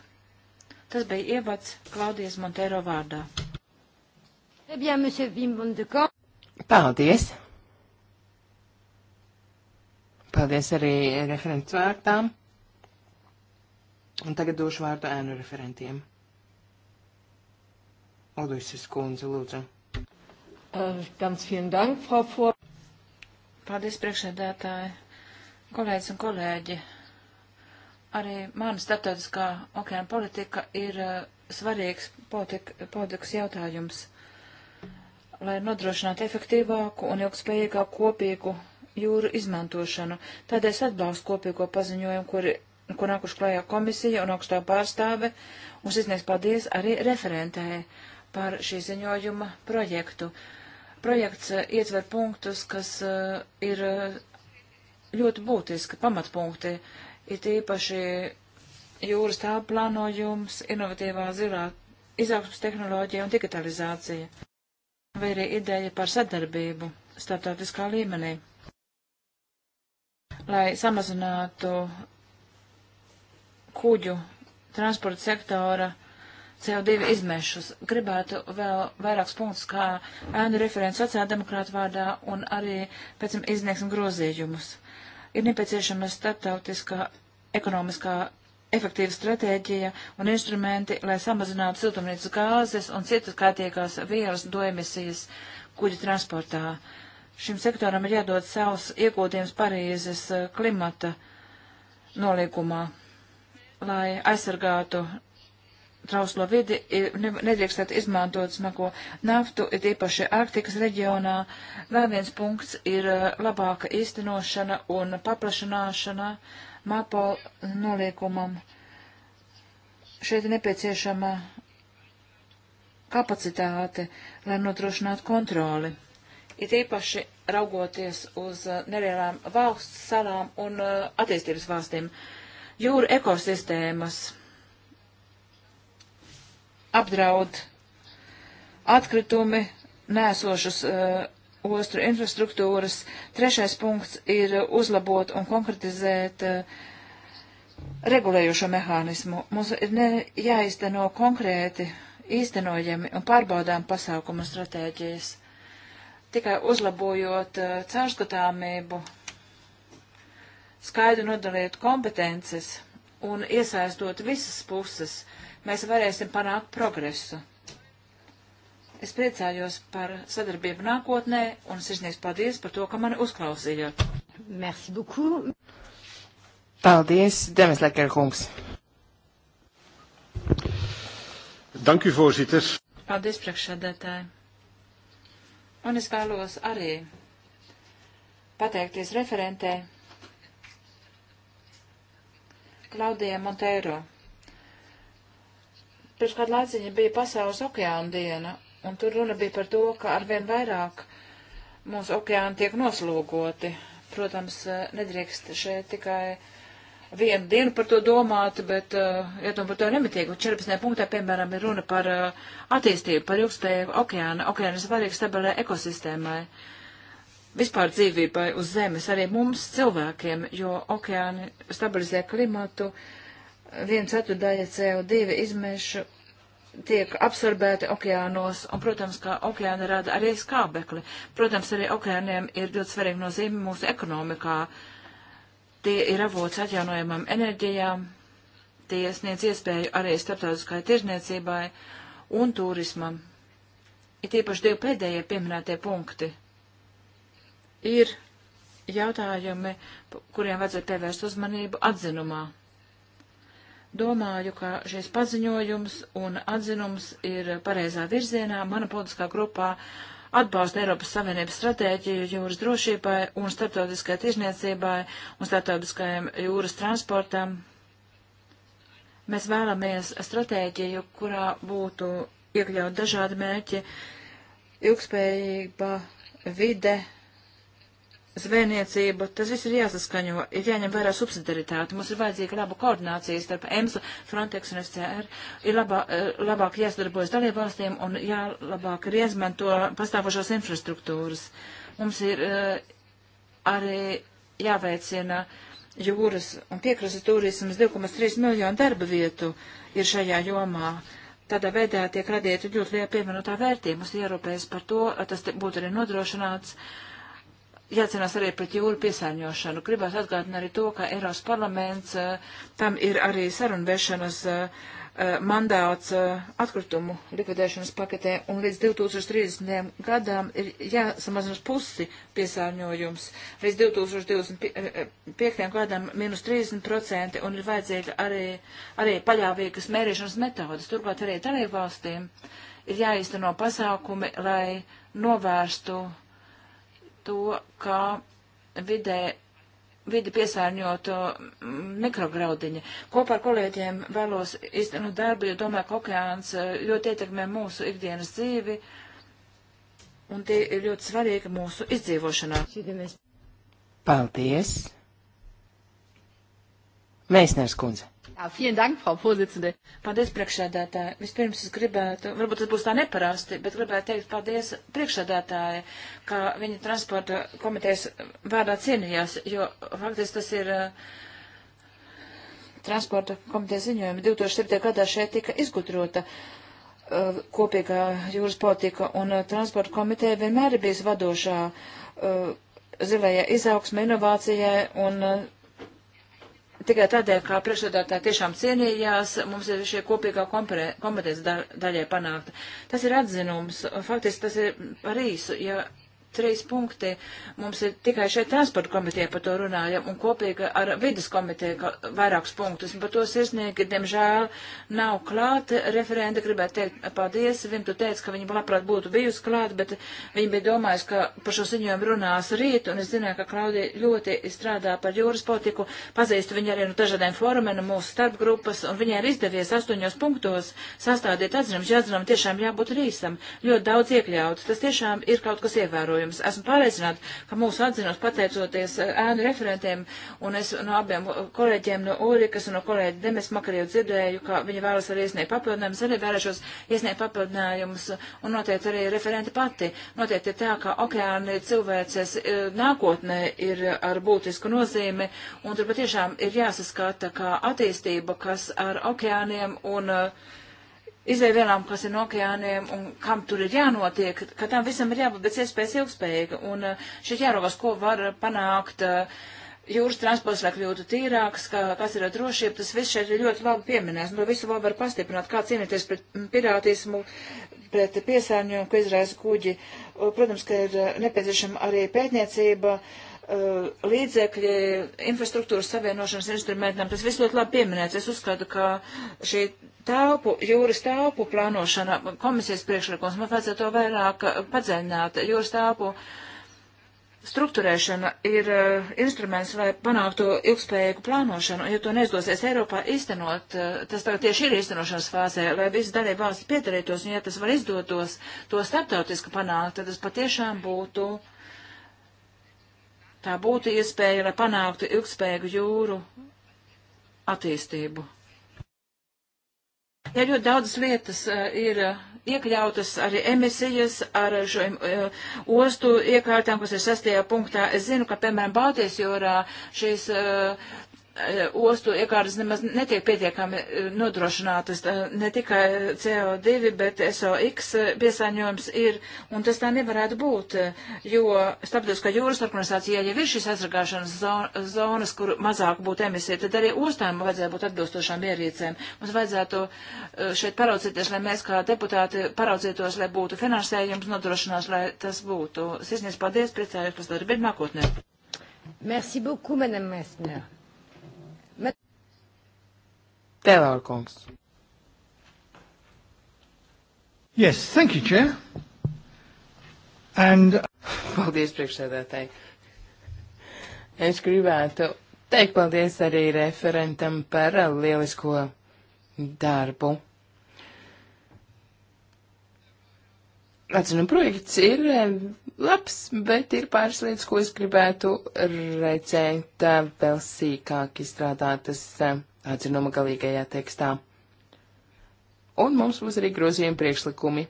Tas bija ievads Klaudijas Montero vārdā. Eh bien, monsieur Vim van de Kamp. Paldies! Paldies arī referents vārtām. Un tagad došu vārdu ēnu referentiem. Odusis kundze, lūdzu. Äh, ganz vielen Dank, Frau Vor. Paldies, priekšsēdētāji, kolēģis un kolēģi. Arī mana starptautiskā okeāna politika ir uh, svarīgs politika, politikas jautājums lai nodrošinātu efektīvāku un ilgspējīgāku kopīgu jūru izmantošanu. Tādēļ atbalstu kopīgo paziņojumu, kur, kur nākuši klājā komisija un augstā pārstāve, un iznieks paldies arī referentē par šī ziņojuma projektu. Projekts eh, ietver punktus, kas eh, ir eh, ļoti būtiski, pamatpunkti, ir īpaši jūras tālu plānojums, inovatīvā zilā izaugsmas tehnoloģija un digitalizācija vai arī ideja par sadarbību starptautiskā līmenī, lai samazinātu kuģu transporta sektora CO2 izmešus. Gribētu vēl vairākus punktus, kā ēnu referents sociāldemokrāta vārdā, un arī pēc tam izniegsim grozījumus. Ir nepieciešama starptautiskā ekonomiskā efektīva stratēģija un instrumenti, lai samazinātu siltumnīcas gāzes un citas kārtīgās vielas doemisijas kuģa transportā. Šim sektoram ir jādod savs iegūtījums Parīzes eh, klimata noliekumā, lai aizsargātu trauslo vidi, nedrīkstētu izmantot smago naftu, ir īpaši Arktikas reģionā. Vēl viens punkts ir eh, labāka īstenošana un paplašanāšana. Uh, MAPO noliekumam. Šeit ir nepieciešama kapacitāte, lai nodrošinātu kontroli. It īpaši raugoties uz uh, nelielām valsts salām un uh, attīstības valstīm. Jūra ekosistēmas apdraud atkritumi, nēsošas uh, ostru infrastruktūras. Trešais punkts ir uzlabot un konkretizēt uh, eh, regulējušo mehānismu. Mums ir ne, jāizteno konkrēti īstenojami un pārbaudām pasākumu stratēģijas. Tikai uzlabojot uh, caurskatāmību, skaidri nodaliet kompetences un iesaistot visas puses, mēs varēsim panākt progresu Es priecājos par sadarbību nākotnē un sirsnīgs paldies par to, ka mani uzklausījāt. Merci beaucoup. Paldies, Demis Lekar kungs. Dank u, voorzitter. Paldies, priekšsēdētāji. Un es vēlos arī pateikties referentē Klaudija Monteiro. Pirms kādu laiciņu bija pasaules okeāna diena, Un tur runa bija par to, ka arvien vairāk mūsu okeāni tiek noslogoti. Protams, eh, nedrīkst šeit tikai vienu dienu par to domāt, bet uh, ja tu par to nemitīgi. Un 14. punktā, piemēram, ir runa par uh, attīstību, par ilgspējību okeāna. Okeāna ir svarīga stabilai ekosistēmai, vispār dzīvībai uz zemes, arī mums cilvēkiem, jo okeāni stabilizē klimatu, viens ceturdaļa CO2 izmešu tiek absorbēti okeānos, un, protams, ka okeāni rada arī skābekli. Protams, arī okeāniem ir ļoti svarīga nozīme mūsu ekonomikā. Tie ir avots atjaunojamam enerģijām, tie sniedz iespēju arī starptautiskai tirzniecībai un turismam. Ir tīpaši divi pēdējie pieminētie punkti. Ir jautājumi, kuriem vajadzētu pievērst uzmanību atzinumā domāju, ka šis paziņojums un atzinums ir pareizā virzienā. Mana politiskā grupā atbalsta Eiropas Savienības stratēģiju jūras drošībai un starptautiskai tirzniecībai un starptautiskajam jūras transportam. Mēs vēlamies stratēģiju, kurā būtu iekļaut dažādi mērķi, ilgspējība, vide, zvejniecību, tas viss ir jāsaskaņo, ir jāņem vērā subsidiaritāte, mums ir vajadzīga laba koordinācija starp EMS, Frontex un SCR, ir labā, eh, labāk jāsadarbojas dalību valstīm un jālabāk ir jāizmanto pastāvošās infrastruktūras. Mums ir eh, arī jāveicina jūras un piekrasa turismas 2,3 miljonu darba vietu ir šajā jomā. Tādā veidā tiek radīta ļoti liela pievienotā vērtība. Mums ir jārūpējas par to, tas būtu arī nodrošināts. Uh, jācenās arī pret jūru piesārņošanu. Gribētu atgādināt arī to, ka Eiropas parlaments eh, tam ir arī sarunvešanas eh, eh, mandāts atkritumu likvidēšanas paketē, un līdz 2030. gadām ir jāsamazinās pusi piesārņojums, līdz 2025. gadām minus 30%, un ir vajadzīga arī, arī paļāvīgas mērīšanas metodas. Turklāt arī dalībvalstīm ir jāizteno pasākumi, lai novērstu uh, to, ka vidē, vidi piesārņot uh, mikrograudiņa. Kopā ar kolēģiem vēlos iztenot darbu, jo domāju, ka okeāns uh, ļoti ietekmē mūsu ikdienas dzīvi, un tie ir ļoti svarīgi mūsu izdzīvošanā. Paldies! Mēsners kundze. Jā, vielen dank, Frau Vorsitzende. Paldies, priekšsēdētāji. Vispirms es gribētu, varbūt tas būs tā neparasti, bet gribētu teikt paldies priekšsēdētāji, ka viņa transporta komitejas vārdā cienījās, jo faktiski tas ir eh, transporta komitejas ziņojumi 2007. gadā šeit tika izgudrota eh, kopīgā jūras politika, un eh, transporta komiteja vienmēr ir bijusi vadošā zilajā izaugsmē, inovācijai un uh, tikai tādēļ, kā priekšsēdētāji tiešām cienījās, mums ir šie kopīgā kompetence daļai panākta. Tas ir atzinums, faktiski tas ir par īsu, ja trīs punkti. Mums ir tikai šeit transporta komiteja par to runājam un kopīgi ar vidas komiteju vairākus punktus. Un par to sirsnieki, diemžēl, nav klāt. Referenta gribētu teikt paldies. Viņa tu teica, ka viņa labprāt būtu bijusi klāt, bet viņa bija domājusi, ka par šo ziņojumu runās rīt. Un es zināju, ka Klaudija ļoti strādā par jūras politiku. Pazīstu viņu arī no dažādiem fórumiem, no mūsu starpgrupas. Un viņai ir izdevies astoņos punktos sastādīt atzinumus. Ja atzinumam tiešām jābūt rīsam, ļoti daudz iekļauts. Tas tiešām ir kaut kas ievērojams uzlabojums. Esmu pārliecināta, ka mūsu atzinos pateicoties eh, ēnu referentiem, un es no abiem kolēģiem no Ūrikas un no kolēģa Demes Makariju dzirdēju, ka viņi vēlas arī iesniegt papildinājumus, arī vēlēšos iesniegt papildinājumus, un noteikti arī referenti pati. Noteikti ir tā, ka okeāni cilvēces eh, nākotnē ir ar būtisku nozīmi, un tur patiešām ir jāsaskata, ka attīstība, kas ar okeāniem un uh, izēvielām, kas ir no okeāniem un kam tur ir jānotiek, ka tam visam ir jābūt pēc iespējas ilgspējīga. Un eh, šeit jārovas, ko var panākt eh, jūras transports, lai kļūtu tīrāks, ka, kas ir drošība, tas viss šeit ir ļoti labi pieminēts. Un to visu vēl var pastiprināt, kā cīnīties pret pirātismu, pret piesārņojumu, ko izraisa kuģi. Protams, ka ir eh, nepieciešama arī pētniecība. Uh, Uh, līdzekļi infrastruktūras savienošanas instrumentam. Tas viss ļoti labi pieminēts. Es uzskatu, ka šī telpu, jūras telpu plānošana, komisijas priekšlikums, man vajadzētu to vairāk uh, padziļināt. Jūras telpu struktūrēšana ir uh, instruments, lai panāktu ilgspējīgu plānošanu. Ja to neizdosies Eiropā īstenot, uh, tas tagad tieši ir īstenošanas fāzē, lai visi dalība valsts piedarītos, un ja tas var izdotos to starptautiski panākt, tad tas patiešām būtu uh, tā būtu iespēja, lai panāktu ilgspējīgu jūru attīstību. Ja ļoti daudzas lietas uh, ir eh, iekļautas arī emisijas ar šo uh, ostu iekārtām, kas ir sastajā punktā. Es zinu, ka, piemēram, Baltijas jūrā šīs uh, Eh, ostu iekārtas nemaz netiek pietiekami eh, nodrošinātas. Eh, ne tikai CO2, bet SOX piesaņojums ir, un tas tā nevarētu būt, jo starptautiskā jūras organizācijā jau ir šis aizsargāšanas zonas, kur mazāk būtu emisija, tad arī ostām vajadzētu būt atbilstošām ierīcēm. Mums vajadzētu šeit paraudzīties, lai mēs kā deputāti paraudzītos, lai būtu finansējums nodrošinās, lai tas būtu. Sisnieks, paldies, priecājos par sadarbību nākotnē. Merci beaucoup, Madame Messner. Teilor kungs. Yes, thank you, Chair. And... Uh, paldies, priekšsēdētāji. Es gribētu teikt paldies arī referentam par lielisko darbu. Atzinu, projekts ir eh, labs, bet ir pāris lietas, ko es gribētu redzēt eh, vēl sīkāk izstrādātas. Uh, atzinuma galīgajā tekstā. Un mums būs arī grozījumi priekšlikumi.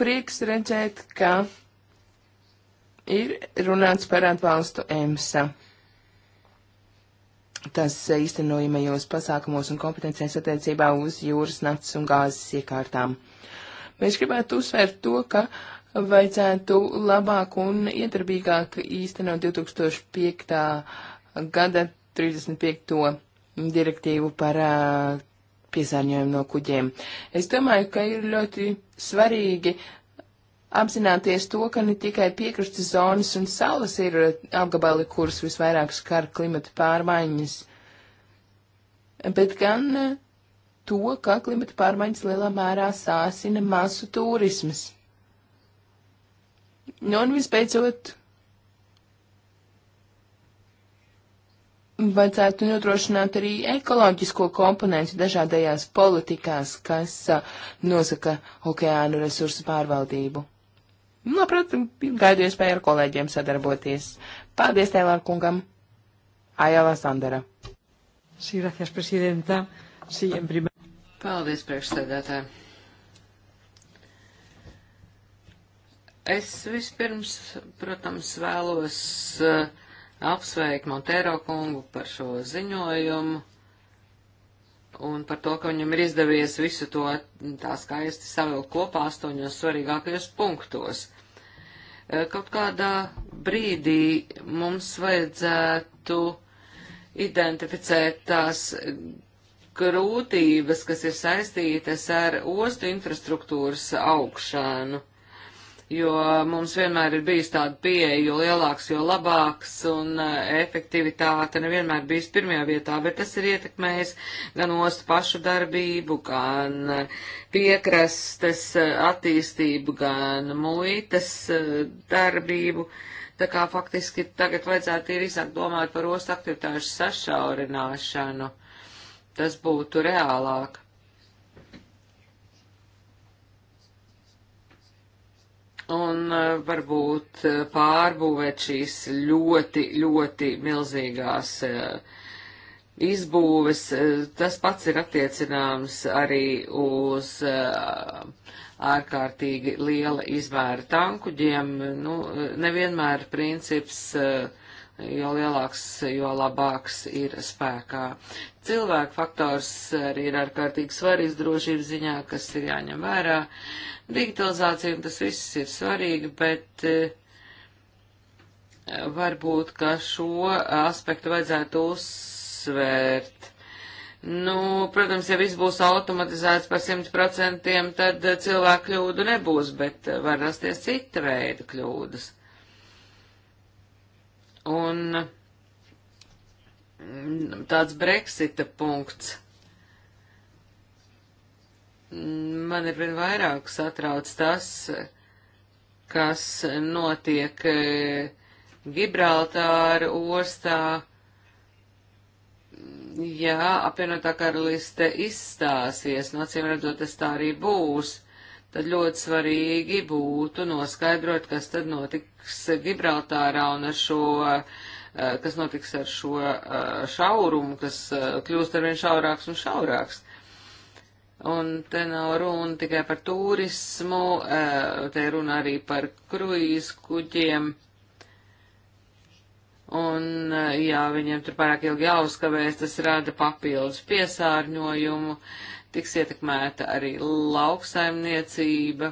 Prieks redzēt, ka ir runāts par atbalstu EMSA. Tas īstenojamajos pasākumos un kompetencijās attiecībā uz jūras naftas un gāzes iekārtām. Mēs gribētu uzsvērt to, ka vajadzētu labāk un iedarbīgāk īstenot 2005. gada 35. direktīvu par uh, piesārņojumu no kuģiem. Es domāju, ka ir ļoti svarīgi apzināties to, ka ne tikai piekrastes zonas un salas ir apgabali, kurus visvairāk skar klimata pārmaiņas, bet gan to, ka klimata pārmaiņas lielā mērā sāsina masu turismas. Nu, un visbeidzot, vajadzētu nodrošināt arī ekoloģisko komponentu dažādajās politikās, kas a, nosaka okeānu resursu pārvaldību. Labprāt, nu, gaidu iespēju ar kolēģiem sadarboties. Paldies, Tēlār kungam! Ajala Sandera. Sí, gracias, presidenta. Sí, en primer... Paldies, priekšsēdētāji. Es vispirms, protams, vēlos uh, apsveikt Montero kungu par šo ziņojumu un par to, ka viņam ir izdevies visu to tā skaisti savilkt kopā astoņos svarīgākajos punktos. E, kaut kādā brīdī mums vajadzētu identificēt tās grūtības, kas ir saistītas ar ostu infrastruktūras augšanu jo mums vienmēr ir bijis tāda pieeja, jo lielāks, jo labāks, un eh, efektivitāte nevienmēr bijis pirmajā vietā, bet tas ir ietekmējis gan ostu pašu darbību, gan eh, piekrastes eh, attīstību, gan muitas darbību. Tā kā faktiski tagad vajadzētu ir izsākt domāt par ostu aktivitāšu sašaurināšanu. Tas būtu reālāk. un e, varbūt e, pārbūvēt šīs ļoti, ļoti milzīgās e, izbūves. Tas pats ir attiecināms arī uz ārkārtīgi liela izmēra tankuģiem. Nu, nevienmēr princips uh, jo lielāks, jo labāks ir spēkā. Cilvēku faktors arī ir ārkārtīgi svarīgs drošības ziņā, kas ir jāņem vērā. Digitalizācija un tas viss ir svarīgi, bet eh, varbūt, ka šo aspektu vajadzētu uzsvērt. Nu, protams, ja viss būs automatizēts par 100%, tad cilvēku kļūdu nebūs, bet var rasties cita veida kļūdas. Un mm, tāds Brexita punkts. Man ir vien vairāk satrauc tas, kas notiek eh, Gibraltāra ostā, ja apvienotā karaliste izstāsies, no cīm redzot, tas tā arī būs tad ļoti svarīgi būtu noskaidrot, kas tad notiks Gibraltārā un ar šo, eh, kas notiks ar šo eh, šaurumu, kas eh, kļūst arvien šaurāks un šaurāks. Un te nav runa tikai par turismu, te runa arī par kruīz kuģiem. Un, ja viņiem tur pārāk ilgi jāuzkavēs, tas rada papildus piesārņojumu. Uh, tiks ietekmēta arī lauksaimniecība,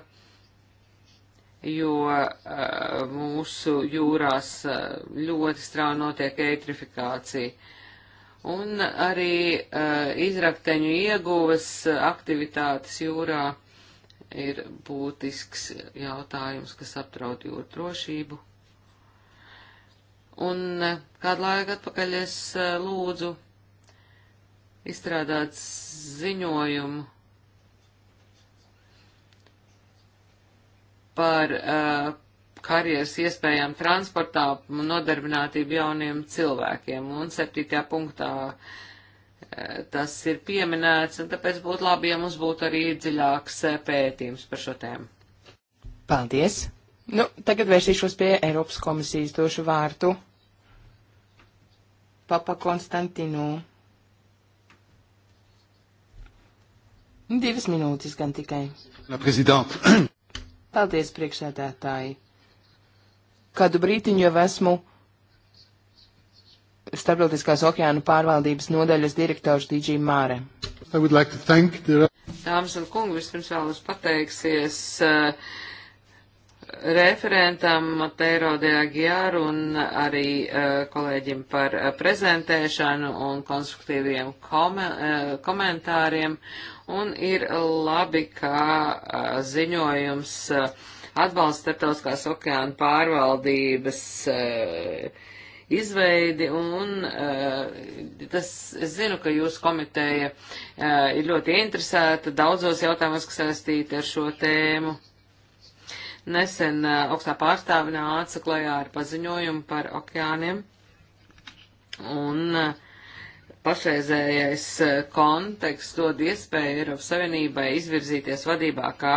jo uh, mūsu jūrās uh, ļoti strauji notiek eitrifikācija. Un arī uh, izrakteņu ieguves aktivitātes jūrā ir būtisks jautājums, kas apdraud jūru drošību. Un kādu laiku atpakaļ es lūdzu izstrādāt ziņojumu par uh, karjeras iespējām transportā un nodarbinātību jauniem cilvēkiem. Un septītajā punktā uh, tas ir pieminēts, un tāpēc būtu labi, ja mums būtu arī dziļāks uh, pētījums par šo tēmu. Paldies! Nu, tagad vērsīšos pie Eiropas komisijas došu vārtu. Papa Konstantinu. Divas minūtes gan tikai. Paldies, priekšsēdētāji. Kādu brītiņu jau esmu Starptautiskās okeānu pārvaldības nodaļas direktors DG Māre. Dāmas like the... un kungi, vispirms vēlos pateiksies. Uh, eh, referentam Matēro de Agiāru un arī eh, kolēģim par eh, prezentēšanu un konstruktīviem eh, komentāriem. Un ir labi, ka ziņojums atbalsta starptautiskās okeāna pārvaldības izveidi, un uh, tas, es zinu, ka jūsu komiteja uh, ir ļoti interesēta daudzos jautājumos, kas saistīti ar šo tēmu. Nesen uh, augstā pārstāve nāca klajā ar paziņojumu par okeāniem, un uh, pašreizējais uh, konteksts dod iespēju Eiropas Savienībai izvirzīties vadībā kā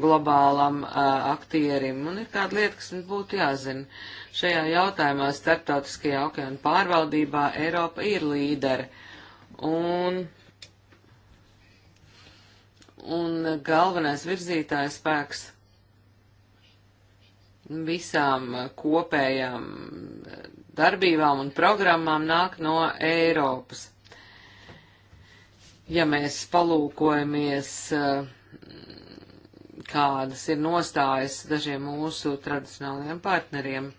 globālam aktierim, un ir kāda lieta, kas mums būtu jāzina. Šajā jautājumā starptautiskajā okeāna pārvaldībā Eiropa ir līdere. Un, un galvenais virzītājs spēks visām kopējām darbībām un programmām nāk no Eiropas. Ja mēs palūkojamies, eh, kādas ir nostājas dažiem mūsu tradicionālajiem partneriem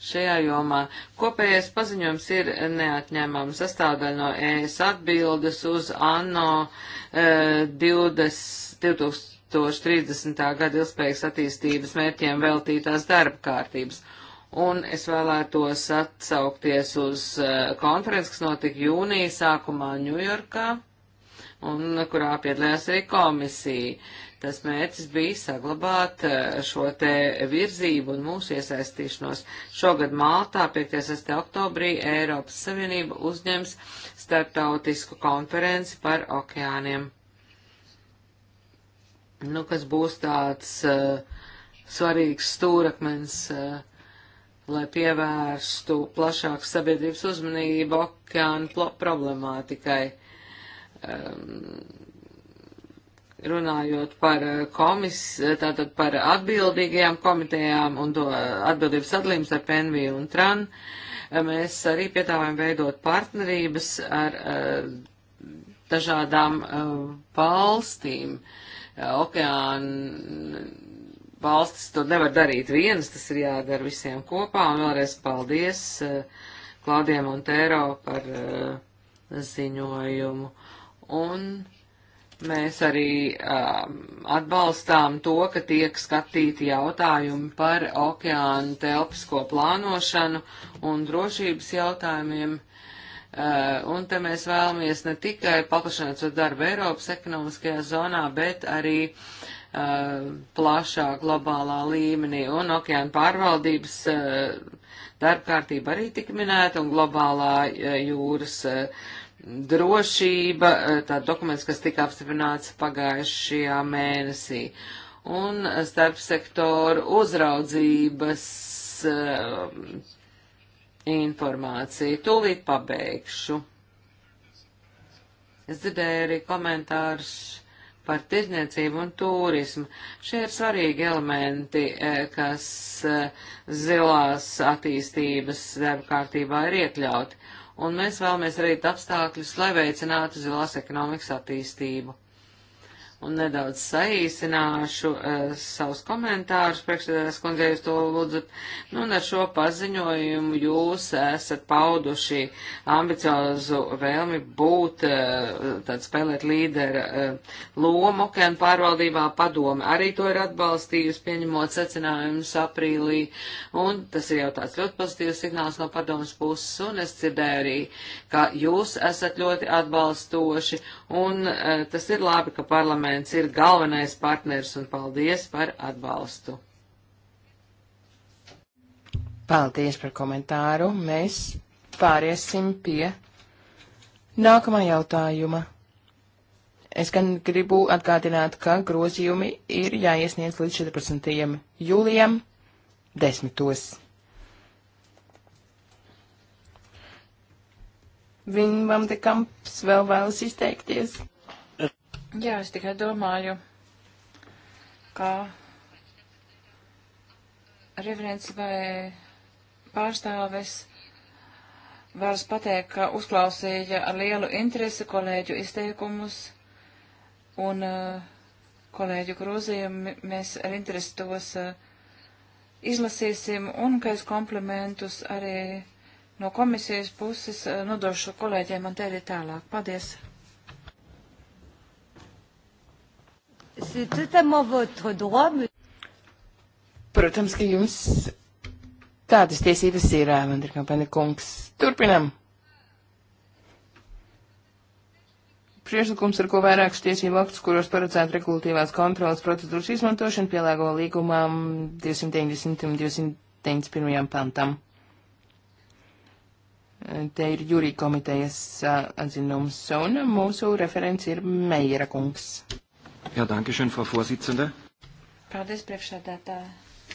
šajā jomā, kopējais paziņojums ir neatņemama sastāvdaļa no ES atbildes uz ANO 20, eh, 2000. 2030. gada ilgspējīgas attīstības mērķiem veltītās darba kārtības. Un es vēlētos atsaukties uz eh, konferences, kas notika jūnija sākumā Ņujorkā, un kurā piedalījās arī komisija. Tas mērķis bija saglabāt eh, šo te virzību un mūsu iesaistīšanos. Šogad Maltā 5.6. oktobrī Eiropas Savienība uzņems starptautisku konferenci par okeāniem nu, kas būs tāds uh, svarīgs stūrakmens, uh, lai pievērstu plašāku sabiedrības uzmanību okeānu problemātikai. Um, runājot par eh, komis, tātad par atbildīgajām komitejām un to atbildības sadalījums ar PNV un TRAN, mēs arī piedāvājam veidot partnerības ar, ar dažādām valstīm. Uh, okeāna valstis to nevar darīt vienas, tas ir jādara visiem kopā, un vēlreiz paldies eh, Klaudiem un Tēro par eh, ziņojumu. Un mēs arī uh, atbalstām to, ka tiek skatīti jautājumi par okeānu telpisko plānošanu un drošības jautājumiem. Uh, Eh, un te mēs vēlamies ne tikai paplašināt šo darbu Eiropas ekonomiskajā zonā, bet arī uh, plašā globālā līmenī. Un okeāna pārvaldības uh, eh, darba kārtība arī tika minēta un globālā uh, jūras drošība, tā dokuments, kas tika apstiprināts pagājušajā mēnesī. Un starpsektoru uzraudzības informāciju. Tūlīt pabeigšu. Es dzirdēju arī komentārus par tirdzniecību un turismu. Šie ir svarīgi elementi, e, kas e, zilās attīstības darba kārtībā ir iekļauti. Un mēs vēlamies radīt apstākļus, lai veicinātu zilās ekonomikas attīstību un nedaudz saīsināšu uh, savus komentārus, priekšsēdētājs kundzei, jūs to lūdzat. Nu, un ar šo paziņojumu jūs esat pauduši ambiciozu vēlmi būt, uh, tad spēlēt līdera uh, lomu, okeāna pārvaldībā padome arī to ir atbalstījusi, pieņemot secinājumus aprīlī, un tas ir jau tāds ļoti pozitīvs signāls no padomas puses, un es dzirdēju arī, ka jūs esat ļoti atbalstoši, un uh, tas ir labi, ka parlaments parlaments ir galvenais partners un paldies par atbalstu. Paldies par komentāru. Mēs pāriesim pie nākamā jautājuma. Es gan gribu atgādināt, ka grozījumi ir jāiesniedz līdz 14. jūlijam desmitos. Vinvam de Kamps vēl vēlas izteikties. Jā, es tikai domāju, kā referents vai pārstāves vēlas pateikt, ka uzklausīja ar lielu interesi kolēģu izteikumus un uh, kolēģu grozījumi. Mēs ar interesi tos uh, izlasīsim un, ka es komplementus arī no komisijas puses uh, nodošu kolēģiem man te arī tālāk. Paldies! C'est totalement votre droit, mais... Protams, ka jums tādas tiesības ir, Vanderkampene kungs. Turpinam. Priešlikums, ar ko vairākus tiesību aktus, kuros paredzētu regulatīvās kontrolas procedūras izmantošanu, pielāgo līgumām 290 un 291 pantam. Te ir jūrī komitejas atzinums, un mūsu referents ir Meijera kungs. Jā, dankišana, Frau Vorsitzende. Paldies, priekšsēdētāji.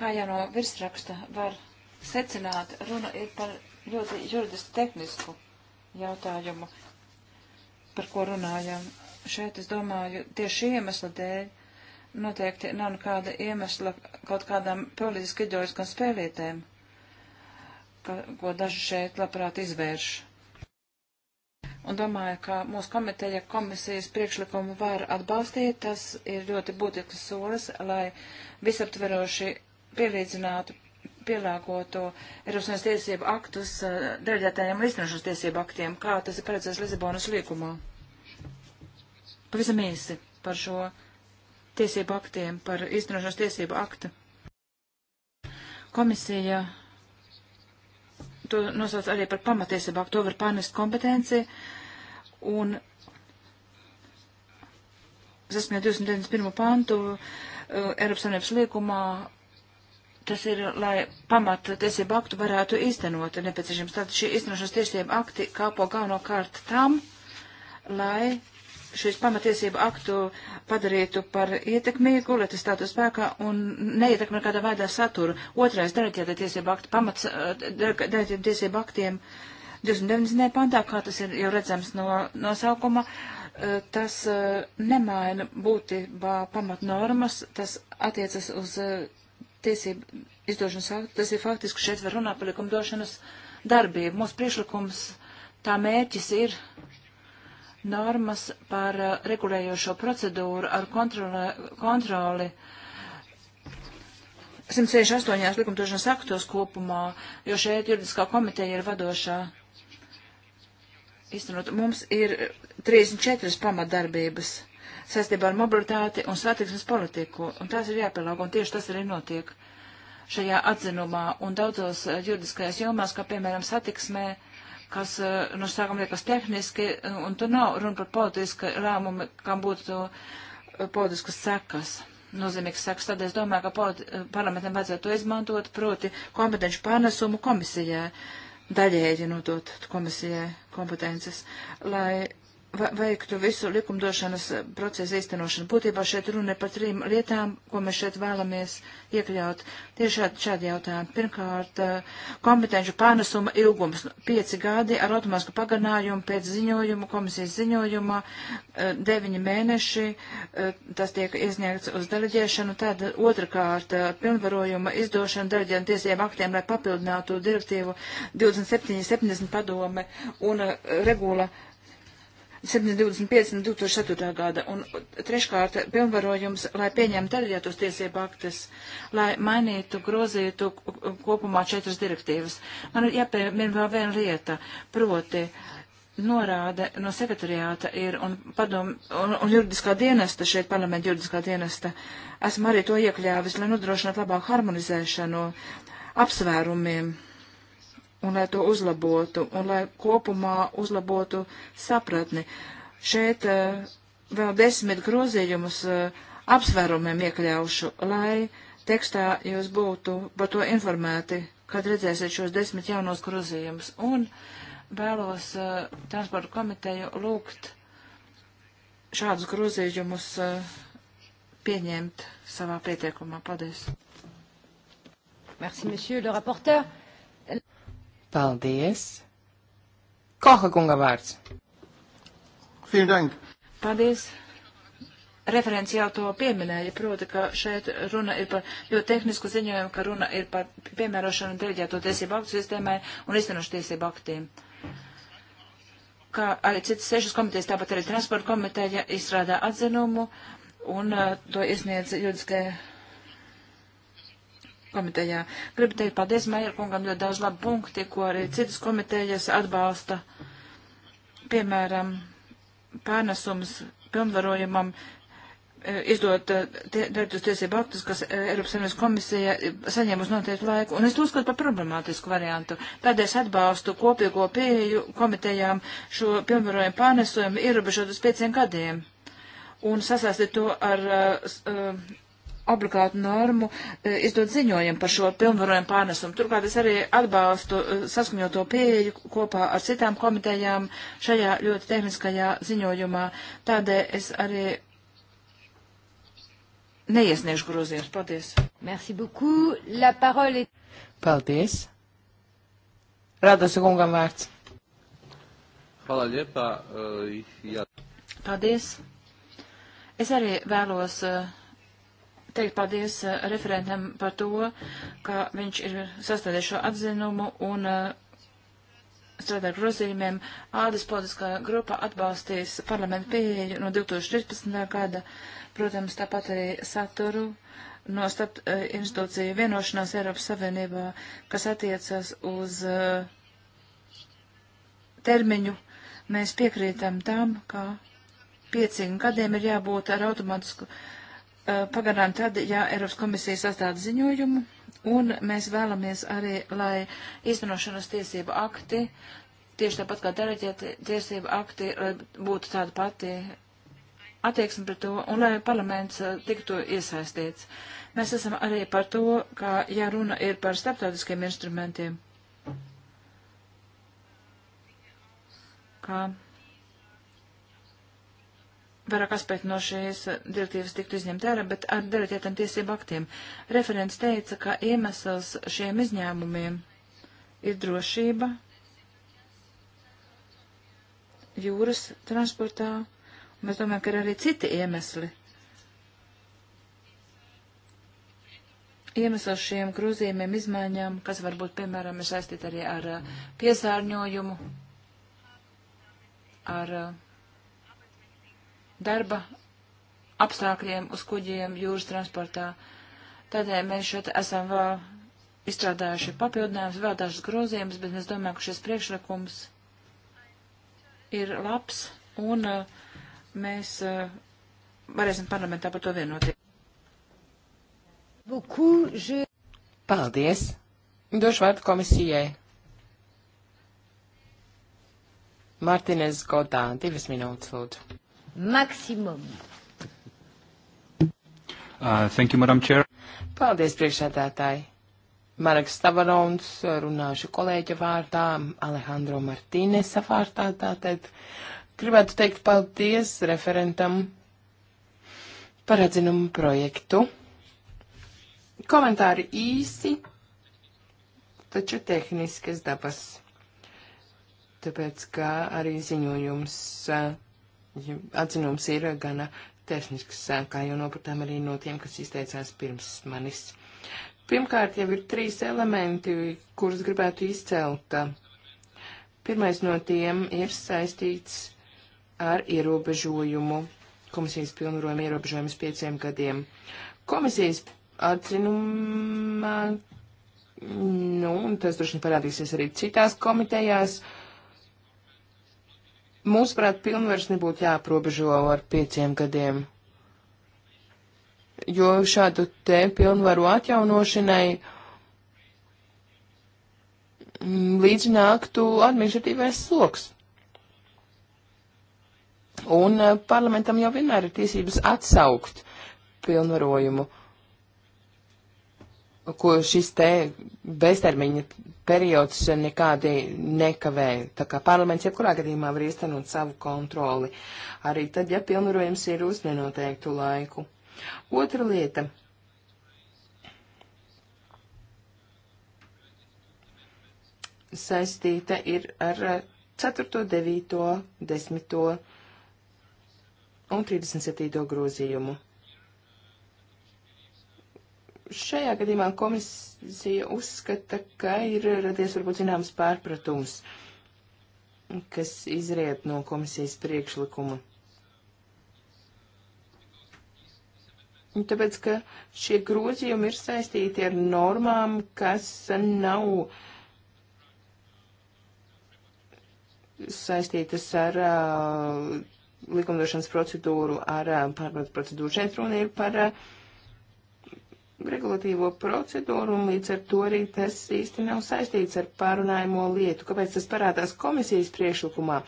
Kā jau no virsraksta var secināt, runa ir par ļoti juridiski tehnisku jautājumu, par ko runājam. Šeit, es domāju, tieši iemesla dēļ noteikti nav nekāda iemesla kaut kādām politiski ideoliskām spēlītēm, ka, ko daži šeit labprāt izvērš un domāju, ka mūsu komiteja komisijas priekšlikumu var atbalstīt. Tas ir ļoti būtisks solis, lai visaptveroši pielīdzinātu pielāgoto Eiropas Savienības tiesību aktus eh, deleģētajiem līdzinošanas tiesību aktiem, kā tas ir paredzēts Lisabonas līgumā. Pavisam īsi par šo tiesību aktiem, par īstenošanas tiesību aktu. Komisija to nosauc arī par pamatiesību aktu, to var pārnest kompetenci, un saskaņā 291. pantu uh, Eiropas Savienības liekumā tas ir, lai pamata tiesību aktu varētu īstenot nepieciešams. Tad šī īstenošanas tiesību akti kāpo galvenokārt tam, lai šīs pamatiesību aktu padarītu par ietekmīgu, lai tas stātu spēkā un neietekmē kādā veidā saturu. Otrais deleģēta tiesību aktu pamats, eh, deleģēta tiesību aktiem 29. pantā, kā tas ir jau redzams no nosaukuma, eh, tas eh, nemaina būtībā pamatnormas, tas attiecas uz tiesību izdošanas aktu, tas ir faktiski šeit var runāt par likumdošanas darbību. Mūsu priešlikums tā mērķis ir normas par uh, regulējošo procedūru ar kontrole, kontroli 168 likumdošanas aktos kopumā, jo šeit juridiskā komiteja ir vadošā. Īstenot, mums ir 34 pamatdarbības saistībā ar mobilitāti un satiksmes politiku, un tās ir jāpielāgo, un tieši tas arī notiek šajā atzinumā un daudzos uh, juridiskajās jomās, kā piemēram satiksmē, kas, eh, no sākuma liekas tehniski, un tur nav runa par politisku lēmumu, kam būtu eh, politiskas sekas. Nozīmīgs sekas, tad es domāju, ka eh, parlamentam vajadzētu to izmantot, proti kompetenci pārnesumu komisijai, daļēji nodot komisijai kompetences, lai veiktu visu likumdošanas eh, procesu īstenošanu. Būtībā šeit runa ir par trim lietām, ko mēs šeit vēlamies iekļaut. Tieši šādi, šādi jautājumi. Pirmkārt, eh, kompetenci pārnesuma ilgums - pieci gadi ar automātisku pagarinājumu pēc ziņojuma, komisijas ziņojuma, eh, deviņi mēneši, tas tiek iesniegts uz deleģēšanu. Tad otrkārt, pilnvarojuma izdošana deleģēna tiesiem aktiem, lai papildinātu direktīvu 2770 padome un regula 725 no 2004. gada, un treškārt pilnvarojums, lai pieņemtu deleģētos tiesību aktus, lai mainītu, grozītu kopumā četras direktīvas. Man ir jāpiemina vēl viena lieta, proti norāde no sekretariāta ir un, padom, un, un juridiskā dienesta, šeit parlamenta juridiskā dienesta, esmu arī to iekļāvis, lai nodrošinātu labāku harmonizēšanu apsvērumiem un lai to uzlabotu, un lai kopumā uzlabotu sapratni. Šeit eh, vēl desmit grozījumus eh, apsvērumiem iekļaušu, lai tekstā jūs būtu par to informēti, kad redzēsiet šos desmit jaunos grozījumus. Un vēlos eh, transporta komiteju lūgt šādus grozījumus pieņemt savā pieteikumā. Paldies! Merci, monsieur le rapporteur. Paldies! Koha kunga vārds. Paldies! referents jau to pieminēja, proti, ka šeit runa ir par ļoti tehnisku ziņojumu, ka runa ir par piemērošanu deleģēto tiesību aktu sistēmai un iztenošu tiesību aktiem. Kā arī citas sešas komitejas, tāpat arī transporta komiteja izstrādā atzinumu un uh, to iesniedz juridiskajai komitejā. Gribu teikt paldies Meierkungam, ļoti daudz labu punkti, ko arī citas komitejas atbalsta. Piemēram, pārnesums pilnvarojumam e, izdot e, direktus tiesību aktus, kas e, Eiropas Savienības komisija saņem uz noteiktu laiku, un es to uzskatu par problemātisku variantu. Tādēļ es atbalstu kopīgo pieeju komitejām šo pilnvarojumu pārnesojumu ierobežot uz pieciem gadiem un sasaistīt to ar uh, obligātu normu e, izdot ziņojumu par šo pilnvarojumu pārnesumu. Turklāt es arī atbalstu e, saskaņoto pieeju kopā ar citām komitejām šajā ļoti tehniskajā ziņojumā. Tādēļ es arī neiesniešu grozījumus. Paldies. Merci beaucoup. La parole est... Paldies. Radosu kungam vārds. Hvala lijepa. Uh, ja. Paldies. Es arī vēlos uh, teikt paldies eh, referentam par to, ka viņš ir sastādījis šo atzinumu un eh, strādā ar grozījumiem. Ādas politiskā grupa atbalstīs parlamentu pieeju no 2013. gada, protams, tāpat arī saturu no starp eh, institūciju vienošanās Eiropas Savienībā, kas attiecas uz termiņu. Mēs piekrītam tam, ka pieciem gadiem ir jābūt ar automātisku uh, Eh, pagarām tad, ja Eiropas komisija sastāda ziņojumu, un mēs vēlamies arī, lai īstenošanas tiesību akti, tieši tāpat kā dereģēta tiesību akti, būtu tāda pati attieksme pret to, un lai parlaments eh, tiktu iesaistīts. Mēs esam arī par to, ka, ja runa ir par starptautiskiem instrumentiem, kā vairāk aspektu no šīs direktīvas tiktu izņemt ārā, bet ar deleģētiem tiesību aktiem. Referents teica, ka iemesls šiem izņēmumiem ir drošība jūras transportā, un mēs domājam, ka ir arī citi iemesli. Iemesls šiem grozījumiem, izmaiņām, kas varbūt, piemēram, ir saistīti arī ar uh, piesārņojumu, ar, ar uh, darba apstākļiem uz kuģiem jūras transportā. Tādēļ mēs šeit esam vēl izstrādājuši papildinājumus, vēl dažas grozījumus, bet es domāju, ka šis priekšlikums ir labs un uh, mēs uh, varēsim parlamentā par to vienoties. Paldies! Došu vārdu komisijai. Martinez Godā, divas minūtes lūdzu maximum. Uh, thank you, Madam Chair. Paldies, priekšsēdētāji. Marks Stavarons, runāšu kolēģa vārdā, Alejandro Martīnesa vārdā, tātad gribētu teikt paldies referentam par atzinumu projektu. Komentāri īsi, taču tehniskas dabas, tāpēc, ka arī ziņojums ja atzinums ir gana tehnisks, kā jau nopratām arī no tiem, kas izteicās pirms manis. Pirmkārt, jau ir trīs elementi, kurus gribētu izcelt. Pirmais no tiem ir saistīts ar ierobežojumu, komisijas pilnvarojumu ierobežojumus pieciem gadiem. Komisijas atzinumā, nu, un tas droši vien parādīsies arī citās komitejās, uh, Mūsuprāt, pilnvars nebūtu jāaprobežo ar pieciem gadiem, jo šādu te pilnvaru atjaunošanai mm, līdz nāktu administratīvais sloks. Un eh, parlamentam jau vienmēr ir tiesības atsaukt pilnvarojumu ko šis te beztermiņa periods nekādi nekavē. Tā kā parlaments jebkurā gadījumā var īstenot savu kontroli, arī tad, ja pilnvarojums ir uz nenoteiktu laiku. Otra lieta. Saistīta ir ar 4., 9., 10. un 37. grozījumu. Šajā gadījumā komisija uzskata, ka ir radies varbūt zināms pārpratums, kas izriet no komisijas priekšlikuma. Tāpēc, ka šie grozījumi ir saistīti ar normām, kas nav uh, saistītas ar uh, likumdošanas procedūru, ar uh, pārbaudas procedūru. Šeit runa ir par uh, regulatīvo procedūru, un līdz ar to arī tas īsti nav saistīts ar pārunājumo lietu. Kāpēc tas parādās komisijas priešlikumā?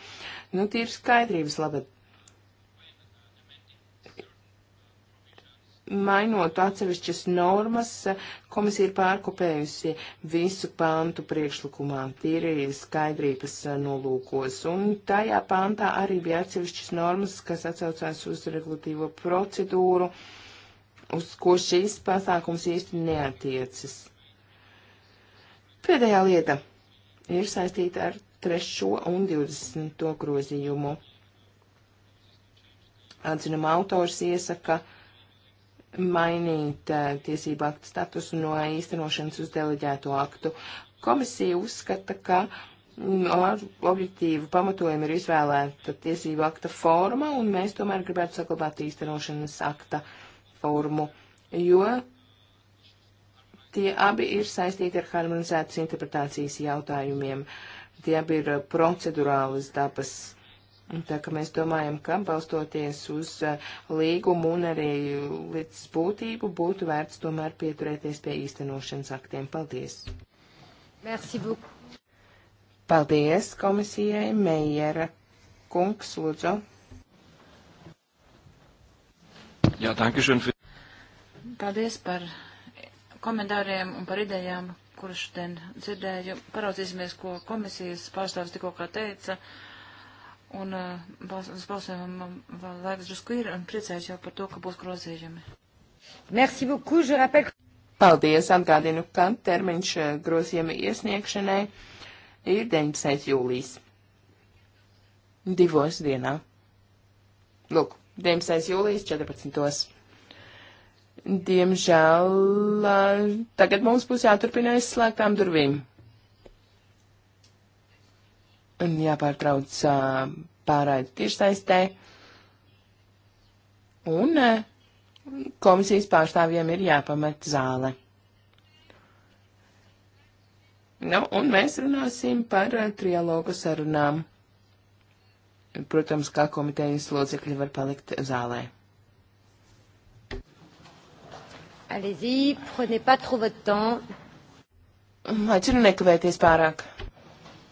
Nu, tīri skaidrības labad. Mainot atsevišķas normas, komisija ir pārkopējusi visu pantu priekšlikumā, tīri skaidrības nolūkos. Un tajā pantā arī bija atsevišķas normas, kas atsaucās uz regulatīvo procedūru. Uh, uz ko šīs pasākums īsti neatiecas. Pēdējā lieta ir saistīta ar 3. un 20. grozījumu. Atzinuma autors iesaka mainīt eh, tiesību aktu statusu no īstenošanas uz deleģēto aktu. Komisija uzskata, ka ar mm, objektīvu pamatojumu ir izvēlēta tiesību akta forma, un mēs tomēr gribētu saglabāt īstenošanas akta uh, platformu, jo tie abi ir saistīti ar harmonizētas interpretācijas jautājumiem. Tie abi ir procedurālas dabas. Tā kā mēs domājam, ka balstoties uz uh, līgumu un arī līdz būtību būtu vērts tomēr pieturēties pie īstenošanas aktiem. Paldies! Merci beaucoup! Paldies komisijai Meijera kungs, lūdzu. Jā, dankeschön. Paldies par komentāriem un par idejām, kuras šodien dzirdēju. Paraudzīsimies, ko komisijas pārstāvis tikko kā teica. Un uh, balsojumam vēl laiks drusku ir un priecājos jau par to, ka būs grozījumi. Merci beaucoup, je rappelle. Paldies, atgādinu, ka termiņš eh, grozījuma iesniegšanai ir 19. jūlijas. Divos dienā. Lūk. 19. jūlijas 14. Diemžēl tagad mums būs jāturpina aizslēgtām durvīm. Un jāpārtrauc pārraidi tiešsaistē. Un komisijas pārstāvjiem ir jāpamet zāle. Nu, un mēs runāsim par trialogu sarunām. Protams, kā komitejas locekļi var palikt zālē. Allez-y, prenez pas trop votre temps. Aicinu nekavēties pārāk.